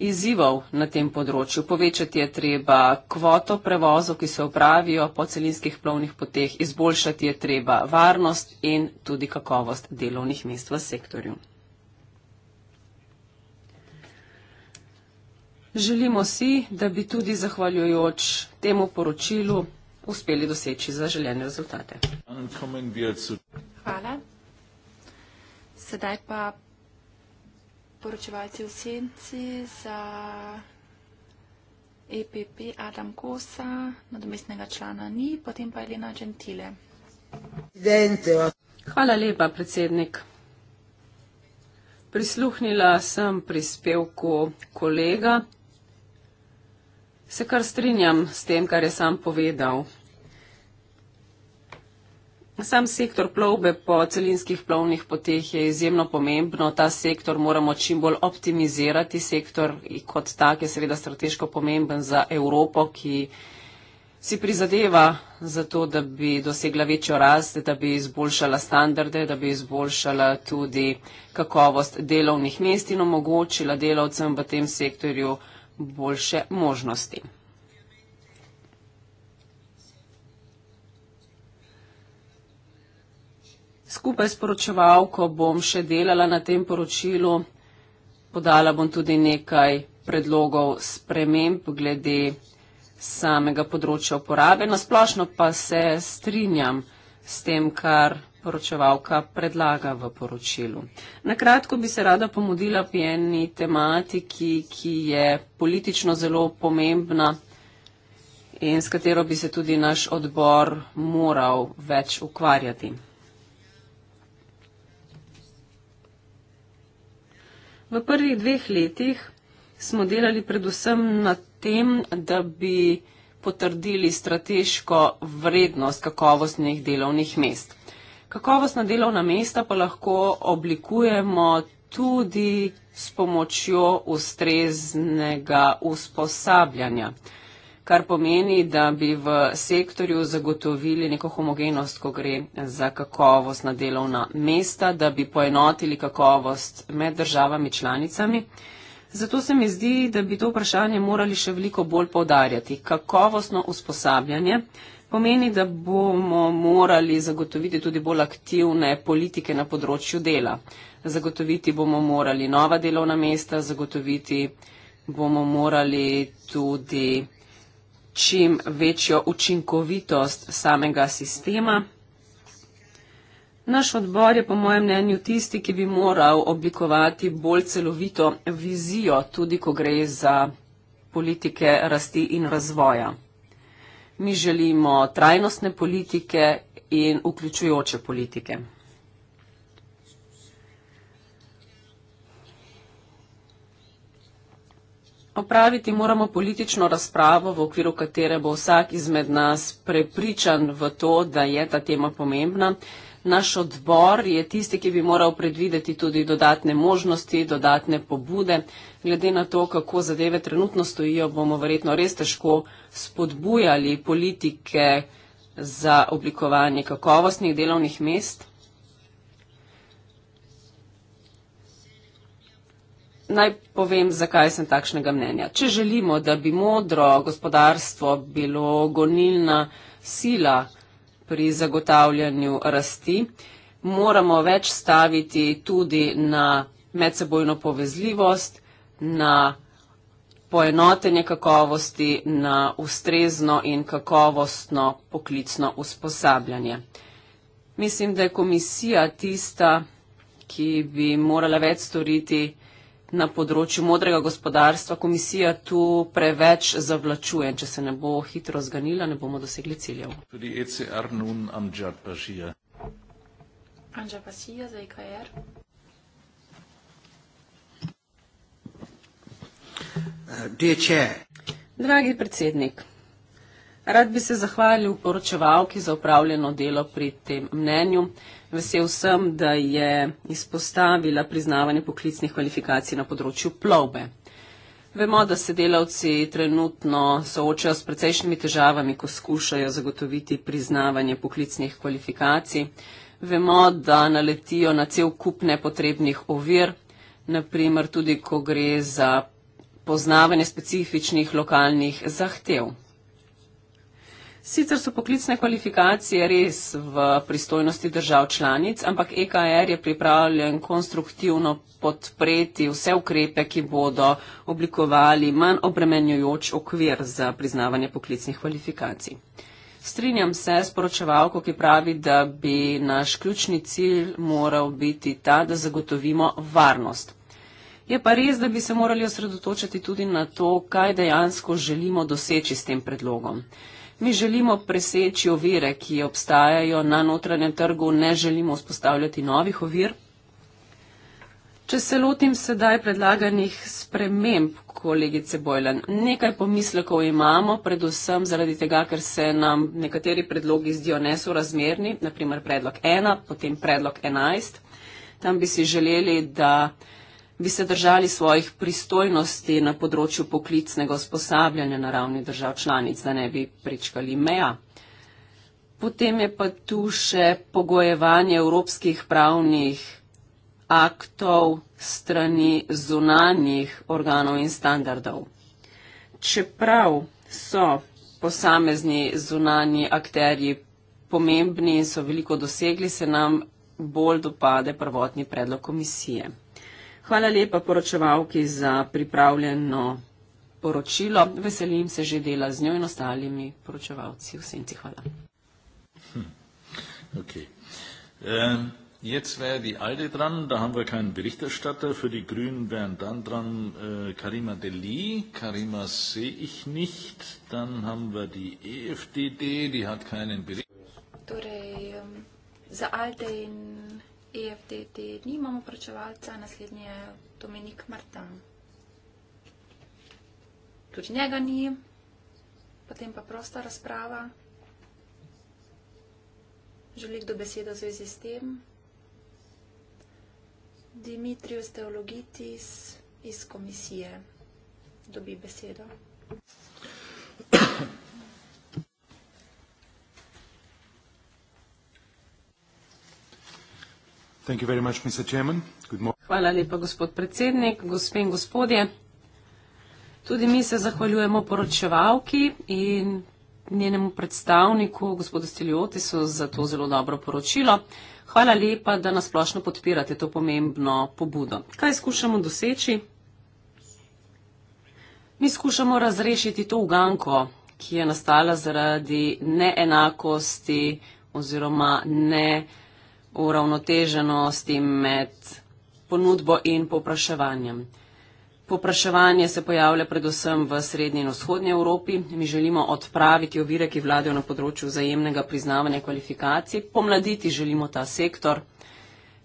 izzivov na tem področju. Povečati je treba kvoto prevozov, ki se opravijo po celinskih plovnih poteh, izboljšati je treba varnost in tudi kakovost delovnih mest v sektorju. Želimo si, da bi tudi zahvaljujoč temu poročilu uspeli doseči zaželjene rezultate. Hvala. Sedaj pa poročevalci v senci za EPP Adam Kosa, nadomestnega člana ni, potem pa Elena Gentile. Hvala lepa, predsednik. Prisluhnila sem prispevku kolega. Se kar strinjam s tem, kar je sam povedal. Sam sektor plovbe po celinskih plovnih poteh je izjemno pomembno. Ta sektor moramo čim bolj optimizirati. Sektor kot tak je seveda strateško pomemben za Evropo, ki si prizadeva za to, da bi dosegla večjo rast, da bi izboljšala standarde, da bi izboljšala tudi kakovost delovnih mest in omogočila delavcem v tem sektorju boljše možnosti. Skupaj s poročevalko bom še delala na tem poročilu, podala bom tudi nekaj predlogov sprememb glede samega področja uporabe. Na splošno pa se strinjam s tem, kar poročevalka predlaga v poročilu. Na kratko bi se rada pomudila pri eni tematiki, ki je politično zelo pomembna in s katero bi se tudi naš odbor moral več ukvarjati. V prvih dveh letih smo delali predvsem na tem, da bi potrdili strateško vrednost kakovostnih delovnih mest. Kakovostna delovna mesta pa lahko oblikujemo tudi s pomočjo ustreznega usposabljanja kar pomeni, da bi v sektorju zagotovili neko homogenost, ko gre za kakovost na delovna mesta, da bi poenotili kakovost med državami članicami. Zato se mi zdi, da bi to vprašanje morali še veliko bolj povdarjati. Kakovostno usposabljanje pomeni, da bomo morali zagotoviti tudi bolj aktivne politike na področju dela. Zagotoviti bomo morali nova delovna mesta, zagotoviti bomo morali tudi čim večjo učinkovitost samega sistema. Naš odbor je po mojem mnenju tisti, ki bi moral oblikovati bolj celovito vizijo, tudi ko gre za politike rasti in razvoja. Mi želimo trajnostne politike in vključujoče politike. Opraviti moramo politično razpravo, v okviru katere bo vsak izmed nas prepričan v to, da je ta tema pomembna. Naš odbor je tisti, ki bi moral predvideti tudi dodatne možnosti, dodatne pobude. Glede na to, kako zadeve trenutno stojijo, bomo verjetno res težko spodbujali politike za oblikovanje kakovostnih delovnih mest. naj povem, zakaj sem takšnega mnenja. Če želimo, da bi modro gospodarstvo bilo gonilna sila pri zagotavljanju rasti, moramo več staviti tudi na medsebojno povezljivost, na poenotenje kakovosti, na ustrezno in kakovostno poklicno usposabljanje. Mislim, da je komisija tista, ki bi morala več storiti na področju modrega gospodarstva komisija tu preveč zavlačuje. Če se ne bo hitro zganila, ne bomo dosegli ciljev. Tudi ECR nun Amjad Pašija. Amjad Pašija za IKR. E uh, Deče. Dragi predsednik, rad bi se zahvalil poročevalki za upravljeno delo pri tem mnenju. Vesel sem, da je izpostavila priznavanje poklicnih kvalifikacij na področju plovbe. Vemo, da se delavci trenutno soočajo s precejšnjimi težavami, ko skušajo zagotoviti priznavanje poklicnih kvalifikacij. Vemo, da naletijo na cel kup nepotrebnih ovir, naprimer tudi, ko gre za poznavanje specifičnih lokalnih zahtev. Sicer so poklicne kvalifikacije res v pristojnosti držav članic, ampak EKR je pripravljen konstruktivno podpreti vse ukrepe, ki bodo oblikovali manj obremenjujoč okvir za priznavanje poklicnih kvalifikacij. Strinjam se s poročevalko, ki pravi, da bi naš ključni cilj moral biti ta, da zagotovimo varnost. Je pa res, da bi se morali osredotočiti tudi na to, kaj dejansko želimo doseči s tem predlogom. Mi želimo preseči ovire, ki obstajajo na notranjem trgu, ne želimo vzpostavljati novih ovir. Če se lotim sedaj predlaganih sprememb, kolegice Bojlen, nekaj pomislekov imamo, predvsem zaradi tega, ker se nam nekateri predlogi zdijo nesorazmerni, naprimer predlog 1, potem predlog 11. Tam bi si želeli, da bi se držali svojih pristojnosti na področju poklicnega usposabljanja na ravni držav članic, da ne bi prečkali meja. Potem je pa tu še pogojevanje evropskih pravnih aktov strani zunanjih organov in standardov. Čeprav so posamezni zunanji akterji pomembni in so veliko dosegli, se nam bolj dopade prvotni predlog komisije. Hvala lepa poročevalki za pripravljeno poročilo. Veselim se že dela z njo in ostalimi poročevalci v senci. Hvala. Hm. Okay. Um. Jetzt wäre die Alde dran, da haben wir keinen Berichterstatter. Für die Grünen wären dann dran äh, Karima Deli. Karima sehe ich nicht. Dann haben wir die EFDD, die hat keinen Berichterstatter. Torej, ähm, EFT te dni imamo vprašalca, naslednji je Dominik Martin. Tudi njega ni, potem pa prosta razprava. Želi kdo besedo z vezi s tem? Dimitrijus Teologitis iz komisije dobi besedo. Hvala lepa, gospod predsednik, gospe in gospodje. Tudi mi se zahvaljujemo poročevalki in njenemu predstavniku, gospodu Stiliotisu, za to zelo dobro poročilo. Hvala lepa, da nasplošno podpirate to pomembno pobudo. Kaj skušamo doseči? Mi skušamo razrešiti to uganko, ki je nastala zaradi neenakosti oziroma neenakosti uravnoteženosti med ponudbo in popraševanjem. Popraševanje se pojavlja predvsem v srednji in vzhodnji Evropi. Mi želimo odpraviti ovire, ki vladajo na področju vzajemnega priznavanja kvalifikacij. Pomladiti želimo ta sektor.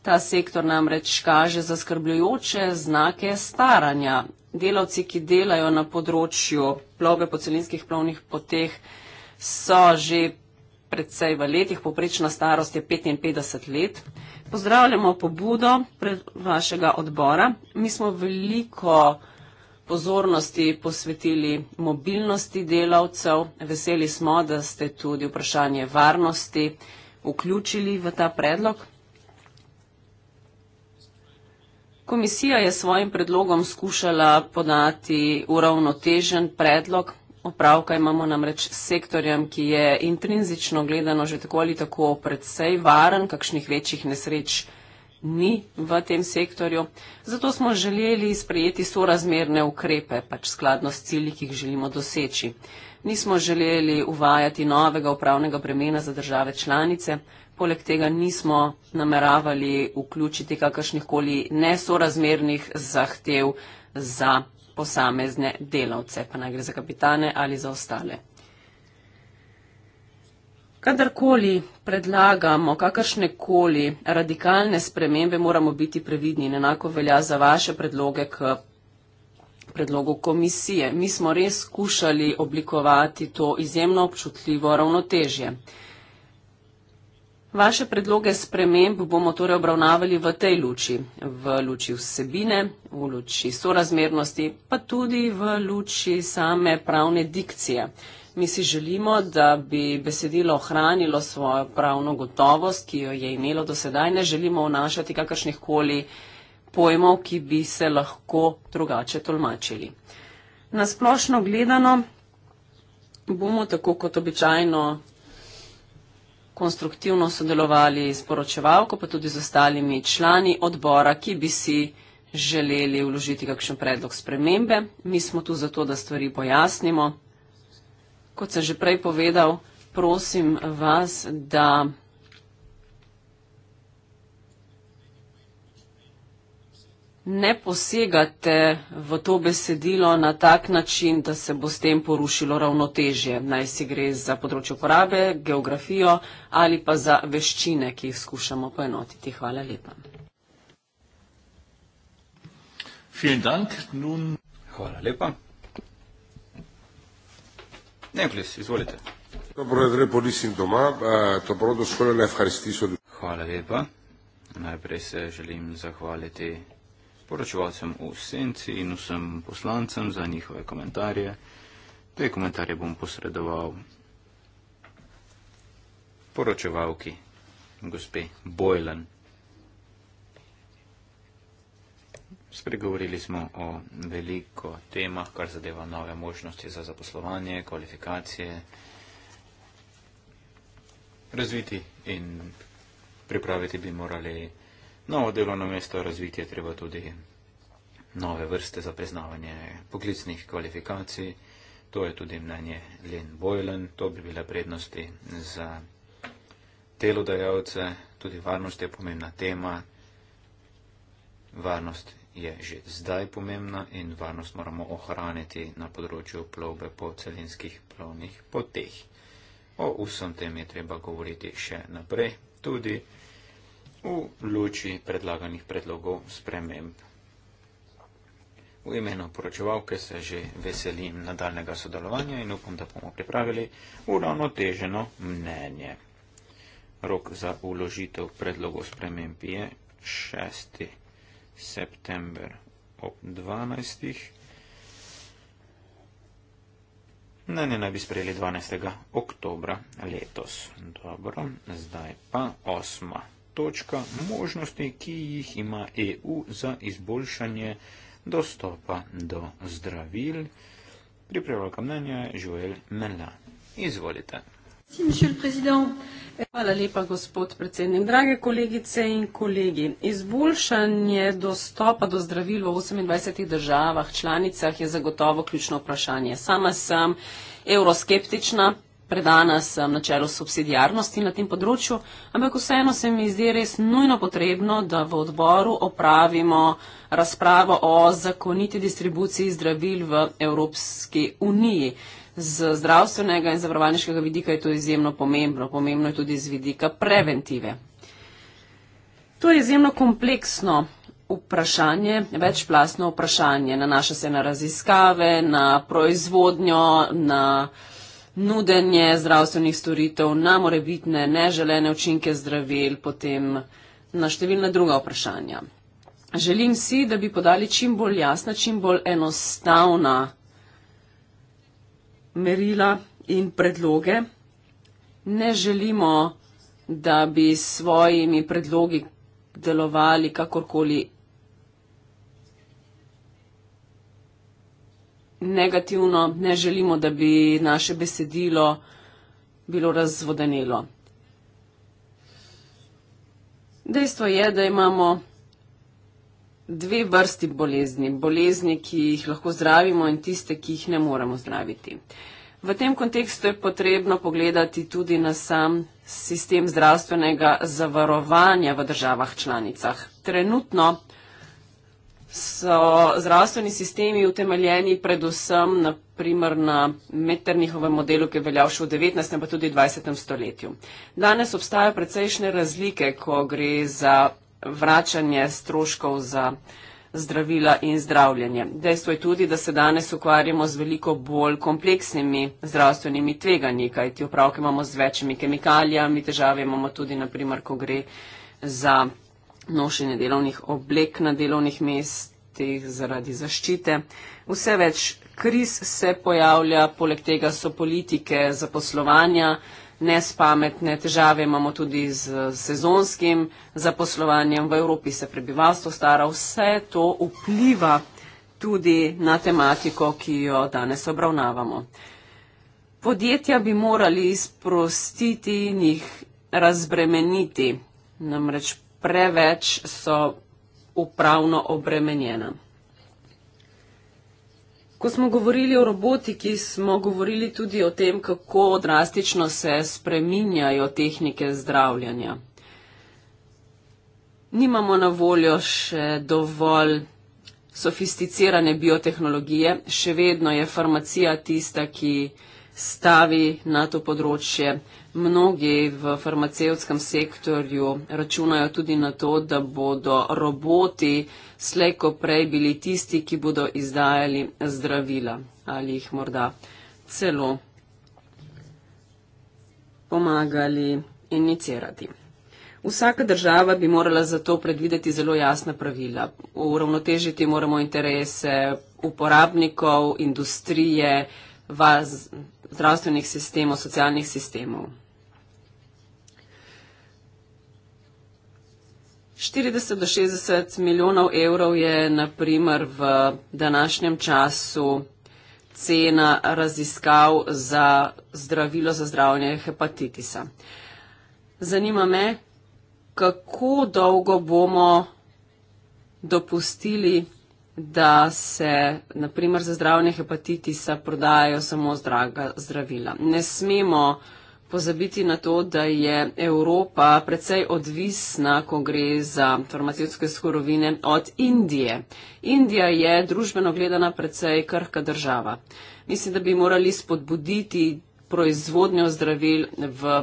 Ta sektor namreč kaže zaskrbljujoče znake staranja. Delavci, ki delajo na področju plove po celinskih plovnih poteh, so že predvsej v letih, poprečna starost je 55 let. Pozdravljamo pobudo vašega odbora. Mi smo veliko pozornosti posvetili mobilnosti delavcev. Veseli smo, da ste tudi vprašanje varnosti vključili v ta predlog. Komisija je svojim predlogom skušala podati uravnotežen predlog, opravka imamo namreč s sektorjem, ki je intrinzično gledano že tako ali tako predvsej varen, kakšnih večjih nesreč ni v tem sektorju. Zato smo želeli sprejeti sorazmerne ukrepe, pač skladno s cilji, ki jih želimo doseči. Nismo želeli uvajati novega upravnega bremena za države članice, poleg tega nismo nameravali vključiti kakršnih koli nesorazmernih zahtev za posamezne delavce, pa naj gre za kapitane ali za ostale. Kadarkoli predlagamo kakršne koli radikalne spremembe, moramo biti previdni in enako velja za vaše predloge k predlogu komisije. Mi smo res skušali oblikovati to izjemno občutljivo ravnotežje. Vaše predloge sprememb bomo torej obravnavali v tej luči, v luči vsebine, v luči sorazmernosti, pa tudi v luči same pravne dikcije. Mi si želimo, da bi besedilo ohranilo svojo pravno gotovost, ki jo je imelo do sedaj. Ne želimo vnašati kakršnih koli pojmov, ki bi se lahko drugače tolmačili. Nasplošno gledano bomo tako kot običajno konstruktivno sodelovali s poročevalko, pa tudi z ostalimi člani odbora, ki bi si želeli vložiti kakšen predlog spremembe. Mi smo tu zato, da stvari pojasnimo. Kot sem že prej povedal, prosim vas, da ne posegate v to besedilo na tak način, da se bo s tem porušilo ravnotežje. Naj si gre za področje uporabe, geografijo ali pa za veščine, ki jih skušamo poenotiti. Hvala lepa. Dank. Nun... Hvala lepa. Nekles, izvolite. Dobro, da gre polisim doma. Dobro, eh, da skoraj ne vharistiso. Hvala lepa. Najprej se želim zahvaliti poročeval sem v senci in vsem poslancem za njihove komentarje. Te komentarje bom posredoval poročevalki, gospe Bojlen. Spregovorili smo o veliko temah, kar zadeva nove možnosti za zaposlovanje, kvalifikacije, razviti in pripraviti bi morali novo delovno mesto razviti je treba tudi nove vrste za priznavanje poklicnih kvalifikacij. To je tudi mnenje Len Boylen, to bi bile prednosti za delodajalce, tudi varnost je pomembna tema. Varnost je že zdaj pomembna in varnost moramo ohraniti na področju plovbe po celinskih plovnih poteh. O vsem tem je treba govoriti še naprej, tudi v luči predlaganih predlogov sprememb. V imenu poročevalke se že veselim nadaljnega sodelovanja in upam, da bomo pripravili uravnoteženo mnenje. Rok za uložitev predlogov sprememb je 6. september ob 12. Mnenje naj bi sprejeli 12. oktobra letos. Dobro, zdaj pa 8 točka možnosti, ki jih ima EU za izboljšanje dostopa do zdravil. Pripravljaka mnenja je Joel Mela. Izvolite. Hvala lepa, gospod predsednik. Drage kolegice in kolegi, izboljšanje dostopa do zdravil v 28 državah, članicah je zagotovo ključno vprašanje. Sama sem euroskeptična, predana sem načelu subsidijarnosti na tem področju, ampak vseeno se mi zdi res nujno potrebno, da v odboru opravimo razpravo o zakoniti distribuciji zdravil v Evropski uniji. Z zdravstvenega in zavarovalniškega vidika je to izjemno pomembno. Pomembno je tudi z vidika preventive. To je izjemno kompleksno vprašanje, večplastno vprašanje. Nanaša se na raziskave, na proizvodnjo, na nudenje zdravstvenih storitev, na morebitne neželene učinke zdravil, potem na številne druga vprašanja. Želim si, da bi podali čim bolj jasna, čim bolj enostavna merila in predloge. Ne želimo, da bi s svojimi predlogi delovali kakorkoli negativno, ne želimo, da bi naše besedilo bilo razvodenelo. Dejstvo je, da imamo dve vrsti bolezni. Bolezni, ki jih lahko zdravimo in tiste, ki jih ne moremo zdraviti. V tem kontekstu je potrebno pogledati tudi na sam sistem zdravstvenega zavarovanja v državah članicah. Trenutno so zdravstveni sistemi utemeljeni predvsem na primer na Metternichovem modelu, ki je veljal še v 19. pa tudi 20. stoletju. Danes obstajajo precejšnje razlike, ko gre za vračanje stroškov za zdravila in zdravljenje. Dejstvo je tudi, da se danes ukvarjamo z veliko bolj kompleksnimi zdravstvenimi tveganji, kajti opravke imamo z večjimi kemikalijami, težave imamo tudi, naprimer, ko gre za nošenje delovnih oblek na delovnih mestih zaradi zaščite. Vse več kriz se pojavlja, poleg tega so politike zaposlovanja nespametne, težave imamo tudi z sezonskim zaposlovanjem, v Evropi se prebivalstvo stara, vse to vpliva tudi na tematiko, ki jo danes obravnavamo. Podjetja bi morali sprostiti in jih razbremeniti. Namreč preveč so upravno obremenjena. Ko smo govorili o robotiki, smo govorili tudi o tem, kako drastično se spreminjajo tehnike zdravljanja. Nimamo na voljo še dovolj sofisticirane biotehnologije, še vedno je farmacija tista, ki stavi na to področje Mnogi v farmacevskem sektorju računajo tudi na to, da bodo roboti slejko prej bili tisti, ki bodo izdajali zdravila ali jih morda celo pomagali inicirati. Vsaka država bi morala zato predvideti zelo jasna pravila. Uravnotežiti moramo interese uporabnikov, industrije, vas, zdravstvenih sistemov, socialnih sistemov. 40 do 60 milijonov evrov je naprimer v današnjem času cena raziskav za zdravilo za zdravljenje hepatitisa. Zanima me, kako dolgo bomo dopustili, da se naprimer za zdravljenje hepatitisa prodajajo samo draga zdravila. Ne smemo pozabiti na to, da je Evropa precej odvisna, ko gre za farmacijske skorovine od Indije. Indija je družbeno gledana precej krhka država. Mislim, da bi morali spodbuditi proizvodnjo zdravil v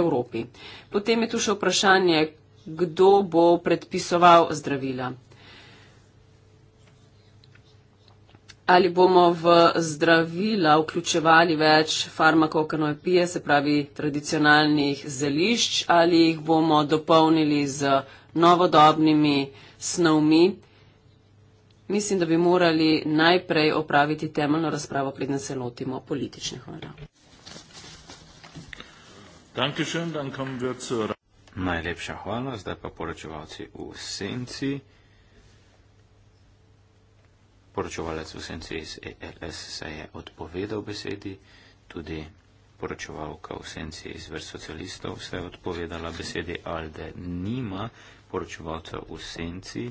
Evropi. Potem je tu še vprašanje, kdo bo predpisoval zdravila. ali bomo v zdravila vključevali več farmakokanopije, se pravi tradicionalnih zelišč, ali jih bomo dopolnili z novodobnimi snovmi. Mislim, da bi morali najprej opraviti temeljno razpravo, preden se lotimo politične. Hvala. Najlepša hvala, zdaj pa poročevalci v senci poročevalec v senci iz ELS se je odpovedal besedi, tudi poročevalka v senci iz vrst socialistov se je odpovedala besedi, ali da nima poročevalca v senci.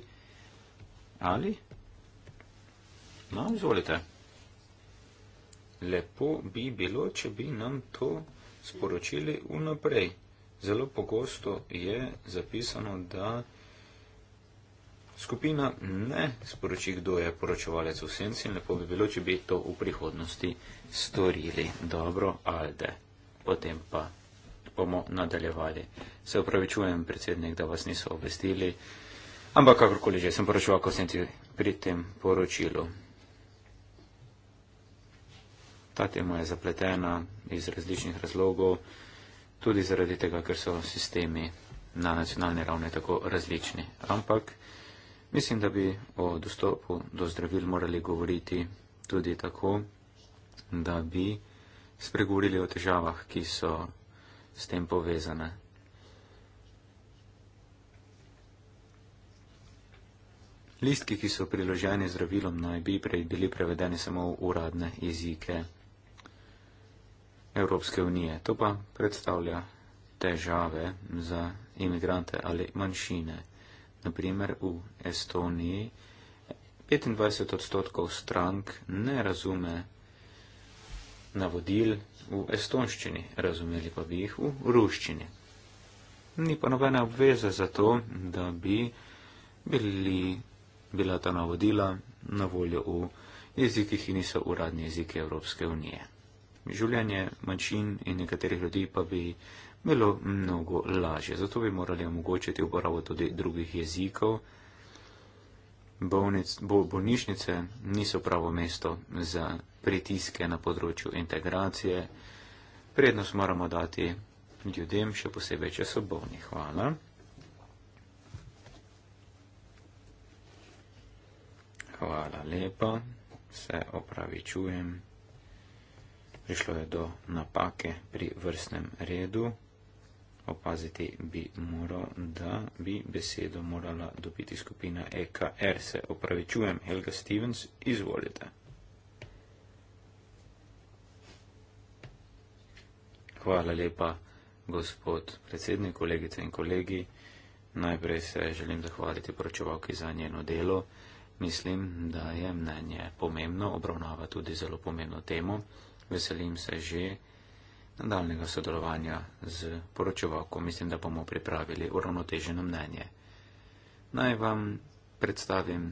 Ali? No, izvolite. Lepo bi bilo, če bi nam to sporočili vnaprej. Zelo pogosto je zapisano, da skupina ne sporoči, kdo je poročevalec v senci in lepo bi bilo, če bi to v prihodnosti storili. Dobro, Alde. Potem pa bomo nadaljevali. Se upravičujem, predsednik, da vas niso obvestili, ampak kakorkoli že sem poročal, ko sem ti pri tem poročilu. Ta tema je zapletena iz različnih razlogov, tudi zaradi tega, ker so sistemi na nacionalni ravni tako različni. Ampak Mislim, da bi o dostopu do zdravil morali govoriti tudi tako, da bi spregovorili o težavah, ki so s tem povezane. Listki, ki so priloženi zdravilom, naj bi prej bili prevedeni samo v uradne jezike Evropske unije. To pa predstavlja težave za imigrante ali manjšine. Naprimer v Estoniji 25 odstotkov strank ne razume navodil v estonščini, razumeli pa bi jih v ruščini. Ni pa nobene obveze za to, da bi bili, bila ta navodila na voljo v jezikih, ki niso uradni jeziki Evropske unije. Življenje manjšin in nekaterih ljudi pa bi bilo mnogo lažje. Zato bi morali omogočiti uporabo tudi drugih jezikov. Bolnic, bo, bolnišnice niso pravo mesto za pritiske na področju integracije. Prednost moramo dati ljudem, še posebej, če so bolni. Hvala. Hvala lepa, se opravičujem. Prišlo je do napake pri vrstnem redu opaziti bi moral, da bi besedo morala dobiti skupina EKR. Se opravičujem, Helga Stevens, izvolite. Hvala lepa, gospod predsednik, kolegice in kolegi. Najprej se želim zahvaliti poročevalki za njeno delo. Mislim, da je mnenje pomembno, obravnava tudi zelo pomembno temo. Veselim se že, da nadaljnega sodelovanja z poročevalko, mislim, da bomo pripravili uravnoteženo mnenje. Naj vam predstavim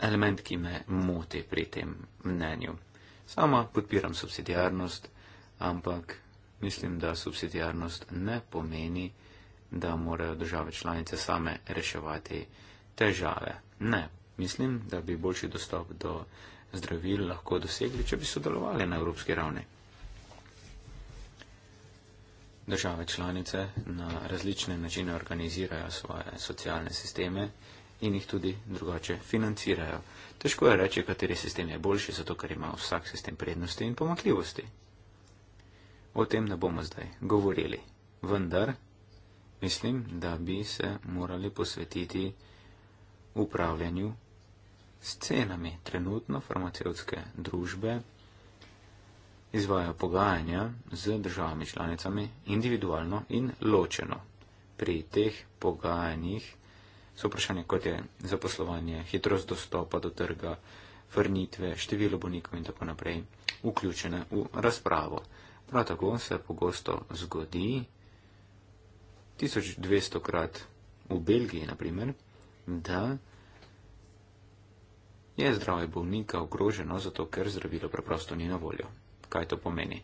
element, ki me moti pri tem mnenju. Sama podpiram subsidijarnost, ampak mislim, da subsidijarnost ne pomeni, da morajo države članice same reševati težave. Ne, mislim, da bi boljši dostop do zdravil lahko dosegli, če bi sodelovali na evropski ravni. Države članice na različne načine organizirajo svoje socialne sisteme in jih tudi drugače financirajo. Težko je reči, kateri sistem je boljši, zato ker ima vsak sistem prednosti in pomakljivosti. O tem ne bomo zdaj govorili, vendar mislim, da bi se morali posvetiti upravljanju s cenami trenutno farmacevtske družbe izvaja pogajanja z državami članicami individualno in ločeno. Pri teh pogajanjih so vprašanje, kot je zaposlovanje, hitrost dostopa do trga, vrnitve, število bonikov in tako naprej, vključene v razpravo. Prav tako se pogosto zgodi 1200 krat v Belgiji, naprimer, da je zdravje bolnika ogroženo, zato ker zdravilo preprosto ni na voljo kaj to pomeni.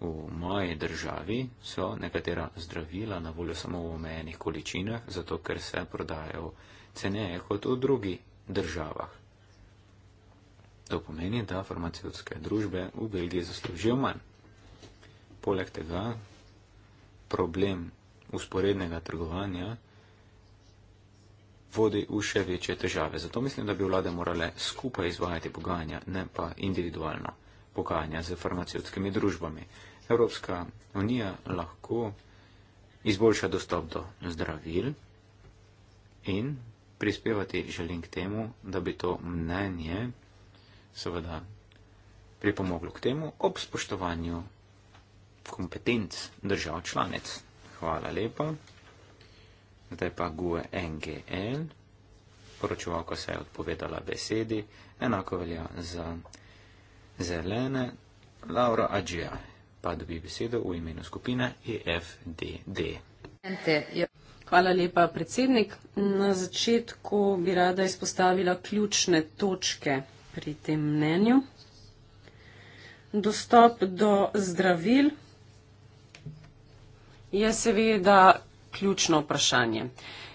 V moji državi so nekatera zdravila na voljo samo v omejenih količinah, zato ker se prodajajo ceneje kot v drugih državah. To pomeni, da farmacijske družbe v Belgiji zaslužijo manj. Poleg tega problem usporednega trgovanja vodi v še večje težave. Zato mislim, da bi vlade morale skupaj izvajati pogajanja, ne pa individualno pogajanja z farmacevtskimi družbami. Evropska unija lahko izboljša dostop do zdravil in prispevati želim k temu, da bi to mnenje seveda pripomoglo k temu ob spoštovanju kompetenc držav članic. Hvala lepa. Zdaj pa GUE NGL. Poročevalka se je odpovedala besedi, enako velja za zelene Laura Agia. Pa dobi besedo v imenu skupine EFDD. Hvala lepa, predsednik. Na začetku bi rada izpostavila ključne točke pri tem mnenju. Dostop do zdravil je seveda ključno vprašanje.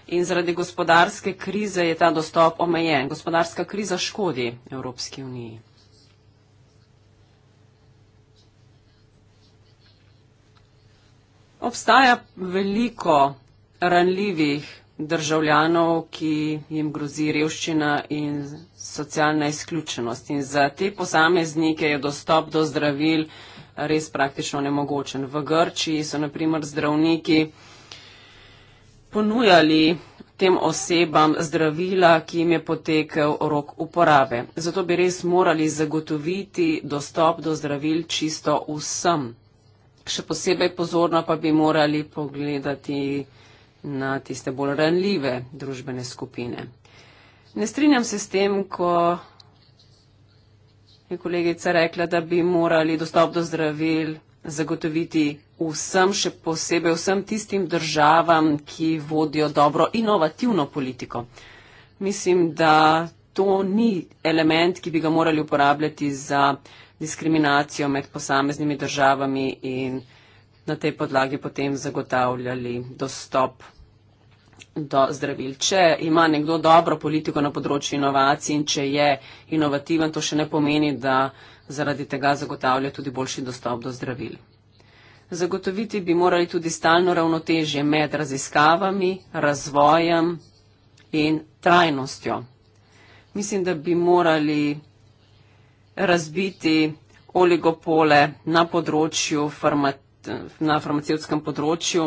In zaradi gospodarske krize je ta dostop omejen. Gospodarska kriza škodi Evropski uniji. Obstaja veliko ranljivih državljanov, ki jim grozi revščina in socialna izključenost. In za te posameznike je dostop do zdravil res praktično nemogočen. V Grčiji so naprimer zdravniki ponujali tem osebam zdravila, ki jim je potekel rok uporabe. Zato bi res morali zagotoviti dostop do zdravil čisto vsem še posebej pozorno pa bi morali pogledati na tiste bolj ranljive družbene skupine. Ne strinjam se s tem, ko je kolegica rekla, da bi morali dostop do zdravil zagotoviti vsem, še posebej vsem tistim državam, ki vodijo dobro inovativno politiko. Mislim, da to ni element, ki bi ga morali uporabljati za diskriminacijo med posameznimi državami in na tej podlagi potem zagotavljali dostop do zdravil. Če ima nekdo dobro politiko na področju inovacij in če je inovativen, to še ne pomeni, da zaradi tega zagotavlja tudi boljši dostop do zdravil. Zagotoviti bi morali tudi stalno ravnotežje med raziskavami, razvojem in trajnostjo. Mislim, da bi morali razbiti oligopole na področju na farmacevtskem področju.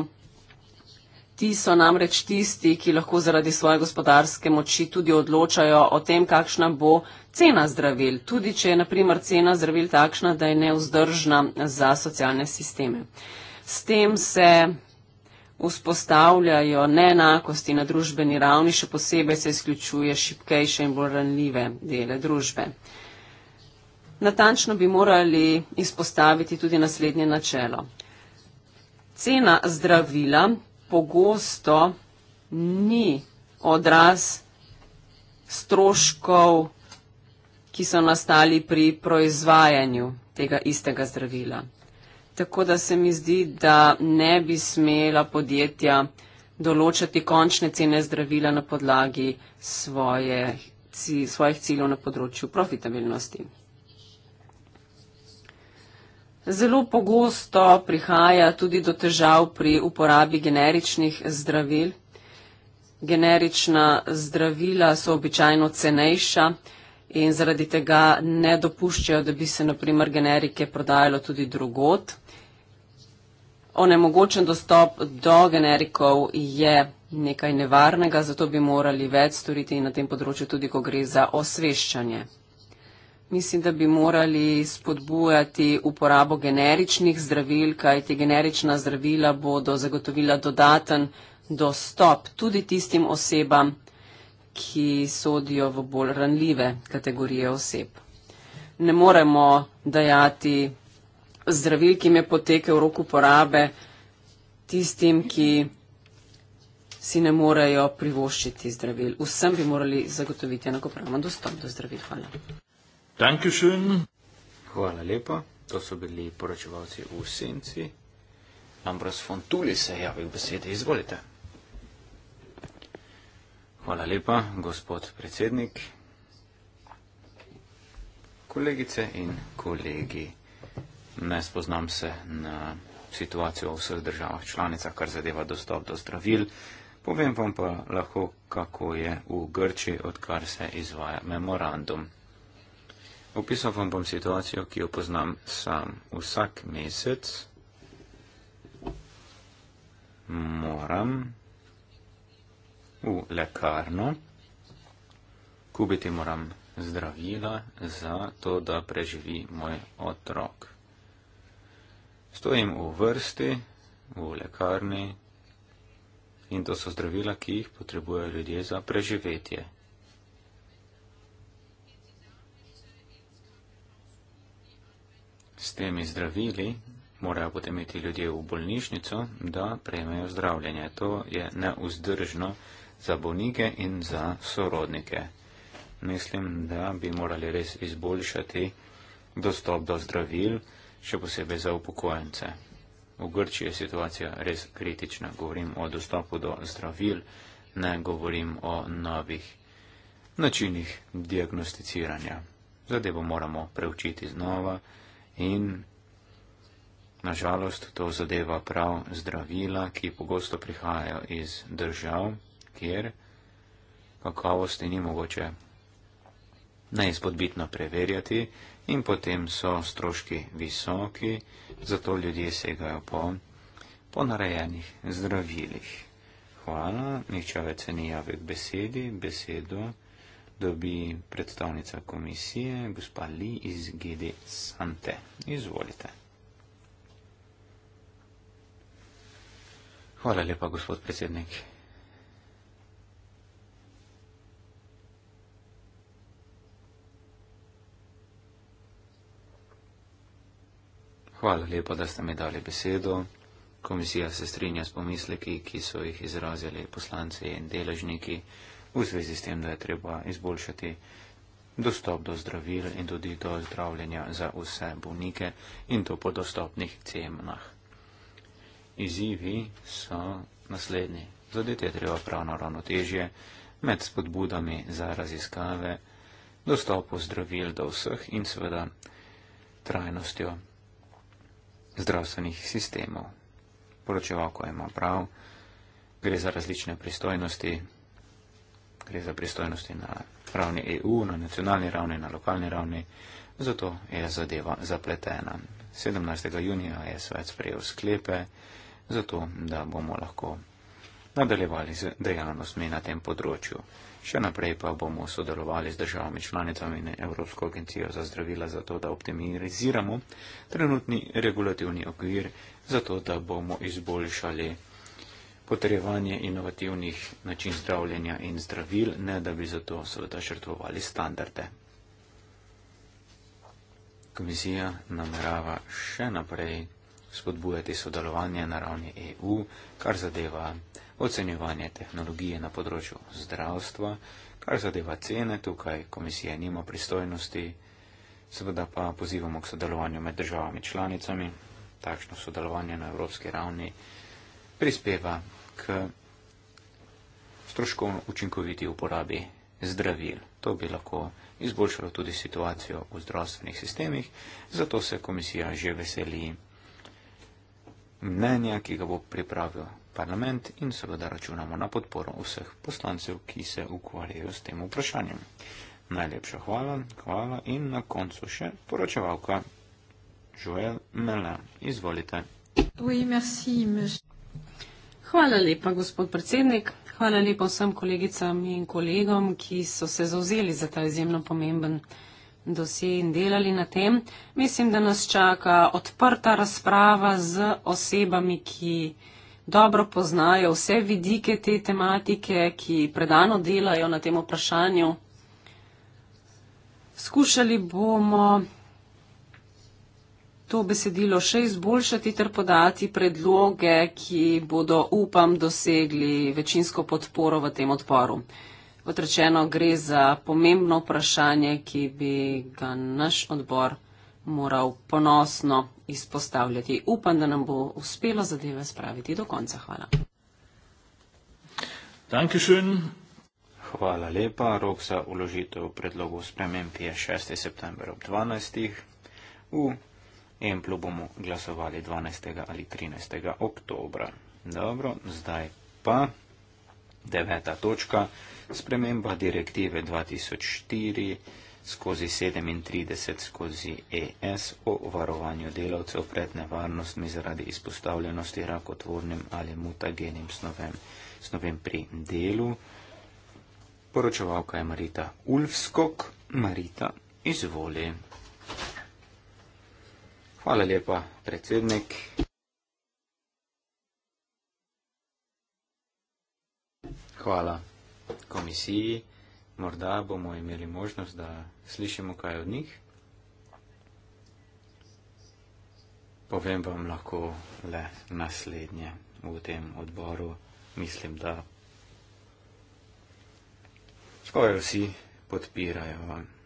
Ti so namreč tisti, ki lahko zaradi svoje gospodarske moči tudi odločajo o tem, kakšna bo cena zdravil, tudi če je naprimer cena zdravil takšna, da je neuzdržna za socialne sisteme. S tem se vzpostavljajo neenakosti na družbeni ravni, še posebej se izključuje šipkejše in bolj ranljive dele družbe. Natančno bi morali izpostaviti tudi naslednje načelo. Cena zdravila pogosto ni odraz stroškov, ki so nastali pri proizvajanju tega istega zdravila. Tako da se mi zdi, da ne bi smela podjetja določati končne cene zdravila na podlagi svoje, svojih ciljev na področju profitabilnosti. Zelo pogosto prihaja tudi do težav pri uporabi generičnih zdravil. Generična zdravila so običajno cenejša in zaradi tega ne dopuščajo, da bi se naprimer generike prodajalo tudi drugot. Onemogočen dostop do generikov je nekaj nevarnega, zato bi morali več storiti in na tem področju tudi, ko gre za osveščanje. Mislim, da bi morali spodbujati uporabo generičnih zdravil, kajti generična zdravila bodo zagotovila dodaten dostop tudi tistim osebam, ki sodijo v bolj ranljive kategorije oseb. Ne moremo dajati zdravil, ki jim je potekel rok uporabe, tistim, ki si ne morejo privoščiti zdravil. Vsem bi morali zagotoviti enakopravno dostop do zdravil. Hvala. Dankeschön. Hvala lepa. To so bili poročevalci v Senci. Ambros Fontuli se je javil besede. Izvolite. Hvala lepa, gospod predsednik. Kolegice in kolegi, ne spoznam se na situacijo v vseh državah članicah, kar zadeva dostop do zdravil. Povem vam pa lahko, kako je v Grči, odkar se izvaja memorandum. Opisal vam bom situacijo, ki jo poznam sam. Vsak mesec moram v lekarno, kupiti moram zdravila za to, da preživi moj otrok. Stojim v vrsti v lekarni in to so zdravila, ki jih potrebujejo ljudje za preživetje. S temi zdravili morajo potem iti ljudje v bolnišnico, da prejmejo zdravljenje. To je neuzdržno za bolnike in za sorodnike. Mislim, da bi morali res izboljšati dostop do zdravil, še posebej za upokojence. V Grčiji je situacija res kritična. Govorim o dostopu do zdravil, ne govorim o novih načinih diagnosticiranja. Zadevo moramo preučiti znova. In nažalost to zadeva prav zdravila, ki pogosto prihajajo iz držav, kjer kakovosti ni mogoče neizpodbitno preverjati in potem so stroški visoki, zato ljudje segajo po ponarejenih zdravilih. Hvala, nič več se ni javil besedi, besedo dobi predstavnica komisije, gospa Li iz GD Sante. Izvolite. Hvala lepa, gospod predsednik. Hvala lepa, da ste mi dali besedo. Komisija se strinja s pomisleki, ki so jih izrazili poslanci in deležniki v zvezi s tem, da je treba izboljšati dostop do zdravil in tudi do zdravljenja za vse bolnike in to po dostopnih cenah. Izzivi so naslednji. Zadeti je treba pravno ravnotežje med spodbudami za raziskave, dostopu zdravil do vseh in seveda trajnostjo zdravstvenih sistemov. Poročevalko ima prav, gre za različne pristojnosti, gre za pristojnosti na ravni EU, na nacionalni ravni, na lokalni ravni, zato je zadeva zapletena. 17. junija je svet sprejel sklepe, zato da bomo lahko nadaljevali z dejavnostmi na tem področju. Še naprej pa bomo sodelovali z državami članicami in Evropsko agencijo za zdravila, zato da optimiziramo trenutni regulativni okvir, zato da bomo izboljšali potrebovanje inovativnih način zdravljenja in zdravil, ne da bi zato seveda žrtvovali standarde. Komisija namerava še naprej spodbujati sodelovanje na ravni EU, kar zadeva ocenjevanje tehnologije na področju zdravstva, kar zadeva cene, tukaj komisija nima pristojnosti, seveda pa pozivamo k sodelovanju med državami članicami, takšno sodelovanje na evropski ravni prispeva k stroškovno učinkoviti uporabi zdravil. To bi lahko izboljšalo tudi situacijo v zdravstvenih sistemih, zato se komisija že veseli mnenja, ki ga bo pripravil parlament in seveda računamo na podporo vseh poslancev, ki se ukvarjajo s tem vprašanjem. Najlepša hvala, hvala in na koncu še poročevalka Joel Mela. Izvolite. Oui, merci, monsieur. Hvala lepa, gospod predsednik. Hvala lepa vsem kolegicam in kolegom, ki so se zauzeli za ta izjemno pomemben dosje in delali na tem. Mislim, da nas čaka odprta razprava z osebami, ki dobro poznajo vse vidike te tematike, ki predano delajo na tem vprašanju. Skušali bomo to besedilo še izboljšati ter podati predloge, ki bodo, upam, dosegli večinsko podporo v tem odporu. Kot rečeno, gre za pomembno vprašanje, ki bi ga naš odbor moral ponosno izpostavljati. Upam, da nam bo uspelo zadeve spraviti do konca. Hvala. Dankeschön. Hvala lepa. Rok za uložitev predlogov sprememb je 6. september ob 12. u. Emplu bomo glasovali 12. ali 13. oktober. Dobro, zdaj pa deveta točka, sprememba direktive 2004 skozi 37 skozi ES o varovanju delavcev pred nevarnostmi zaradi izpostavljenosti rakotvornim ali mutagenim snovem, snovem pri delu. Poročevalka je Marita Ulfskog. Marita, izvoli. Hvala lepa, predsednik. Hvala komisiji. Morda bomo imeli možnost, da slišimo kaj od njih. Povem vam lahko le naslednje v tem odboru. Mislim, da skoraj vsi podpirajo vam.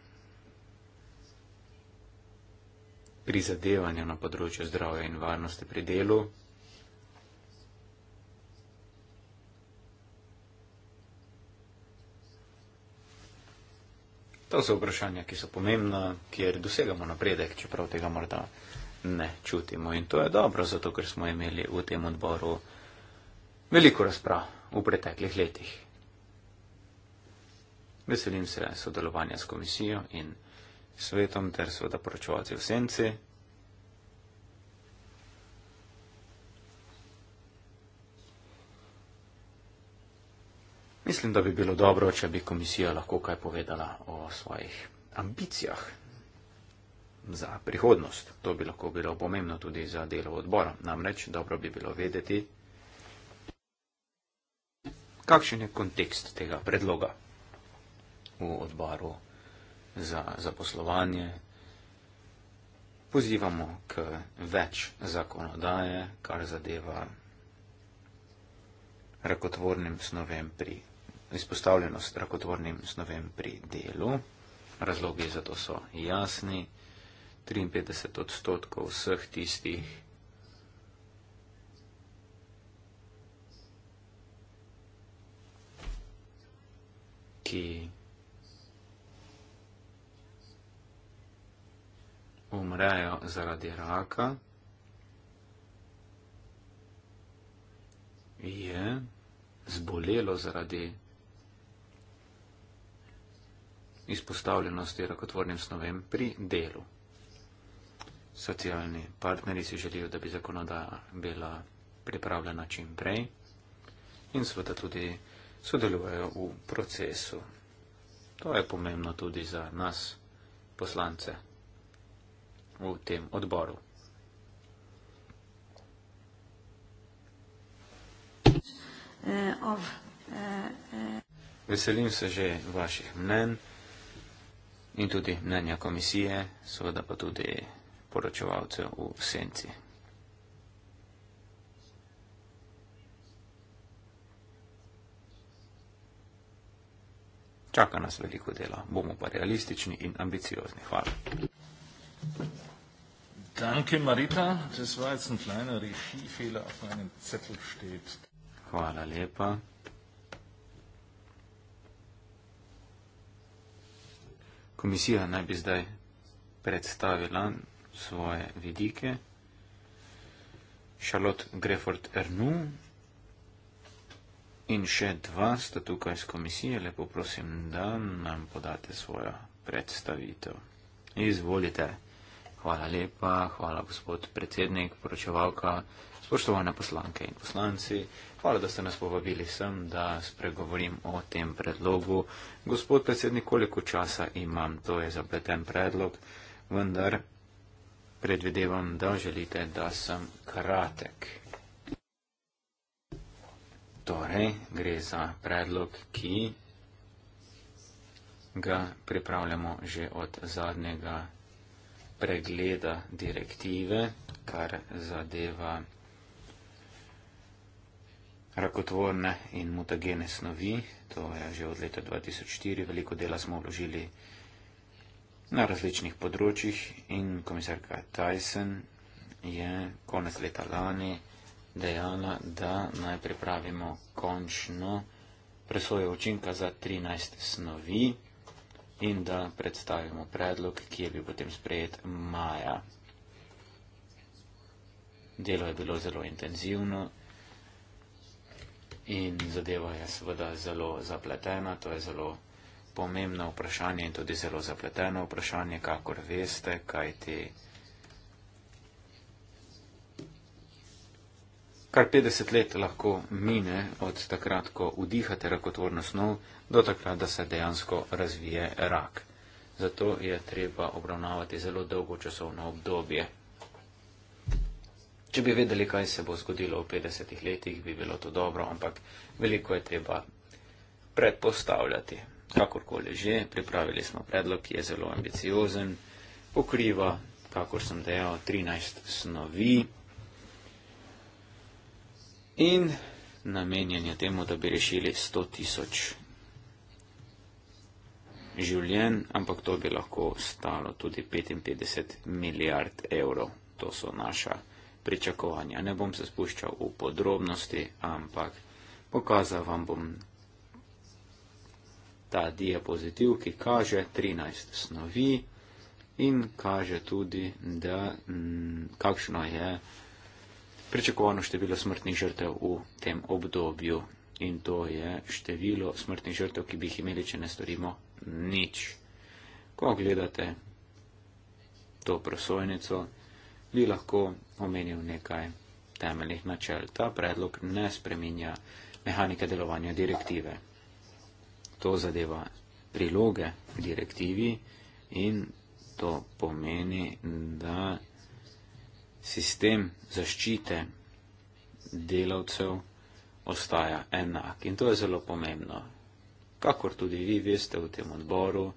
prizadevanja na področju zdravja in varnosti pri delu. To so vprašanja, ki so pomembna, kjer dosegamo napredek, čeprav tega morda ne čutimo. In to je dobro, zato ker smo imeli v tem odboru veliko razprav v preteklih letih. Veselim se sodelovanja s komisijo in svetom ter sveda poročovati v senci. Mislim, da bi bilo dobro, če bi komisija lahko kaj povedala o svojih ambicijah za prihodnost. To bi lahko bilo pomembno tudi za delo odbora. Namreč dobro bi bilo vedeti, kakšen je kontekst tega predloga v odboru za zaposlovanje, pozivamo k več zakonodaje, kar zadeva rakotvornim snovem pri, izpostavljenost rakotvornim snovem pri delu. Razlogi za to so jasni. 53 odstotkov vseh tistih, ki umrejo zaradi raka, je zbolelo zaradi izpostavljenosti rakotvornim snovem pri delu. Socialni partneri si želijo, da bi zakonodaja bila pripravljena čim prej in seveda tudi sodelujejo v procesu. To je pomembno tudi za nas, poslance v tem odboru. Eh, eh, eh. Veselim se že vaših mnen in tudi mnenja komisije, seveda pa tudi poročevalcev v senci. Čaka nas veliko dela, bomo pa realistični in ambiciozni. Hvala. Danke, Marita. Das war jetzt ein kleiner Regiefehler, auf meinem Zettel steht. Hvala lepa. Komisija naj bi zdaj predstavila svoje vidike. Charlotte Grefford Ernu in še dva sta tukaj z komisije. Lepo prosim, da nam podate svojo predstavitev. Izvolite. Hvala lepa, hvala gospod predsednik, poročevalka, spoštovane poslanke in poslanci. Hvala, da ste nas povabili sem, da spregovorim o tem predlogu. Gospod predsednik, koliko časa imam? To je zapleten predlog, vendar predvidevam, da želite, da sem kratek. Torej, gre za predlog, ki ga pripravljamo že od zadnjega pregleda direktive, kar zadeva rakotvorne in mutagene snovi. To je že od leta 2004. Veliko dela smo vložili na različnih področjih in komisarka Tyson je konec leta lani dejala, da naj pripravimo končno presojo učinka za 13 snovi in da predstavimo predlog, ki je bil potem sprejet maja. Delo je bilo zelo intenzivno in zadeva je seveda zelo zapletena, to je zelo pomembno vprašanje in tudi zelo zapleteno vprašanje, kakor veste, kaj ti. Kar 50 let lahko mine od takrat, ko vdihate rakotvorno snov, do takrat, da se dejansko razvije rak. Zato je treba obravnavati zelo dolgo časovno obdobje. Če bi vedeli, kaj se bo zgodilo v 50 letih, bi bilo to dobro, ampak veliko je treba predpostavljati. Kakorkoli že, pripravili smo predlog, ki je zelo ambiciozen, pokriva, kakor sem dejal, 13 snovi in namenjen je temu, da bi rešili 100 tisoč življenj, ampak to bi lahko stalo tudi 55 milijard evrov. To so naša pričakovanja. Ne bom se spuščal v podrobnosti, ampak pokazal vam bom ta diapozitiv, ki kaže 13 snovi in kaže tudi, da mm, kakšno je pričakovano število smrtnih žrtev v tem obdobju. In to je število smrtnih žrtev, ki bi jih imeli, če ne storimo nič. Ko gledate to prosojnico, bi lahko omenil nekaj temeljnih načel. Ta predlog ne spreminja mehanike delovanja direktive. To zadeva priloge direktivi in to pomeni, da sistem zaščite delavcev ostaja enak. In to je zelo pomembno kakor tudi vi veste v tem odboru,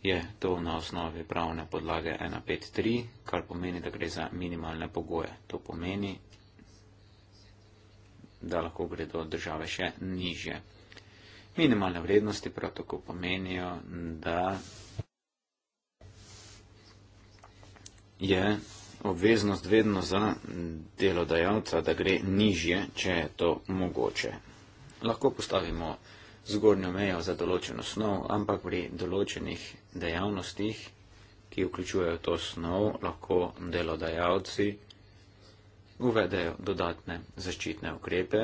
je to na osnovi pravne podlage 1.5.3, kar pomeni, da gre za minimalne pogoje. To pomeni, da lahko gredo države še niže. Minimalne vrednosti prav tako pomenijo, da je obveznost vedno za delodajalca, da gre nižje, če je to mogoče lahko postavimo zgornjo mejo za določeno snov, ampak pri določenih dejavnostih, ki vključujejo to snov, lahko delodajalci uvedejo dodatne zaščitne ukrepe.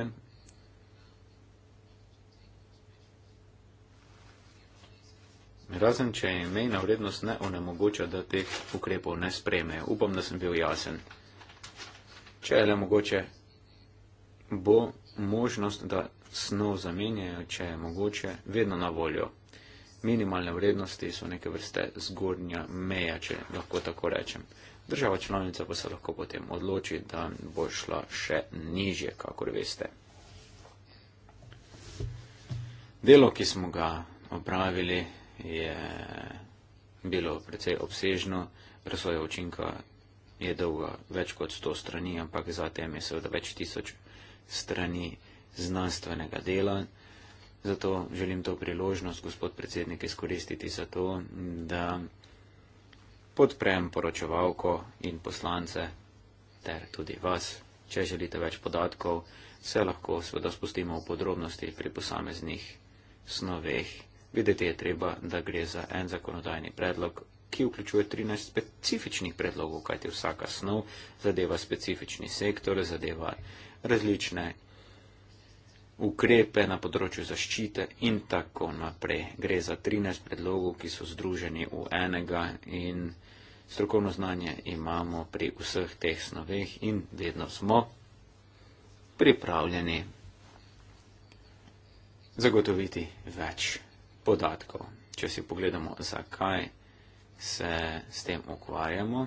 Razen, če je mejna vrednost ne onemogoča, da teh ukrepov ne spremejo. Upam, da sem bil jasen. Če je le mogoče, bo možnost, da snov zamenjajo, če je mogoče, vedno na voljo. Minimalne vrednosti so neke vrste zgornja meja, če lahko tako rečem. Država članica pa se lahko potem odloči, da bo šla še nižje, kakor veste. Delo, ki smo ga opravili, je bilo precej obsežno. Razvoja učinka je dolga več kot sto strani, ampak za tem je seveda več tisoč strani znanstvenega dela. Zato želim to priložnost, gospod predsednik, izkoristiti za to, da podprem poročevalko in poslance ter tudi vas. Če želite več podatkov, se lahko seveda spustimo v podrobnosti pri posameznih snoveh. Videti je treba, da gre za en zakonodajni predlog, ki vključuje 13 specifičnih predlogov, kajti vsaka snov zadeva specifični sektor, zadeva različne ukrepe na področju zaščite in tako naprej. Gre za 13 predlogov, ki so združeni v enega in strokovno znanje imamo pri vseh teh snoveh in vedno smo pripravljeni zagotoviti več podatkov. Če si pogledamo, zakaj se s tem ukvarjamo,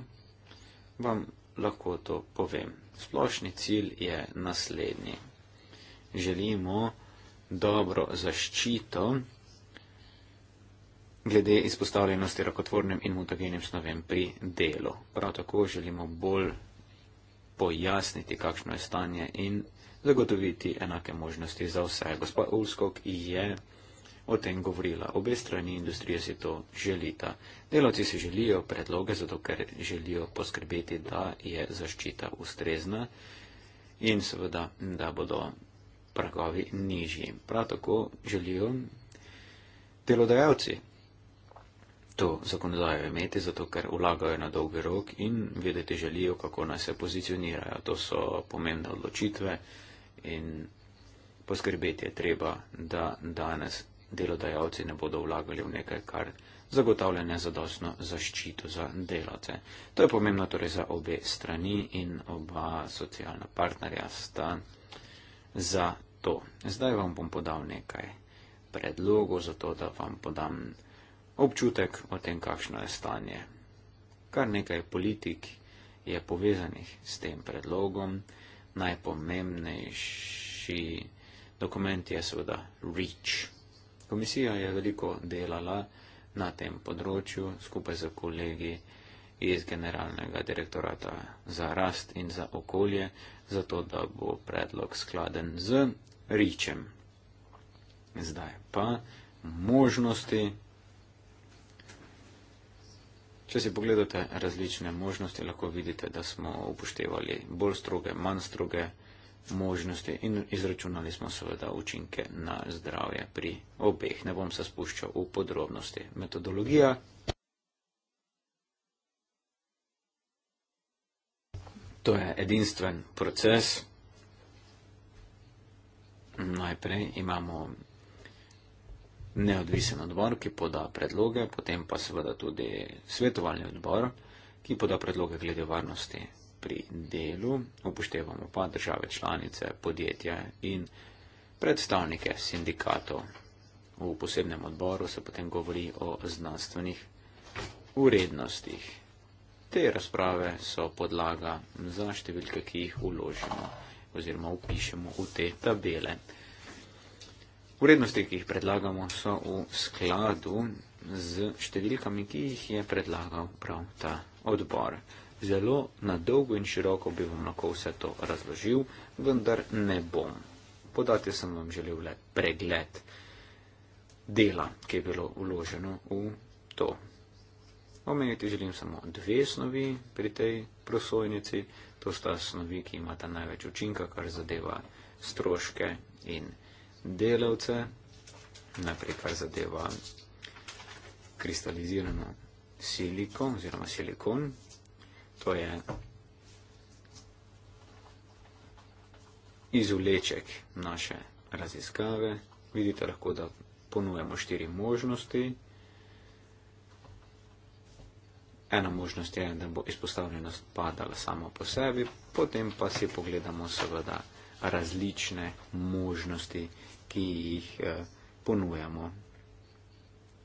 vam lahko to povem. Splošni cilj je naslednji želimo dobro zaščito glede izpostavljenosti rakotvornim in mutagenim snovem pri delu. Prav tako želimo bolj pojasniti, kakšno je stanje in zagotoviti enake možnosti za vse. Gospa Ulskog je o tem govorila. Obe strani industrije si to želita. Delavci si želijo predloge, zato ker želijo poskrbeti, da je zaščita ustrezna in seveda, da bodo pragovi nižji. Prav tako želijo delodajalci to zakonodajo imeti, zato ker vlagajo na dolgi rok in vedeti želijo, kako naj se pozicionirajo. To so pomembne odločitve in poskrbeti je treba, da danes delodajalci ne bodo vlagali v nekaj, kar zagotavlja nezadostno zaščito za delavce. To je pomembno torej za obe strani in oba socialna partnerja sta za to. Zdaj vam bom podal nekaj predlogov za to, da vam podam občutek o tem, kakšno je stanje. Kar nekaj politik je povezanih s tem predlogom. Najpomembnejši dokument je seveda REACH. Komisija je veliko delala na tem področju skupaj z kolegi iz generalnega direktorata za rast in za okolje, zato da bo predlog skladen z ričem. Zdaj pa možnosti. Če si pogledate različne možnosti, lahko vidite, da smo upoštevali bolj stroge, manj stroge možnosti in izračunali smo seveda učinke na zdravje pri obeh. Ne bom se spuščal v podrobnosti. Metodologija. To je edinstven proces. Najprej imamo neodvisen odbor, ki poda predloge, potem pa seveda tudi svetovalni odbor, ki poda predloge glede varnosti pri delu. Upoštevamo pa države članice, podjetje in predstavnike sindikatov. V posebnem odboru se potem govori o znanstvenih urednostih. Te razprave so podlaga za številke, ki jih uložimo oziroma upišemo v te tabele. Vrednosti, ki jih predlagamo, so v skladu z številkami, ki jih je predlagal prav ta odbor. Zelo na dolgo in široko bi vam lahko vse to razložil, vendar ne bom. Podati sem vam želel le pregled dela, ki je bilo uloženo v to Omeniti želim samo dve snovi pri tej prosojnici. To sta snovi, ki imata največ učinka, kar zadeva stroške in delavce. Najprej, kar zadeva kristalizirano siliko oziroma silikon. To je izuleček naše raziskave. Vidite lahko, da ponujemo štiri možnosti. Ena možnost je, da bo izpostavljenost padala sama po sebi, potem pa si pogledamo seveda različne možnosti, ki jih eh, ponujamo.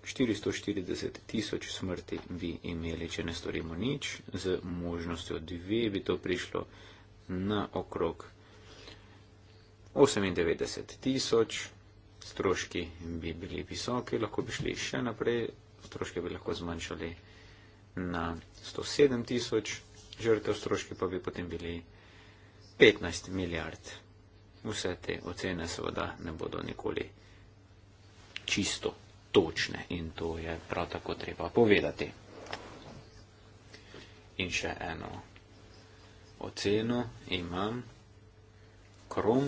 440 tisoč smrti bi imeli, če ne storimo nič, z možnostjo dve bi to prišlo na okrog 98 tisoč, stroški bi bili visoki, lahko bi šli še naprej, stroške bi lahko zmanjšali na 107 tisoč žrtev, stroški pa bi potem bili 15 milijard. Vse te ocene seveda ne bodo nikoli čisto točne in to je prav tako treba povedati. In še eno oceno imam. Krom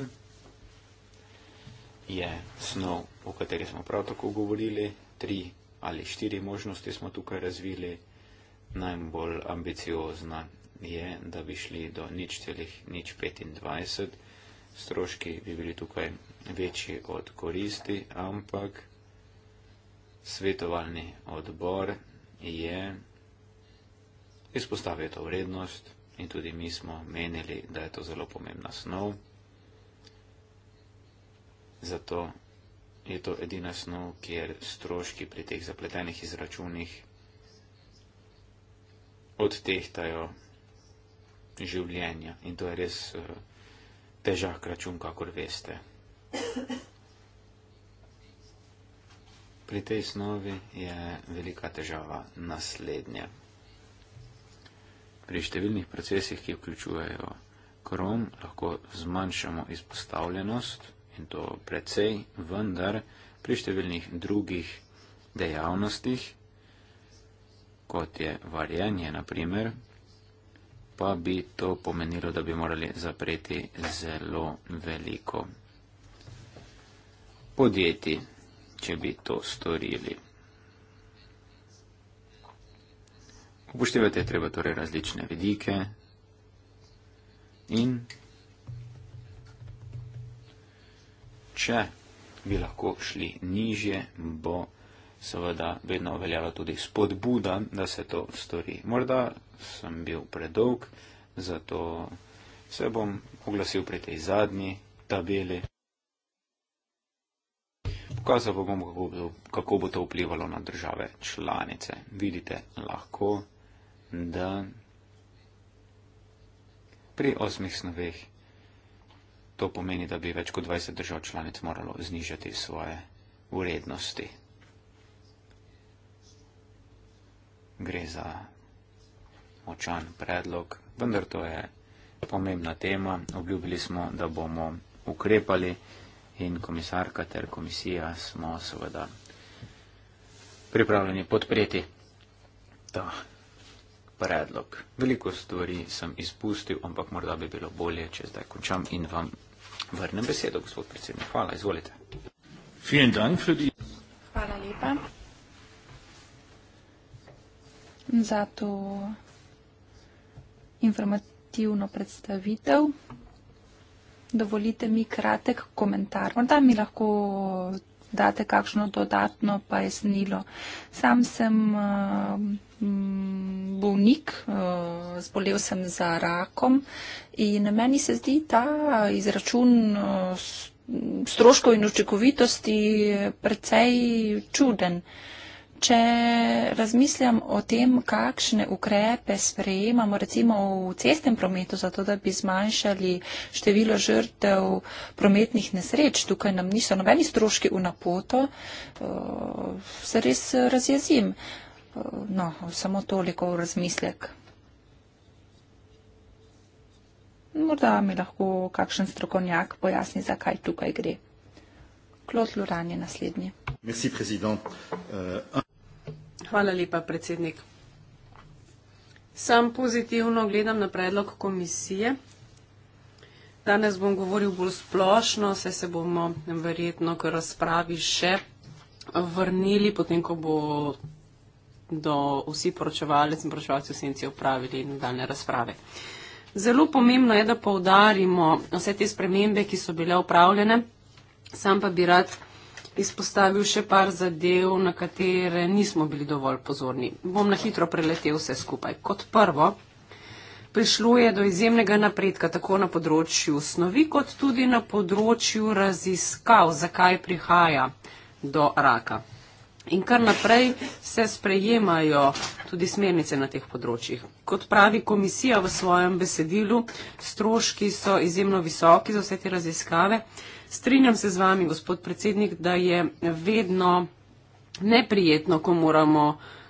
je snov, o kateri smo prav tako govorili. Tri ali štiri možnosti smo tukaj razvili najbolj ambiciozna je, da bi šli do nič celih nič 25. Stroški bi bili tukaj večji od koristi, ampak svetovalni odbor je izpostavil to vrednost in tudi mi smo menili, da je to zelo pomembna snov. Zato je to edina snov, kjer stroški pri teh zapletenih izračunih odtehtajo življenja in to je res eh, težak račun, kakor veste. Pri tej snovi je velika težava naslednja. Pri številnih procesih, ki vključujejo krom, lahko zmanjšamo izpostavljenost in to precej, vendar pri številnih drugih dejavnostih kot je varjenje, na primer, pa bi to pomenilo, da bi morali zapreti zelo veliko podjetij, če bi to storili. Upoštevati je treba torej različne vidike in če bi lahko šli nižje, bo seveda vedno veljala tudi spodbuda, da se to stori. Morda sem bil predolg, zato se bom oglasil pri tej zadnji tabeli. Pokazal bom, kako bo, kako bo to vplivalo na države članice. Vidite lahko, da pri osmih snoveh to pomeni, da bi več kot 20 držav članic moralo znižati svoje vrednosti. gre za močan predlog, vendar to je pomembna tema. Obljubili smo, da bomo ukrepali in komisarka ter komisija smo seveda pripravljeni podpreti ta predlog. Veliko stvari sem izpustil, ampak morda bi bilo bolje, če zdaj končam in vam vrnem besedo, gospod predsednik. Hvala, izvolite. Hvala lepa za to informativno predstavitev. Dovolite mi kratek komentar. Morda mi lahko date kakšno dodatno pojasnilo. Sam sem eh, mm, bolnik, eh, zbolel sem za rakom in meni se zdi ta izračun eh, stroškov in učinkovitosti precej čuden. Če razmislim o tem, kakšne ukrepe sprejemamo recimo v cestnem prometu, zato da bi zmanjšali število žrtev prometnih nesreč, tukaj nam niso nobeni stroški v napoto, eh, se res razjezim. Eh, no, samo toliko v razmislek. Morda mi lahko kakšen strokovnjak pojasni, zakaj tukaj gre. Klot Luran je naslednji. Euh, Hvala lepa, predsednik. Sam pozitivno gledam na predlog komisije. Danes bom govoril bolj splošno, se, se bomo verjetno k razpravi še vrnili, potem ko bo do vsi poročevalec in poročevalci v senci upravili nadaljne razprave. Zelo pomembno je, da poudarimo vse te spremembe, ki so bile upravljene Sam pa bi rad izpostavil še par zadev, na katere nismo bili dovolj pozorni. Bom na hitro preletel vse skupaj. Kot prvo, prišlo je do izjemnega napredka tako na področju snovi, kot tudi na področju raziskav, zakaj prihaja do raka. In kar naprej se sprejemajo tudi smernice na teh področjih. Kot pravi komisija v svojem besedilu, stroški so izjemno visoki za vse te raziskave. Strinjam se z vami, gospod predsednik, da je vedno neprijetno, ko moramo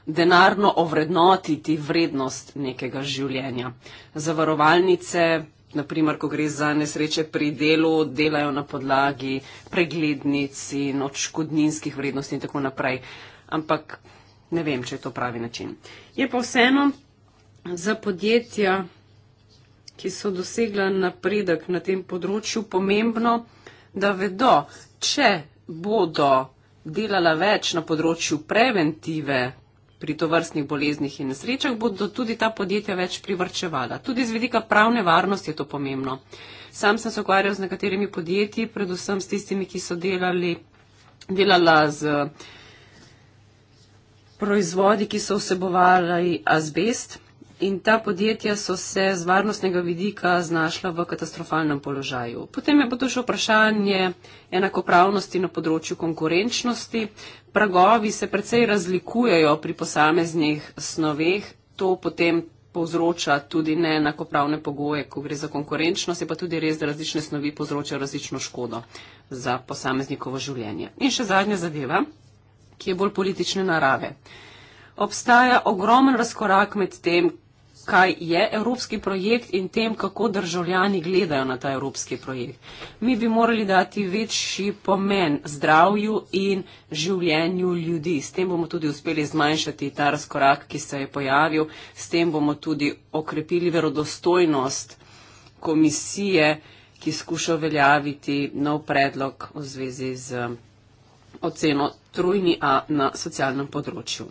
denarno ovrednotiti vrednost nekega življenja. Zavarovalnice, naprimer, ko gre za nesreče pri delu, delajo na podlagi preglednic in odškodninskih vrednosti in tako naprej. Ampak ne vem, če je to pravi način. Je pa vseeno za podjetja, ki so dosegla napredek na tem področju, pomembno, da vedo, če bodo delala več na področju preventive pri tovrstnih boleznih in nesrečah, bodo tudi ta podjetja več privrčevala. Tudi z vedika pravne varnosti je to pomembno. Sam sem se ukvarjal z nekaterimi podjetji, predvsem s tistimi, ki so delali, delala z proizvodi, ki so vsebovali azbest in ta podjetja so se z varnostnega vidika znašla v katastrofalnem položaju. Potem je potem še vprašanje enakopravnosti na področju konkurenčnosti. Pragovi se precej razlikujejo pri posameznih snoveh, to potem povzroča tudi neenakopravne pogoje, ko gre za konkurenčnost, je pa tudi res, da različne snovi povzročajo različno škodo za posameznikovo življenje. In še zadnja zadeva, ki je bolj politične narave. Obstaja ogromen razkorak med tem, kaj je evropski projekt in tem, kako državljani gledajo na ta evropski projekt. Mi bi morali dati večji pomen zdravju in življenju ljudi. S tem bomo tudi uspeli zmanjšati ta razkorak, ki se je pojavil. S tem bomo tudi okrepili verodostojnost komisije, ki skuša veljaviti nov predlog v zvezi z oceno trujni A na socialnem področju.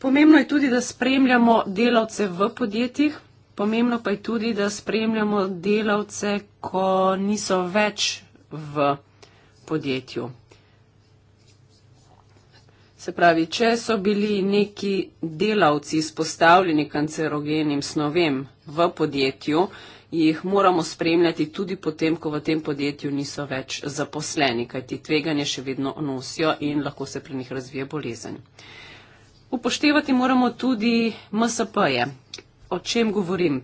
Pomembno je tudi, da spremljamo delavce v podjetjih, pomembno pa je tudi, da spremljamo delavce, ko niso več v podjetju. Se pravi, če so bili neki delavci izpostavljeni kancerogenim snovem v podjetju, jih moramo spremljati tudi potem, ko v tem podjetju niso več zaposleni, kajti tveganje še vedno nosijo in lahko se pri njih razvije bolezen. Upoštevati moramo tudi MSP-je. O čem govorim?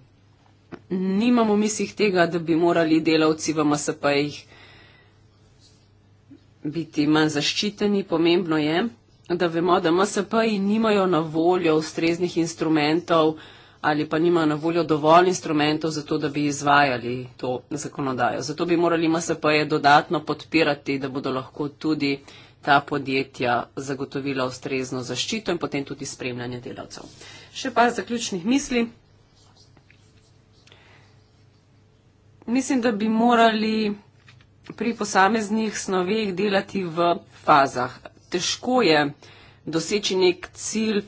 Nimamo v mislih tega, da bi morali delavci v MSP-jih biti manj zaščiteni. Pomembno je, da vemo, da MSP-ji nimajo na voljo ustreznih instrumentov ali pa nimajo na voljo dovolj instrumentov za to, da bi izvajali to zakonodajo. Zato bi morali MSP-je dodatno podpirati, da bodo lahko tudi ta podjetja zagotovila ustrezno zaščito in potem tudi spremljanje delavcev. Še pa zaključnih misli. Mislim, da bi morali pri posameznih snoveh delati v fazah. Težko je doseči nek cilj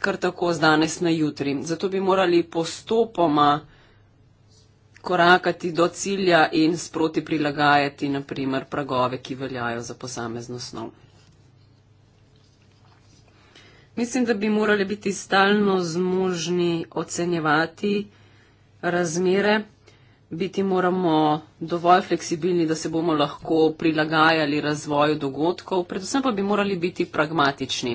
kar tako z danes na jutri. Zato bi morali postopoma korakati do cilja in sproti prilagajati, naprimer, pragove, ki veljajo za posamezno snov. Mislim, da bi morali biti stalno zmožni ocenjevati razmere, biti moramo dovolj fleksibilni, da se bomo lahko prilagajali razvoju dogodkov, predvsem pa bi morali biti pragmatični.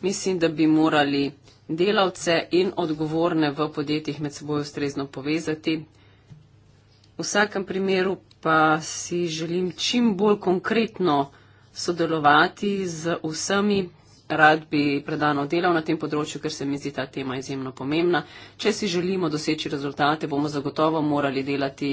Mislim, da bi morali delavce in odgovorne v podjetjih med seboj ustrezno povezati, V vsakem primeru pa si želim čim bolj konkretno sodelovati z vsemi. Rad bi predano delal na tem področju, ker se mi zdi ta tema izjemno pomembna. Če si želimo doseči rezultate, bomo zagotovo morali delati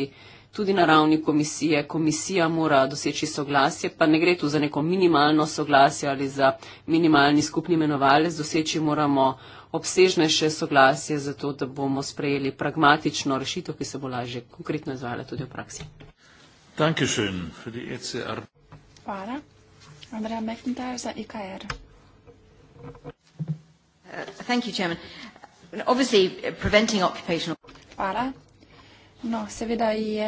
tudi na ravni komisije. Komisija mora doseči soglasje, pa ne gre tu za neko minimalno soglasje ali za minimalni skupni imenovalec. Doseči moramo uh, obsežnejše soglasje za to, da bomo sprejeli pragmatično rešitev, ki se bo lažje konkretno izvajala tudi v praksi. E Hvala. Andrea McIntyre za IKR. Uh, Hvala. No, seveda je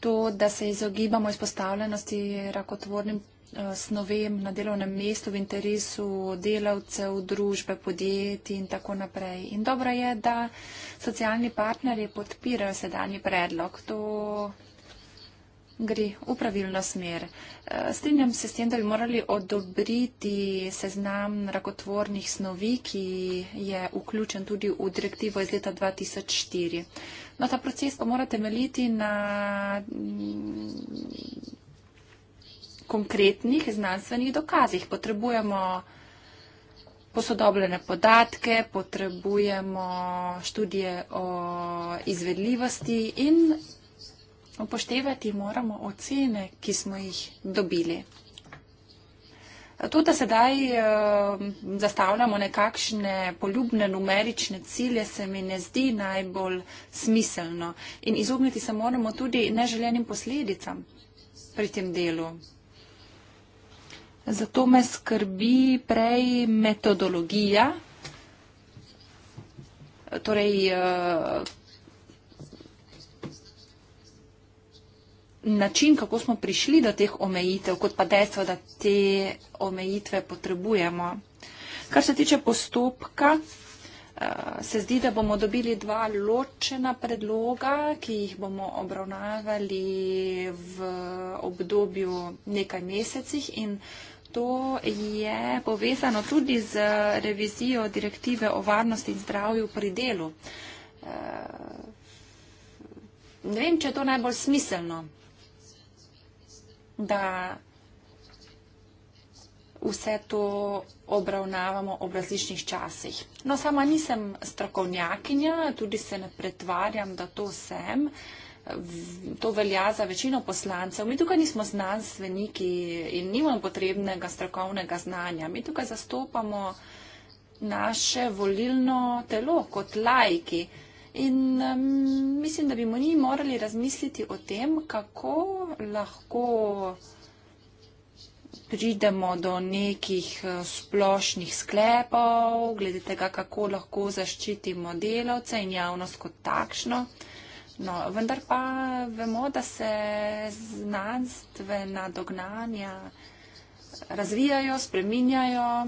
to, da se izogibamo izpostavljenosti rakotvornim Eh, snovem na delovnem mestu, v interesu delavcev, družbe, podjetij in tako naprej. In dobro je, da socialni partnerji podpirajo sedanji predlog. To gre v pravilno smer. Eh, strinjam se s tem, da bi morali odobriti seznam rakotvornih snovi, ki je vključen tudi v direktivo iz leta 2004. No, ta proces pa mora temeljiti na mm, konkretnih znanstvenih dokazih. Potrebujemo posodobljene podatke, potrebujemo študije o izvedljivosti in upoštevati moramo ocene, ki smo jih dobili. To, da sedaj uh, zastavljamo nekakšne poljubne numerične cilje, se mi ne zdi najbolj smiselno. In izogniti se moramo tudi neželenim posledicam pri tem delu. Zato me skrbi prej metodologija, torej eh, način, kako smo prišli do teh omejitev, kot pa dejstvo, da te omejitve potrebujemo. Kar se tiče postopka, eh, se zdi, da bomo dobili dva ločena predloga, ki jih bomo obravnavali v obdobju nekaj mesecih in To je povezano tudi z revizijo direktive o varnosti in zdravju pri delu. Eh, ne vem, če je to najbolj smiselno, da vse to obravnavamo ob različnih časih. No, sama nisem strokovnjakinja, tudi se ne pretvarjam, da to sem to velja za večino poslancev. Mi tukaj nismo znanstveniki in nimamo potrebnega strokovnega znanja. Mi tukaj zastopamo naše volilno telo kot lajki. In um, mislim, da bi mi morali razmisliti o tem, kako lahko pridemo do nekih eh, splošnih sklepov, glede tega, kako lahko zaščitimo delavce in javnost kot takšno. No, vendar pa vemo, da se znanstvena dognanja razvijajo, spreminjajo.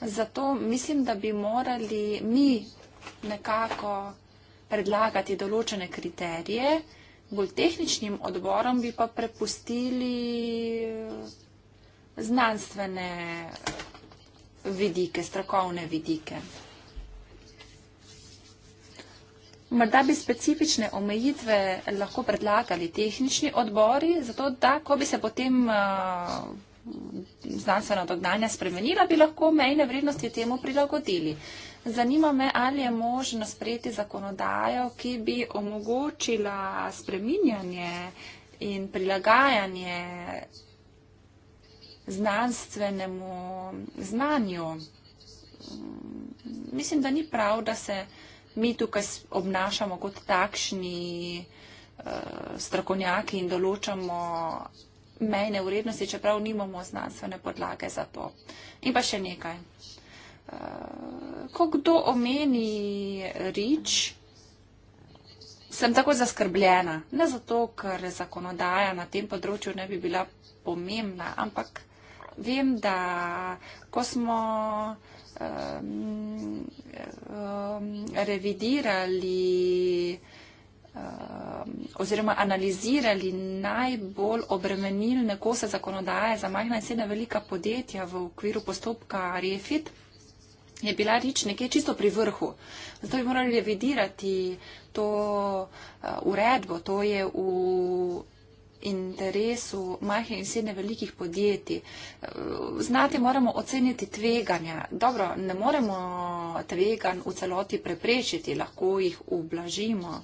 Zato mislim, da bi morali mi nekako predlagati določene kriterije, bolj tehničnim odborom bi pa prepustili znanstvene vidike, strokovne vidike. Morda bi specifične omejitve lahko predlagali tehnični odbori, zato da, ko bi se potem eh, znanstvena dognanja spremenila, bi lahko mejne vrednosti temu prilagodili. Zanima me, ali je možno sprejeti zakonodajo, ki bi omogočila spreminjanje in prilagajanje znanstvenemu znanju. Mislim, da ni prav, da se mi tukaj obnašamo kot takšni eh, strokovnjaki in določamo mejne vrednosti, čeprav nimamo znanstvene podlage za to. In pa še nekaj. Eh, ko kdo omeni rič, sem tako zaskrbljena. Ne zato, ker zakonodaja na tem področju ne bi bila pomembna, ampak vem, da ko smo um, um, revidirali oziroma analizirali najbolj obremenilne kose zakonodaje za majhna in srednja velika podjetja v okviru postopka REFIT, je bila rič nekje čisto pri vrhu. Zato bi morali revidirati to eh, uredbo. To je v interesu majhnih in srednje velikih podjetij. Znati moramo oceniti tveganja. Dobro, ne moremo tvegan v celoti preprečiti, lahko jih ublažimo.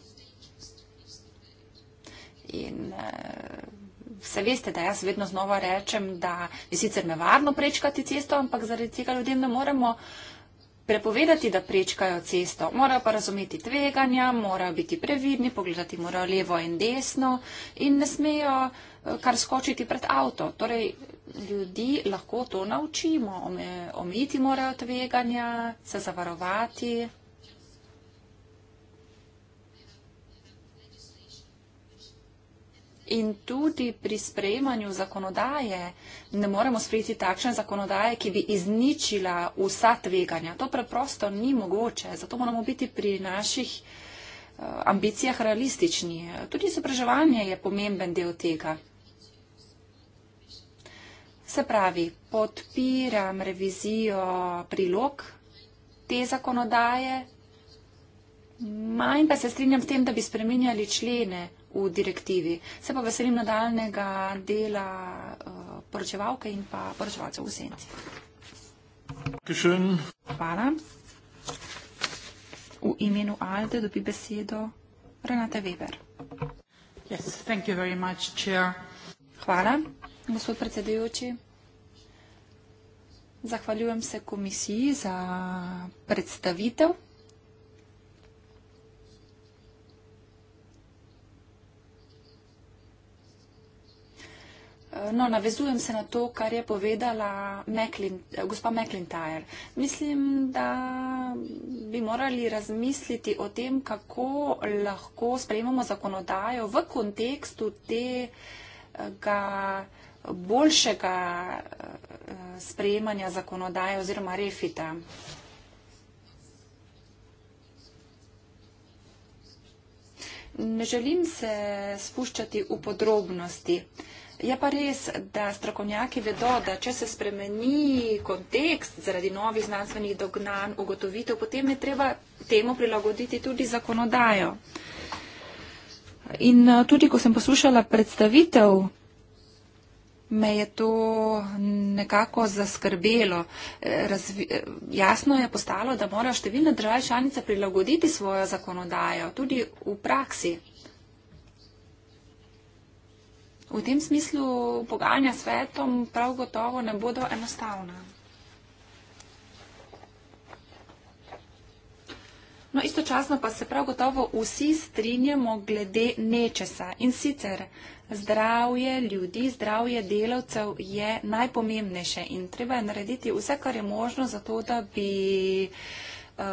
In vse eh, veste, da jaz vedno znova rečem, da je sicer nevarno prečkati cesto, ampak zaradi tega ljudem ne moremo uh, prepovedati, da prečkajo cesto. Morajo pa razumeti tveganja, morajo biti previdni, pogledati morajo levo in desno in ne smejo eh, kar skočiti pred avto. Torej, ljudi lahko to naučimo, omejiti morajo tveganja, se zavarovati. in tudi pri sprejemanju zakonodaje ne moremo sprejeti takšne zakonodaje, ki bi izničila vsa tveganja. To preprosto ni mogoče, zato moramo biti pri naših eh, ambicijah realistični. Tudi izobraževanje je pomemben del tega. Se pravi, podpiram revizijo prilog te zakonodaje, manj pa se strinjam s tem, da bi spreminjali člene v direktivi. Se pa veselim nadaljnega dela uh, poročevalke in pa poročevalcev v senci. Hvala. V imenu Alde dobi besedo Renate Weber. Yes, thank you very much, chair. Hvala, gospod predsedujoči. Zahvaljujem se komisiji za predstavitev. No, navezujem se na to, kar je povedala Meklin, gospa McIntyre. Mislim, da bi morali razmisliti o tem, kako lahko sprejemamo zakonodajo v kontekstu tega boljšega eh, sprejemanja zakonodaje oziroma refita. Ne želim se spuščati v podrobnosti. Je pa res, da strokovnjaki vedo, da če se spremeni kontekst zaradi novih znanstvenih dognanj, ugotovitev, potem je treba temu prilagoditi tudi zakonodajo. In eh, tudi, ko sem poslušala predstavitev, me je to nekako zaskrbelo. Eh, razvi, eh, jasno je postalo, da morajo številne države članice prilagoditi svojo zakonodajo, tudi v praksi v tem smislu pogajanja s svetom prav gotovo ne bodo enostavna. No, istočasno pa se prav gotovo vsi strinjamo glede nečesa in sicer zdravje ljudi, zdravje delavcev je najpomembnejše in treba je narediti vse, kar je možno za to, da bi uh,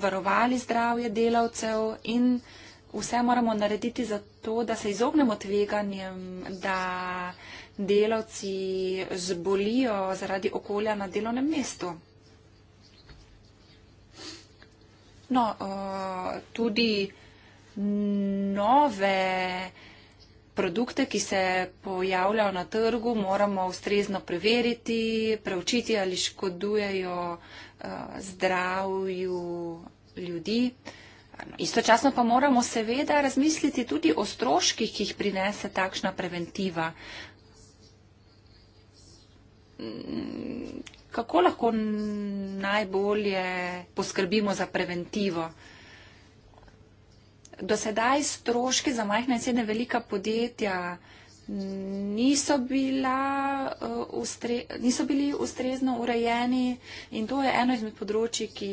varovali zdravje delavcev in uh, vse moramo narediti za to, da se izognemo tveganjem, da delavci zbolijo zaradi okolja na delovnem mestu. No, tudi nove produkte, ki se pojavljajo na trgu, moramo ustrezno preveriti, preučiti, ali škodujejo zdravju ljudi. Istočasno pa moramo seveda razmisliti tudi o stroških, ki jih prinese takšna preventiva. Kako lahko najbolje poskrbimo za preventivo? Do sedaj stroške za majhna in srednja velika podjetja niso, bila, uh, ustre, niso bili ustrezno urejeni in to je eno izmed področji, ki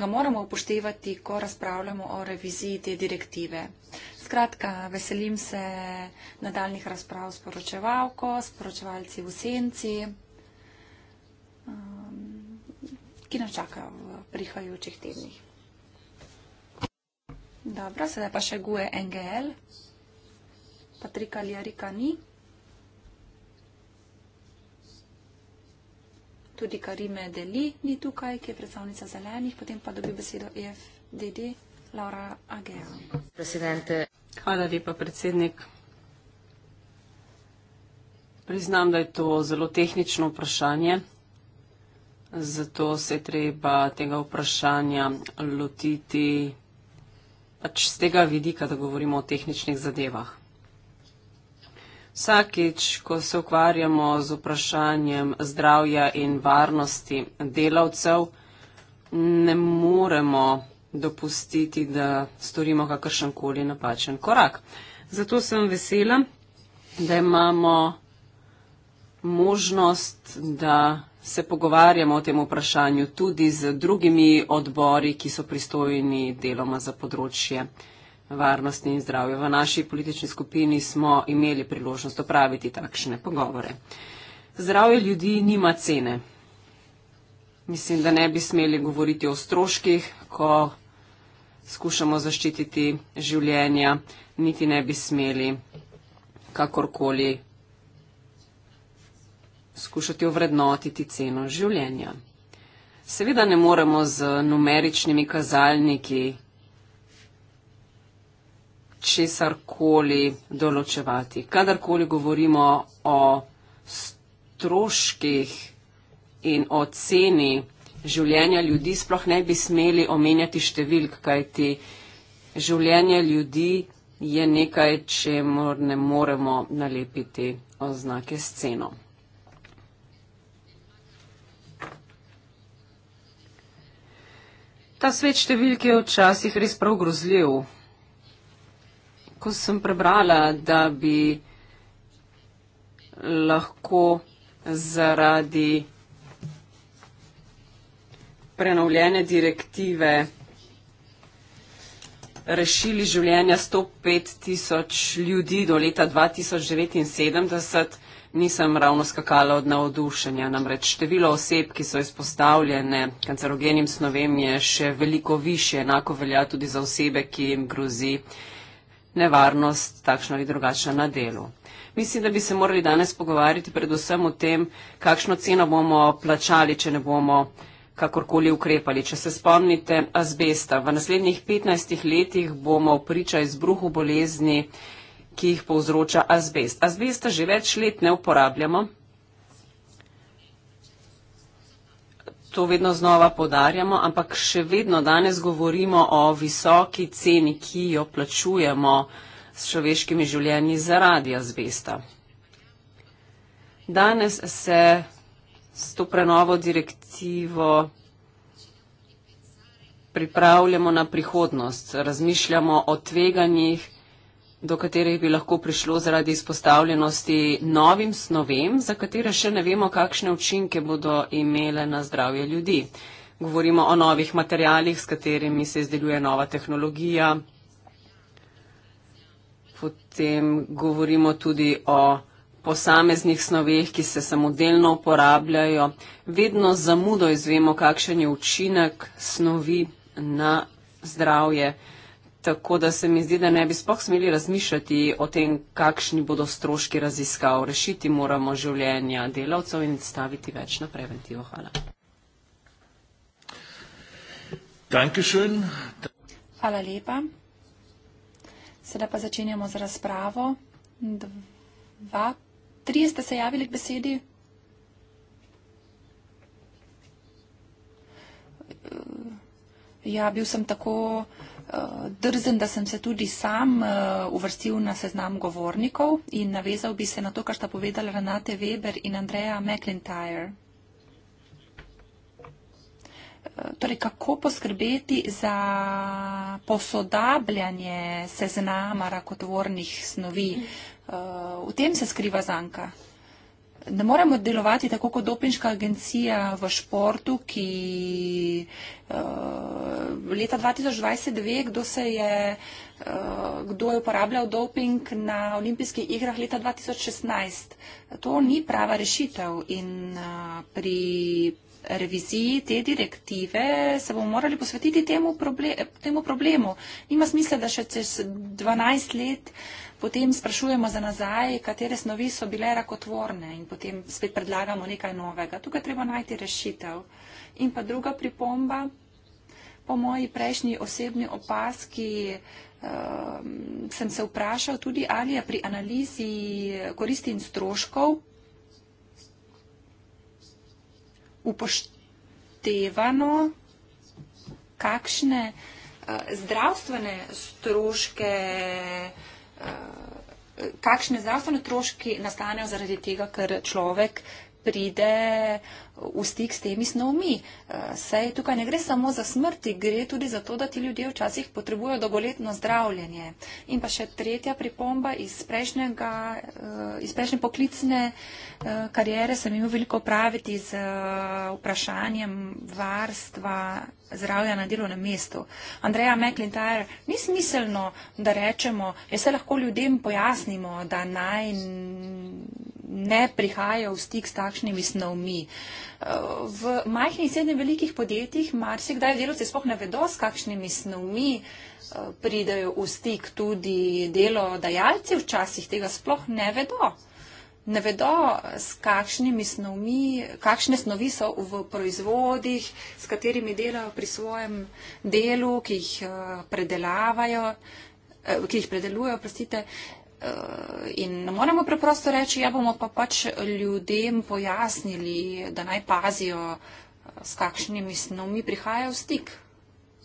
ga moramo upoštevati, ko razpravljamo o reviziji te direktive. Skratka, veselim se nadaljnih razprav s poročevalko, s poročevalci v senci, um, ki nas čaka v prihajajočih tednih. Dobro, sedaj pa še guje NGL. Patrika Ljarika ni. Tudi Karime Deli ni tukaj, ki je predstavnica zelenih, potem pa dobi besedo EFDD Laura Agea. Hvala lepa, predsednik. Priznam, da je to zelo tehnično vprašanje, zato se je treba tega vprašanja lotiti pač z tega vidika, da govorimo o tehničnih zadevah. Vsakič, ko se ukvarjamo z vprašanjem zdravja in varnosti delavcev, ne moremo dopustiti, da storimo kakršen koli napačen korak. Zato sem vesela, da imamo možnost, da se pogovarjamo o tem vprašanju tudi z drugimi odbori, ki so pristojni deloma za področje varnosti in zdravja. V naši politični skupini smo imeli priložnost opraviti takšne pogovore. Zdravje ljudi nima cene. Mislim, da ne bi smeli govoriti o stroških, ko skušamo zaščititi življenja, niti ne bi smeli kakorkoli skušati ovrednotiti ceno življenja. Seveda ne moremo z numeričnimi kazalniki česar koli določevati. Kadarkoli govorimo o stroških in o ceni življenja ljudi, sploh ne bi smeli omenjati številk, kajti življenje ljudi je nekaj, če mor ne moremo nalepiti oznake s ceno. Ta svet številke je včasih res prav grozljiv ko sem prebrala, da bi lahko zaradi prenovljene direktive rešili življenja 105 tisoč ljudi do leta 2079, nisem ravno skakala od navdušenja. Namreč število oseb, ki so izpostavljene kancerogenim snovem, je še veliko više. Enako velja tudi za osebe, ki jim grozi nevarnost, takšna ali drugačna na delu. Mislim, da bi se morali danes pogovarjati predvsem o tem, kakšno ceno bomo plačali, če ne bomo kakorkoli ukrepali. Če se spomnite azbesta, v naslednjih 15 letih bomo priča izbruhu bolezni, ki jih povzroča azbest. Azbesta že več let ne uporabljamo, to vedno znova podarjamo, ampak še vedno danes govorimo o visoki ceni, ki jo plačujemo s človeškimi življenji zaradi azbesta. Danes se s to prenovo direktivo pripravljamo na prihodnost, razmišljamo o tveganjih, do katerih bi lahko prišlo zaradi izpostavljenosti novim snovem, za katere še ne vemo, kakšne učinke bodo imele na zdravje ljudi. Govorimo o novih materialih, s katerimi se izdeluje nova tehnologija. Potem govorimo tudi o posameznih snoveh, ki se samo delno uporabljajo. Vedno zamudo izvemo, kakšen je učinek snovi na zdravje ljudi. Tako da se mi zdi, da ne bi spoh smeli razmišljati o tem, kakšni bodo stroški raziskav. Rešiti moramo življenja delavcev in staviti več na preventivo. Hvala. Hvala lepa. Sedaj pa začenjamo z razpravo. Dva, trije ste se javili k besedi. Ja, bil sem tako. Eh, drzen, da sem se tudi sam eh, uvrstil na seznam govornikov in navezal bi se na to, kar sta povedala Renate Weber in Andreja McIntyre. Eh, torej, kako poskrbeti za posodabljanje seznama rakotvornih snovi? V tem se skriva zanka ne moremo delovati tako kot dopinška agencija v športu, ki uh, leta 2020 ve, kdo, se je, uh, kdo je uporabljal doping na olimpijskih igrah leta 2016. To ni prava rešitev in uh, pri reviziji te direktive se bomo morali posvetiti temu, proble temu problemu. Nima smisla, da še čez 12 let uh, potem sprašujemo za nazaj, katere snovi so bile rakotvorne in potem spet predlagamo nekaj novega. Tukaj treba najti rešitev. In pa druga pripomba, po moji prejšnji osebni opaski eh, sem se vprašal tudi, ali je pri analizi koristi in stroškov upoštevano, kakšne eh, zdravstvene stroške eh, Eh, kakšne zdravstvene troške nastanejo zaradi tega, ker človek uh, pride v stik s temi snovmi. Eh, Sej tukaj ne gre samo za smrti, gre tudi za to, da ti ljudje včasih potrebujo dolgoletno zdravljenje. In pa še tretja pripomba iz, prejšnjega, eh, iz prejšnje poklicne eh, kariere sem imel veliko praviti z vprašanjem varstva zdravja na delovnem mestu. Andreja McIntyre, ni smiselno, da rečemo, jaz se lahko ljudem pojasnimo, da naj ne prihajajo v stik s takšnimi snovmi. V majhnih in srednjih velikih podjetjih marsikdaj delovci spoh ne vedo, s kakšnimi snovmi eh, pridajo v stik tudi delodajalci, včasih tega sploh ne vedo. Ne vedo, s kakšnimi snovmi, kakšne snovi so v proizvodih, s katerimi delajo pri svojem delu, ki jih eh, eh, predelujejo. Prostite, Eh, in moramo preprosto reči, ja bomo pa pač ljudem pojasnili, da naj pazijo, eh, s kakšnimi snovmi prihajajo v stik.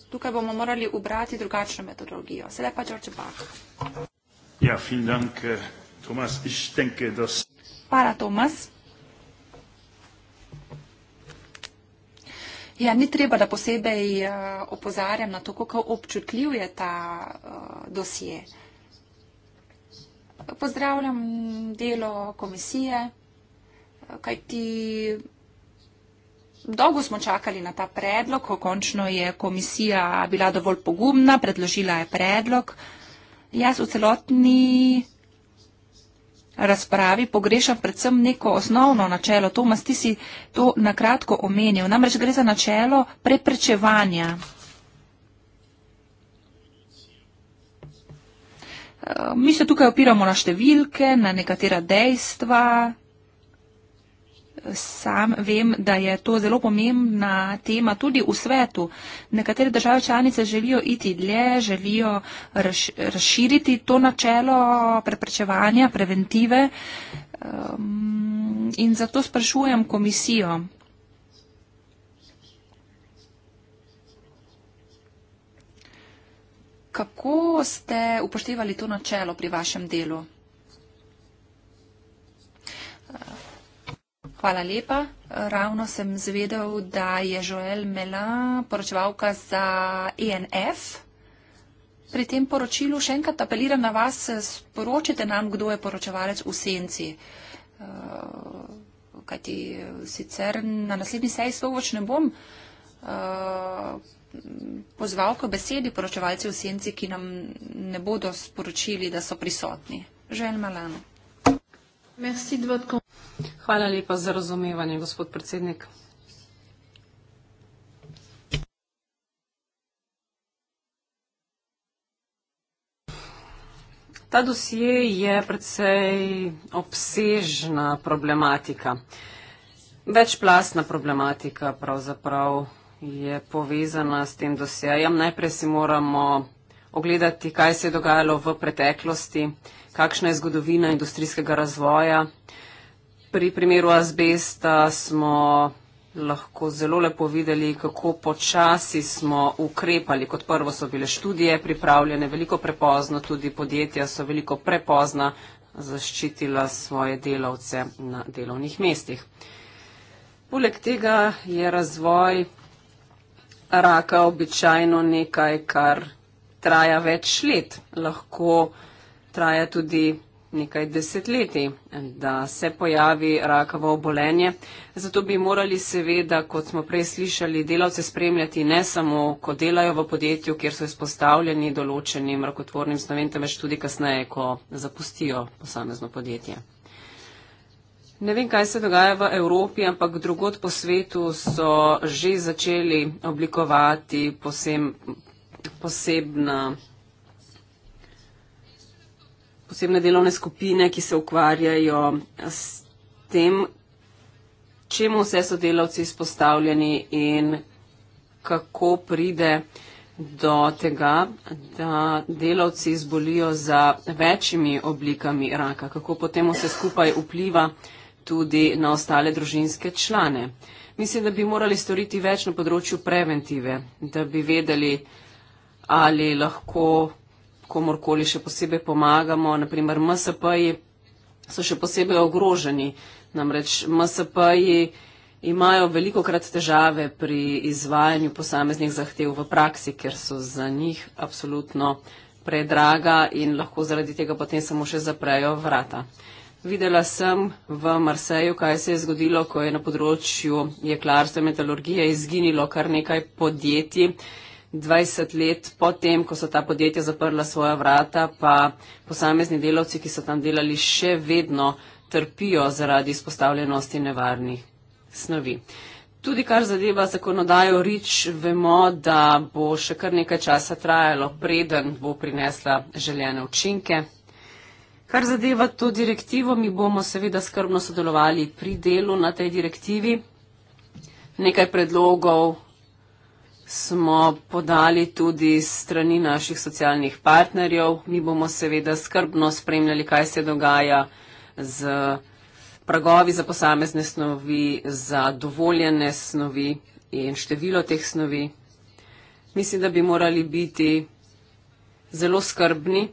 Tukaj bomo morali ubrati drugačno metodologijo. Sedaj pa George Bach. Ja, vielen Dank, eh, Thomas. Ich denke, dass... Para Thomas. Ja, ni treba, da posebej opozarjam na to, kako občutljiv je ta uh, dosje. Uh, pozdravljam delo komisije, kajti dolgo smo čakali na ta predlog, ko končno je komisija bila dovolj pogumna, predložila je predlog. Jaz v celotni razpravi pogrešam predvsem neko osnovno načelo. Tomas, ti si to nakratko omenil. Namreč gre za načelo preprečevanja. Eh, mi se tukaj opiramo na številke, na nekatera dejstva. Sam vem, da je to zelo pomembna tema tudi v svetu. Nekatere države članice želijo iti dlje, želijo raš, razširiti to načelo preprečevanja, preventive. Um, in zato sprašujem komisijo, kako ste upoštevali to načelo pri vašem delu? Hvala lepa. Ravno sem zvedel, da je Joel Melan poročevalka za ENF. Pri tem poročilu še enkrat apeliram na vas, sporočite nam, kdo je poročevalec v senci. Kajti sicer na naslednji seji slovoč ne bom pozval k besedi poročevalci v senci, ki nam ne bodo sporočili, da so prisotni. Žel Malano. Hvala lepa za razumevanje, gospod predsednik. Ta dosje je precej obsežna problematika, večplastna problematika pravzaprav je povezana s tem dosejem. Najprej si moramo ogledati, kaj se je dogajalo v preteklosti, kakšna je zgodovina industrijskega razvoja. Pri primeru azbesta smo lahko zelo lepo videli, kako počasi smo ukrepali. Kot prvo so bile študije pripravljene, veliko prepozno, tudi podjetja so veliko prepozna zaščitila svoje delavce na delovnih mestih. Poleg tega je razvoj raka običajno nekaj, kar traja več let, lahko traja tudi nekaj desetletij, da se pojavi rakavo obolenje. Zato bi morali seveda, kot smo prej slišali, delavce spremljati ne samo, ko delajo v podjetju, kjer so izpostavljeni določenim rakotvornim snovem, temveč tudi kasneje, ko zapustijo posamezno podjetje. Ne vem, kaj se dogaja v Evropi, ampak drugot po svetu so že začeli oblikovati posem, posebna, posebne delovne skupine, ki se ukvarjajo s tem, čemu vse so delavci izpostavljeni in kako pride do tega, da delavci zbolijo za večjimi oblikami raka, kako potem vse skupaj vpliva tudi na ostale družinske člane. Mislim, da bi morali storiti več na področju preventive, da bi vedeli, ali lahko komorkoli še posebej pomagamo. Naprimer, MSP-ji so še posebej ogroženi. Namreč MSP-ji imajo veliko krat težave pri izvajanju posameznih zahtev v praksi, ker so za njih absolutno predraga in lahko zaradi tega potem samo še zaprejo vrata. Videla sem v Marseju, kaj se je zgodilo, ko je na področju jeklarstva in metalurgije izginilo kar nekaj podjetij. 20 let potem, ko so ta podjetja zaprla svoja vrata, pa posamezni delavci, ki so tam delali, še vedno trpijo zaradi izpostavljenosti nevarnih snovi. Tudi kar zadeva zakonodajo rič, vemo, da bo še kar nekaj časa trajalo, preden bo prinesla željene učinke. Kar zadeva to direktivo, mi bomo seveda skrbno sodelovali pri delu na tej direktivi. Nekaj predlogov smo podali tudi strani naših socialnih partnerjev. Mi bomo seveda skrbno spremljali, kaj se dogaja z pragovi za posamezne snovi, za dovoljene snovi in število teh snovi. Mislim, da bi morali biti zelo skrbni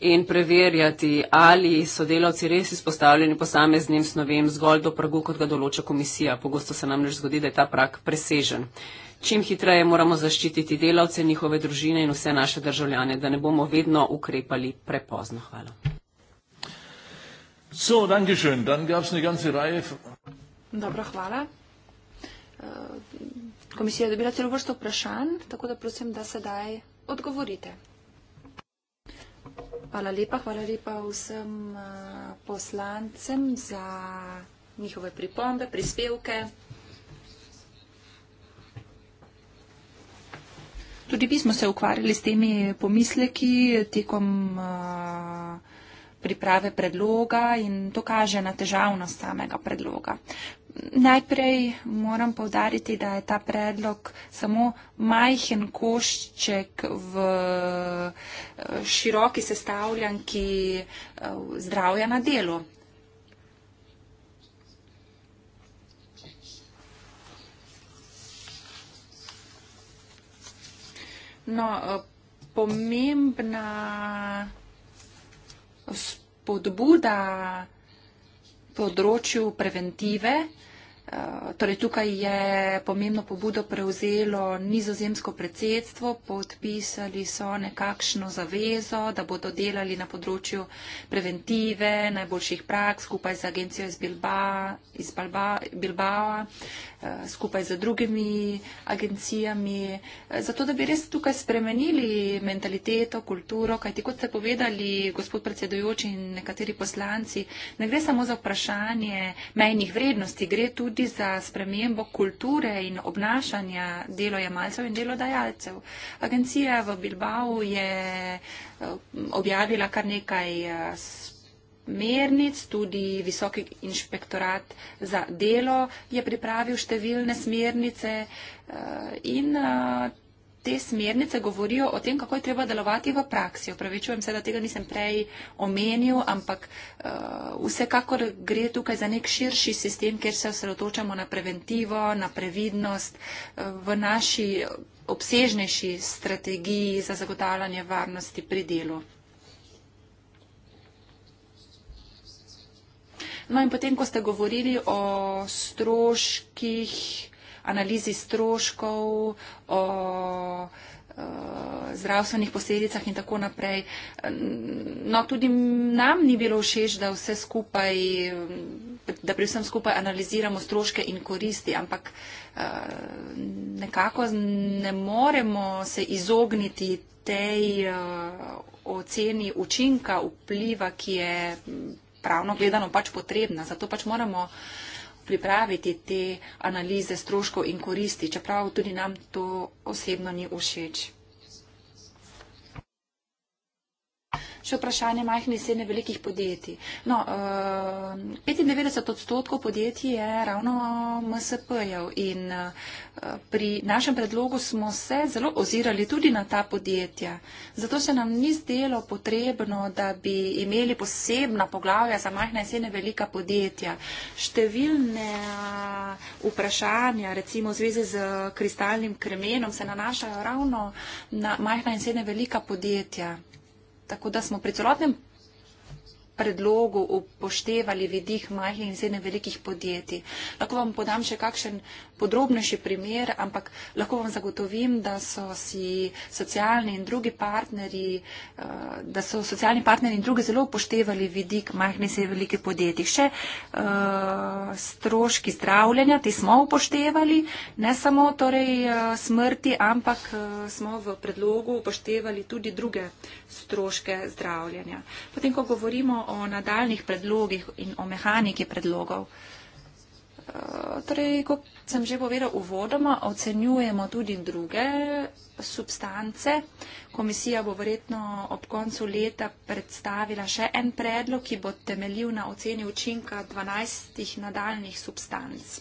in preverjati, ali so delavci res izpostavljeni posameznim snovem zgolj do pragu, kot ga določa komisija. Pogosto se nam reč zgodi, da je ta prak presežen. Čim hitreje moramo zaščititi delavce, njihove družine in vse naše državljane, da ne bomo vedno ukrepali prepozno. Hvala. So, Dobro, hvala. Äh, komisija je dobila celo vrsto vprašanj, tako da prosim, da sedaj odgovorite. Hvala lepa. Hvala lepa vsem eh, poslancem za njihove pripombe, prispevke. Tudi mi smo se ukvarjali s temi pomisleki tekom uh, priprave predloga in to kaže na težavnost samega predloga. Najprej moram povdariti, da je ta predlog samo majhen košček v eh, široki sestavljanki eh, zdravja na delu. No, eh, pomembna spodbuda področju preventive, Eh, torej tukaj je pomembno pobudo prevzelo nizozemsko predsedstvo, podpisali so nekakšno zavezo, da bodo delali na področju preventive, najboljših praks, skupaj z agencijo iz, Bilba, iz Balba, Bilbao, eh, skupaj z drugimi agencijami, eh, zato da bi res tukaj spremenili mentaliteto, kulturo, kajti kot ste povedali, gospod predsedujoči in nekateri poslanci, ne gre samo za vprašanje mejnih vrednosti, gre tudi tudi za spremembo kulture in obnašanja delojemalcev in delodajalcev. Agencija v Bilbao je eh, objavila kar nekaj eh, smernic, tudi visoki inšpektorat za delo je pripravil številne smernice eh, in te smernice govorijo o tem, kako je treba delovati v praksi. Opravičujem se, da tega nisem prej omenil, ampak uh, vsekakor gre tukaj za nek širši sistem, kjer se osredotočamo na preventivo, na previdnost uh, v naši obsežnejši strategiji za zagotavljanje varnosti pri delu. No in potem, ko ste govorili o stroških, analizi stroškov, o eh, zdravstvenih posledicah in tako naprej. No, tudi nam ni bilo všeč, da vse skupaj, da pri vsem skupaj analiziramo stroške in koristi, ampak eh, nekako ne moremo se izogniti tej eh, oceni učinka, vpliva, ki je pravno gledano pač potrebna. Zato pač moramo uh, pripraviti te analize stroškov in koristi, čeprav tudi nam to osebno ni všeč. še vprašanje majhne srednje velikih podjetij. No, uh, eh, 95 odstotkov podjetij je ravno MSP-jev in uh, pri našem predlogu smo se zelo ozirali tudi na ta podjetja. Zato se nam ni zdelo potrebno, da bi imeli posebna poglavja za majhne srednje velika podjetja. Številne uh, vprašanja, recimo v zvezi z kristalnim kremenom, se nanašajo ravno na majhna in srednje velika podjetja. Tako da smo pri celotnem predlogu upoštevali vidih majhnih in srednje velikih podjetij. Lahko vam podam še kakšen podrobnejši primer, ampak lahko vam zagotovim, da so si socialni in drugi partnerji, eh, da so socialni partnerji in drugi zelo upoštevali vidik majhnih in velikih podjetij. Še eh, stroški zdravljenja, ti smo upoštevali, ne samo torej eh, smrti, ampak smo v predlogu upoštevali tudi druge stroške zdravljenja. Potem, ko govorimo o nadaljnih predlogih in o mehaniki predlogov, torej, sem že povedal uvodoma, ocenjujemo tudi druge substance. Komisija bo verjetno ob koncu leta predstavila še en predlog, ki bo temeljil na oceni učinka 12 nadaljnih substanc.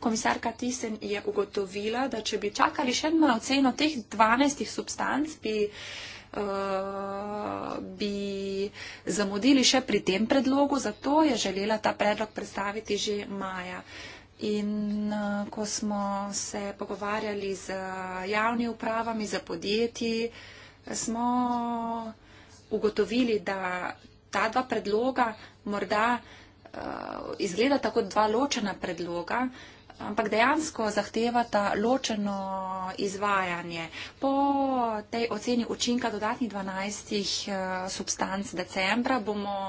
Komisarka Tisen je ugotovila, da če bi čakali še na oceno teh 12 substanc, bi uh, bi zamudili še pri tem predlogu, zato je želela ta predlog predstaviti že maja. In uh, ko smo se pogovarjali z eh, javni upravami, z podjetji, smo ugotovili, da ta dva predloga morda uh, izgleda tako dva ločena predloga, uh, ampak dejansko zahtevata ločeno izvajanje. Po tej oceni učinka dodatnih 12 eh, substanc decembra bomo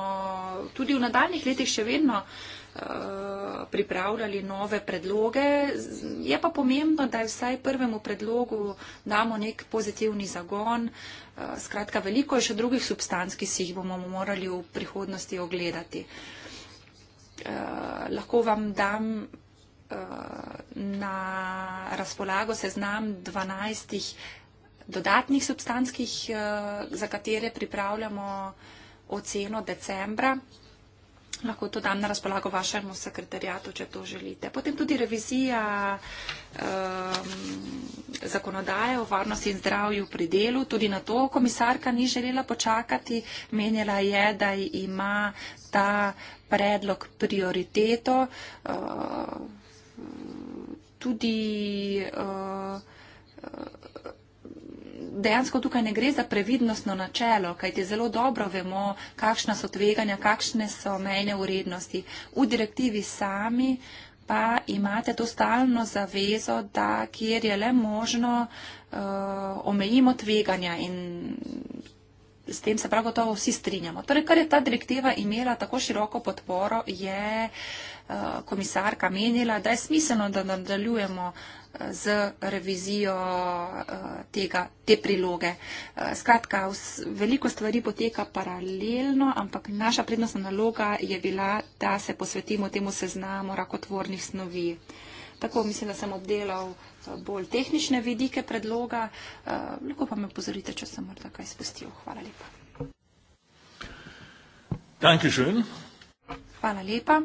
tudi v nadaljnih letih še vedno eh, pripravljali nove predloge. Je pa pomembno, da vsaj prvemu predlogu damo nek pozitivni zagon. Eh, skratka, veliko je še drugih substanc, ki si jih bomo morali v prihodnosti ogledati. Lahko vam dam na razpolago seznam 12 dodatnih substanskih, eh, za katere pripravljamo oceno decembra. Lahko to dam na razpolago vašemu sekretarjatu, če to želite. Potem tudi revizija um, zakonodaje o varnosti in zdravju pri delu. Tudi na to komisarka ni želela počakati. Menjala je, da ima ta predlog prioriteto. Uh, tudi eh, eh, dejansko tukaj ne gre za previdnostno načelo, kajti zelo dobro vemo, kakšna so tveganja, kakšne so mejne urednosti. V direktivi sami pa imate to stalno zavezo, da kjer je le možno, eh, omejimo tveganja in s tem se prav gotovo vsi strinjamo. Torej, kar je ta direktiva imela tako široko podporo, je uh, Eh, komisarka menila, da je smiselno, da nadaljujemo eh, z revizijo eh, tega, te priloge. Skratka, veliko stvari poteka paralelno, ampak naša prednostna naloga je bila, da se posvetimo temu seznamu rakotvornih snovi. Tako mislim, da sem obdelal bolj tehnične vidike predloga. Lahko pa me pozorite, če sem morda kaj spustil. Hvala lepa. Danke schön. Hvala lepa.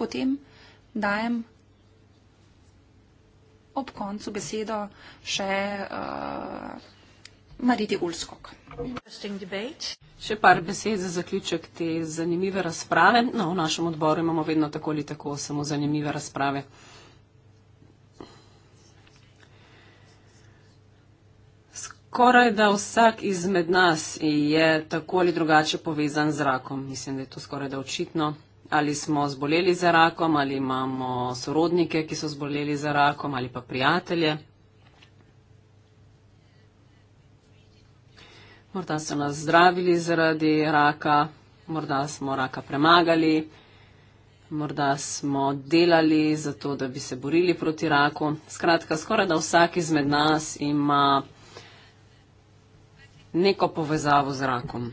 potem dajem ob koncu besedo še uh, Mariti Ulskok. Še par besed za zaključek te zanimive razprave. No, v našem odboru imamo vedno tako ali tako samo zanimive razprave. Skoraj da vsak izmed nas je tako ali drugače povezan z rakom. Mislim, da je to skoraj da očitno ali smo zboleli za rakom, ali imamo sorodnike, ki so zboleli za rakom, ali pa prijatelje. Morda so nas zdravili zaradi raka, morda smo raka premagali, morda smo delali za to, da bi se borili proti raku. Skratka, skoraj da vsak izmed nas ima neko povezavo z rakom.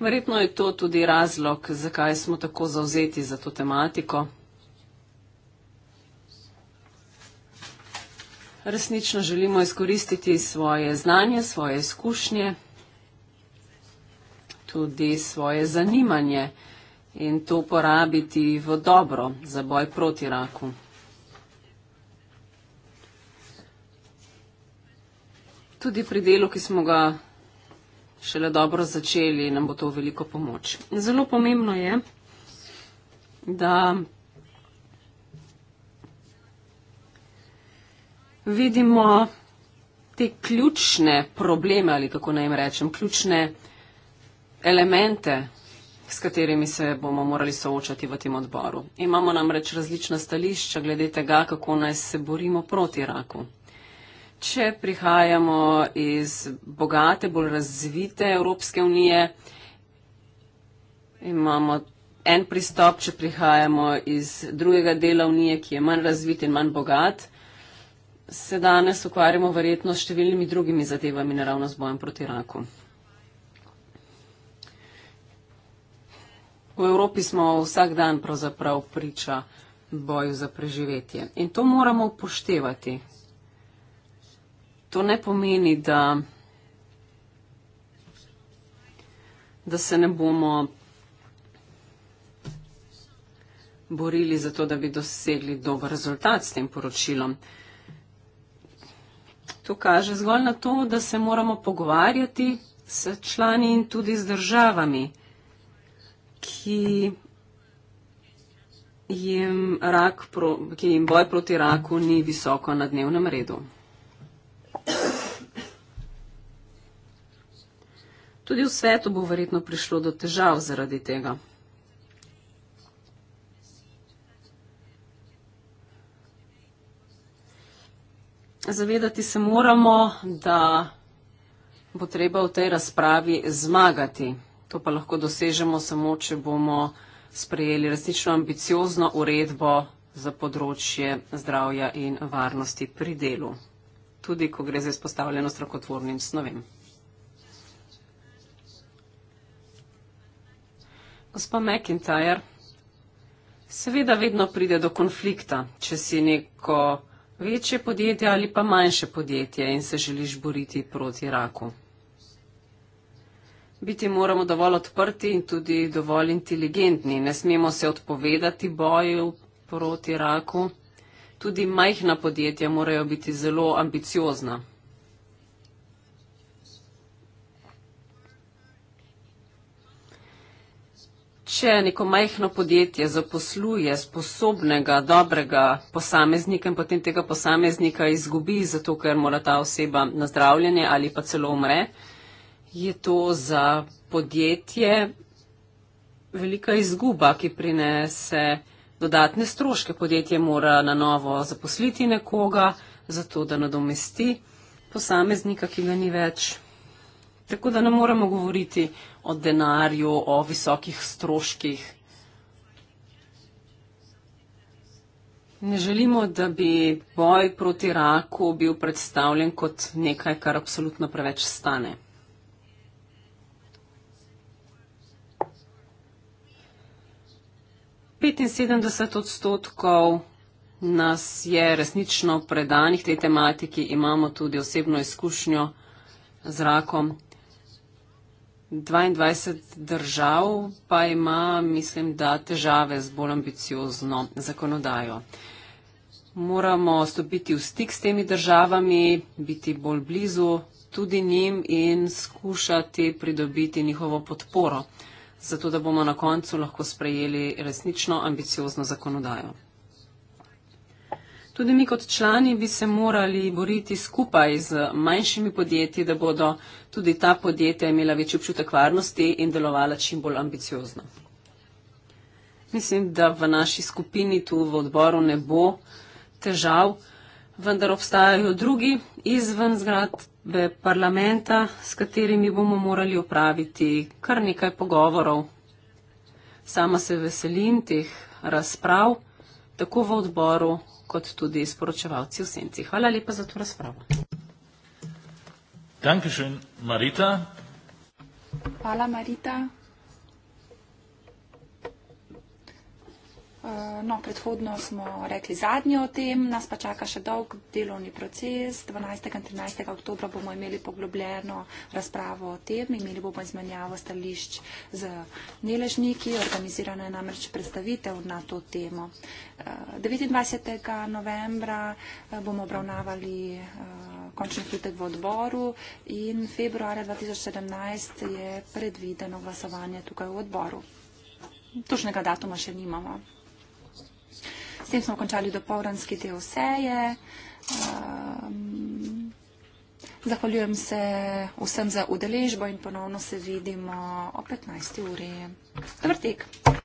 Verjetno je to tudi razlog, zakaj smo tako zauzeti za to tematiko. Resnično želimo izkoristiti svoje znanje, svoje izkušnje, tudi svoje zanimanje in to uporabiti v dobro za boj proti raku. Tudi pri delu, ki smo ga šele dobro začeli, nam bo to veliko pomoč. Zelo pomembno je, da vidimo te ključne probleme ali kako naj jim rečem, ključne elemente, s katerimi se bomo morali soočati v tem odboru. Imamo namreč različna stališča glede tega, kako naj se borimo proti raku če prihajamo iz bogate, bolj razvite Evropske unije, imamo en pristop, če prihajamo iz drugega dela unije, ki je manj razvit in manj bogat, se danes ukvarjamo verjetno s številnimi drugimi zadevami naravno z bojem proti raku. V Evropi smo vsak dan pravzaprav priča boju za preživetje. In to moramo upoštevati, to ne pomeni, da, da se ne bomo borili za to, da bi dosegli dober rezultat s tem poročilom. To kaže zgolj na to, da se moramo pogovarjati s člani in tudi z državami, ki jim, rak, ki jim boj proti raku ni visoko na dnevnem redu. Tudi v svetu bo verjetno prišlo do težav zaradi tega. Zavedati se moramo, da bo treba v tej razpravi zmagati. To pa lahko dosežemo samo, če bomo sprejeli resnično ambiciozno uredbo za področje zdravja in varnosti pri delu tudi ko gre za izpostavljeno strokotvornim snovem. Gospa McIntyre, seveda vedno pride do konflikta, če si neko večje podjetje ali pa manjše podjetje in se želiš boriti proti raku. Biti moramo dovolj odprti in tudi dovolj inteligentni. Ne smemo se odpovedati boju proti raku tudi majhna podjetja morajo biti zelo ambiciozna. Če neko majhno podjetje zaposluje sposobnega, dobrega posameznika in potem tega posameznika izgubi, zato ker mora ta oseba na zdravljenje ali pa celo umre, je to za podjetje velika izguba, ki prinese dodatne stroške. Podjetje mora na novo zaposliti nekoga, zato da nadomesti posameznika, ki ga ni več. Tako da ne moremo govoriti o denarju, o visokih stroških. Ne želimo, da bi boj proti raku bil predstavljen kot nekaj, kar absolutno preveč stane. 75 odstotkov nas je resnično predanih tej tematiki, imamo tudi osebno izkušnjo z rakom. 22 držav pa ima, mislim, da težave z bolj ambiciozno zakonodajo. Moramo stopiti v stik s temi državami, biti bolj blizu tudi njim in skušati pridobiti njihovo podporo zato da bomo na koncu lahko sprejeli resnično ambiciozno zakonodajo. Tudi mi kot člani bi se morali boriti skupaj z manjšimi podjetji, da bodo tudi ta podjetja imela večji občutek varnosti in delovala čim bolj ambiciozno. Mislim, da v naši skupini tu v odboru ne bo težav, vendar obstajajo drugi izven zgrad, zgodbe parlamenta, s katerimi bomo morali opraviti kar nekaj pogovorov. Sama se veselim teh razprav, tako v odboru, kot tudi sporočevalci v senci. Hvala lepa za to razpravo. Danke schön, Marita. Hvala, Marita. Eh, no, predhodno smo rekli zadnje o tem, nas pa čaka še dolg delovni proces. 12. in 13. oktober bomo imeli poglobljeno razpravo o tem, imeli bomo izmenjavo stališč z neležniki, organizirana je namreč predstavitev na to temo. 29. Eh, novembra eh, bomo obravnavali končni hlutek v odboru in februarja 2017 je predvideno glasovanje tukaj v odboru. Točnega datuma še nimamo. S tem smo končali dopolnjenski del seje. Um, zahvaljujem se vsem za udeležbo in ponovno se vidimo o 15. uri. Dobr tek.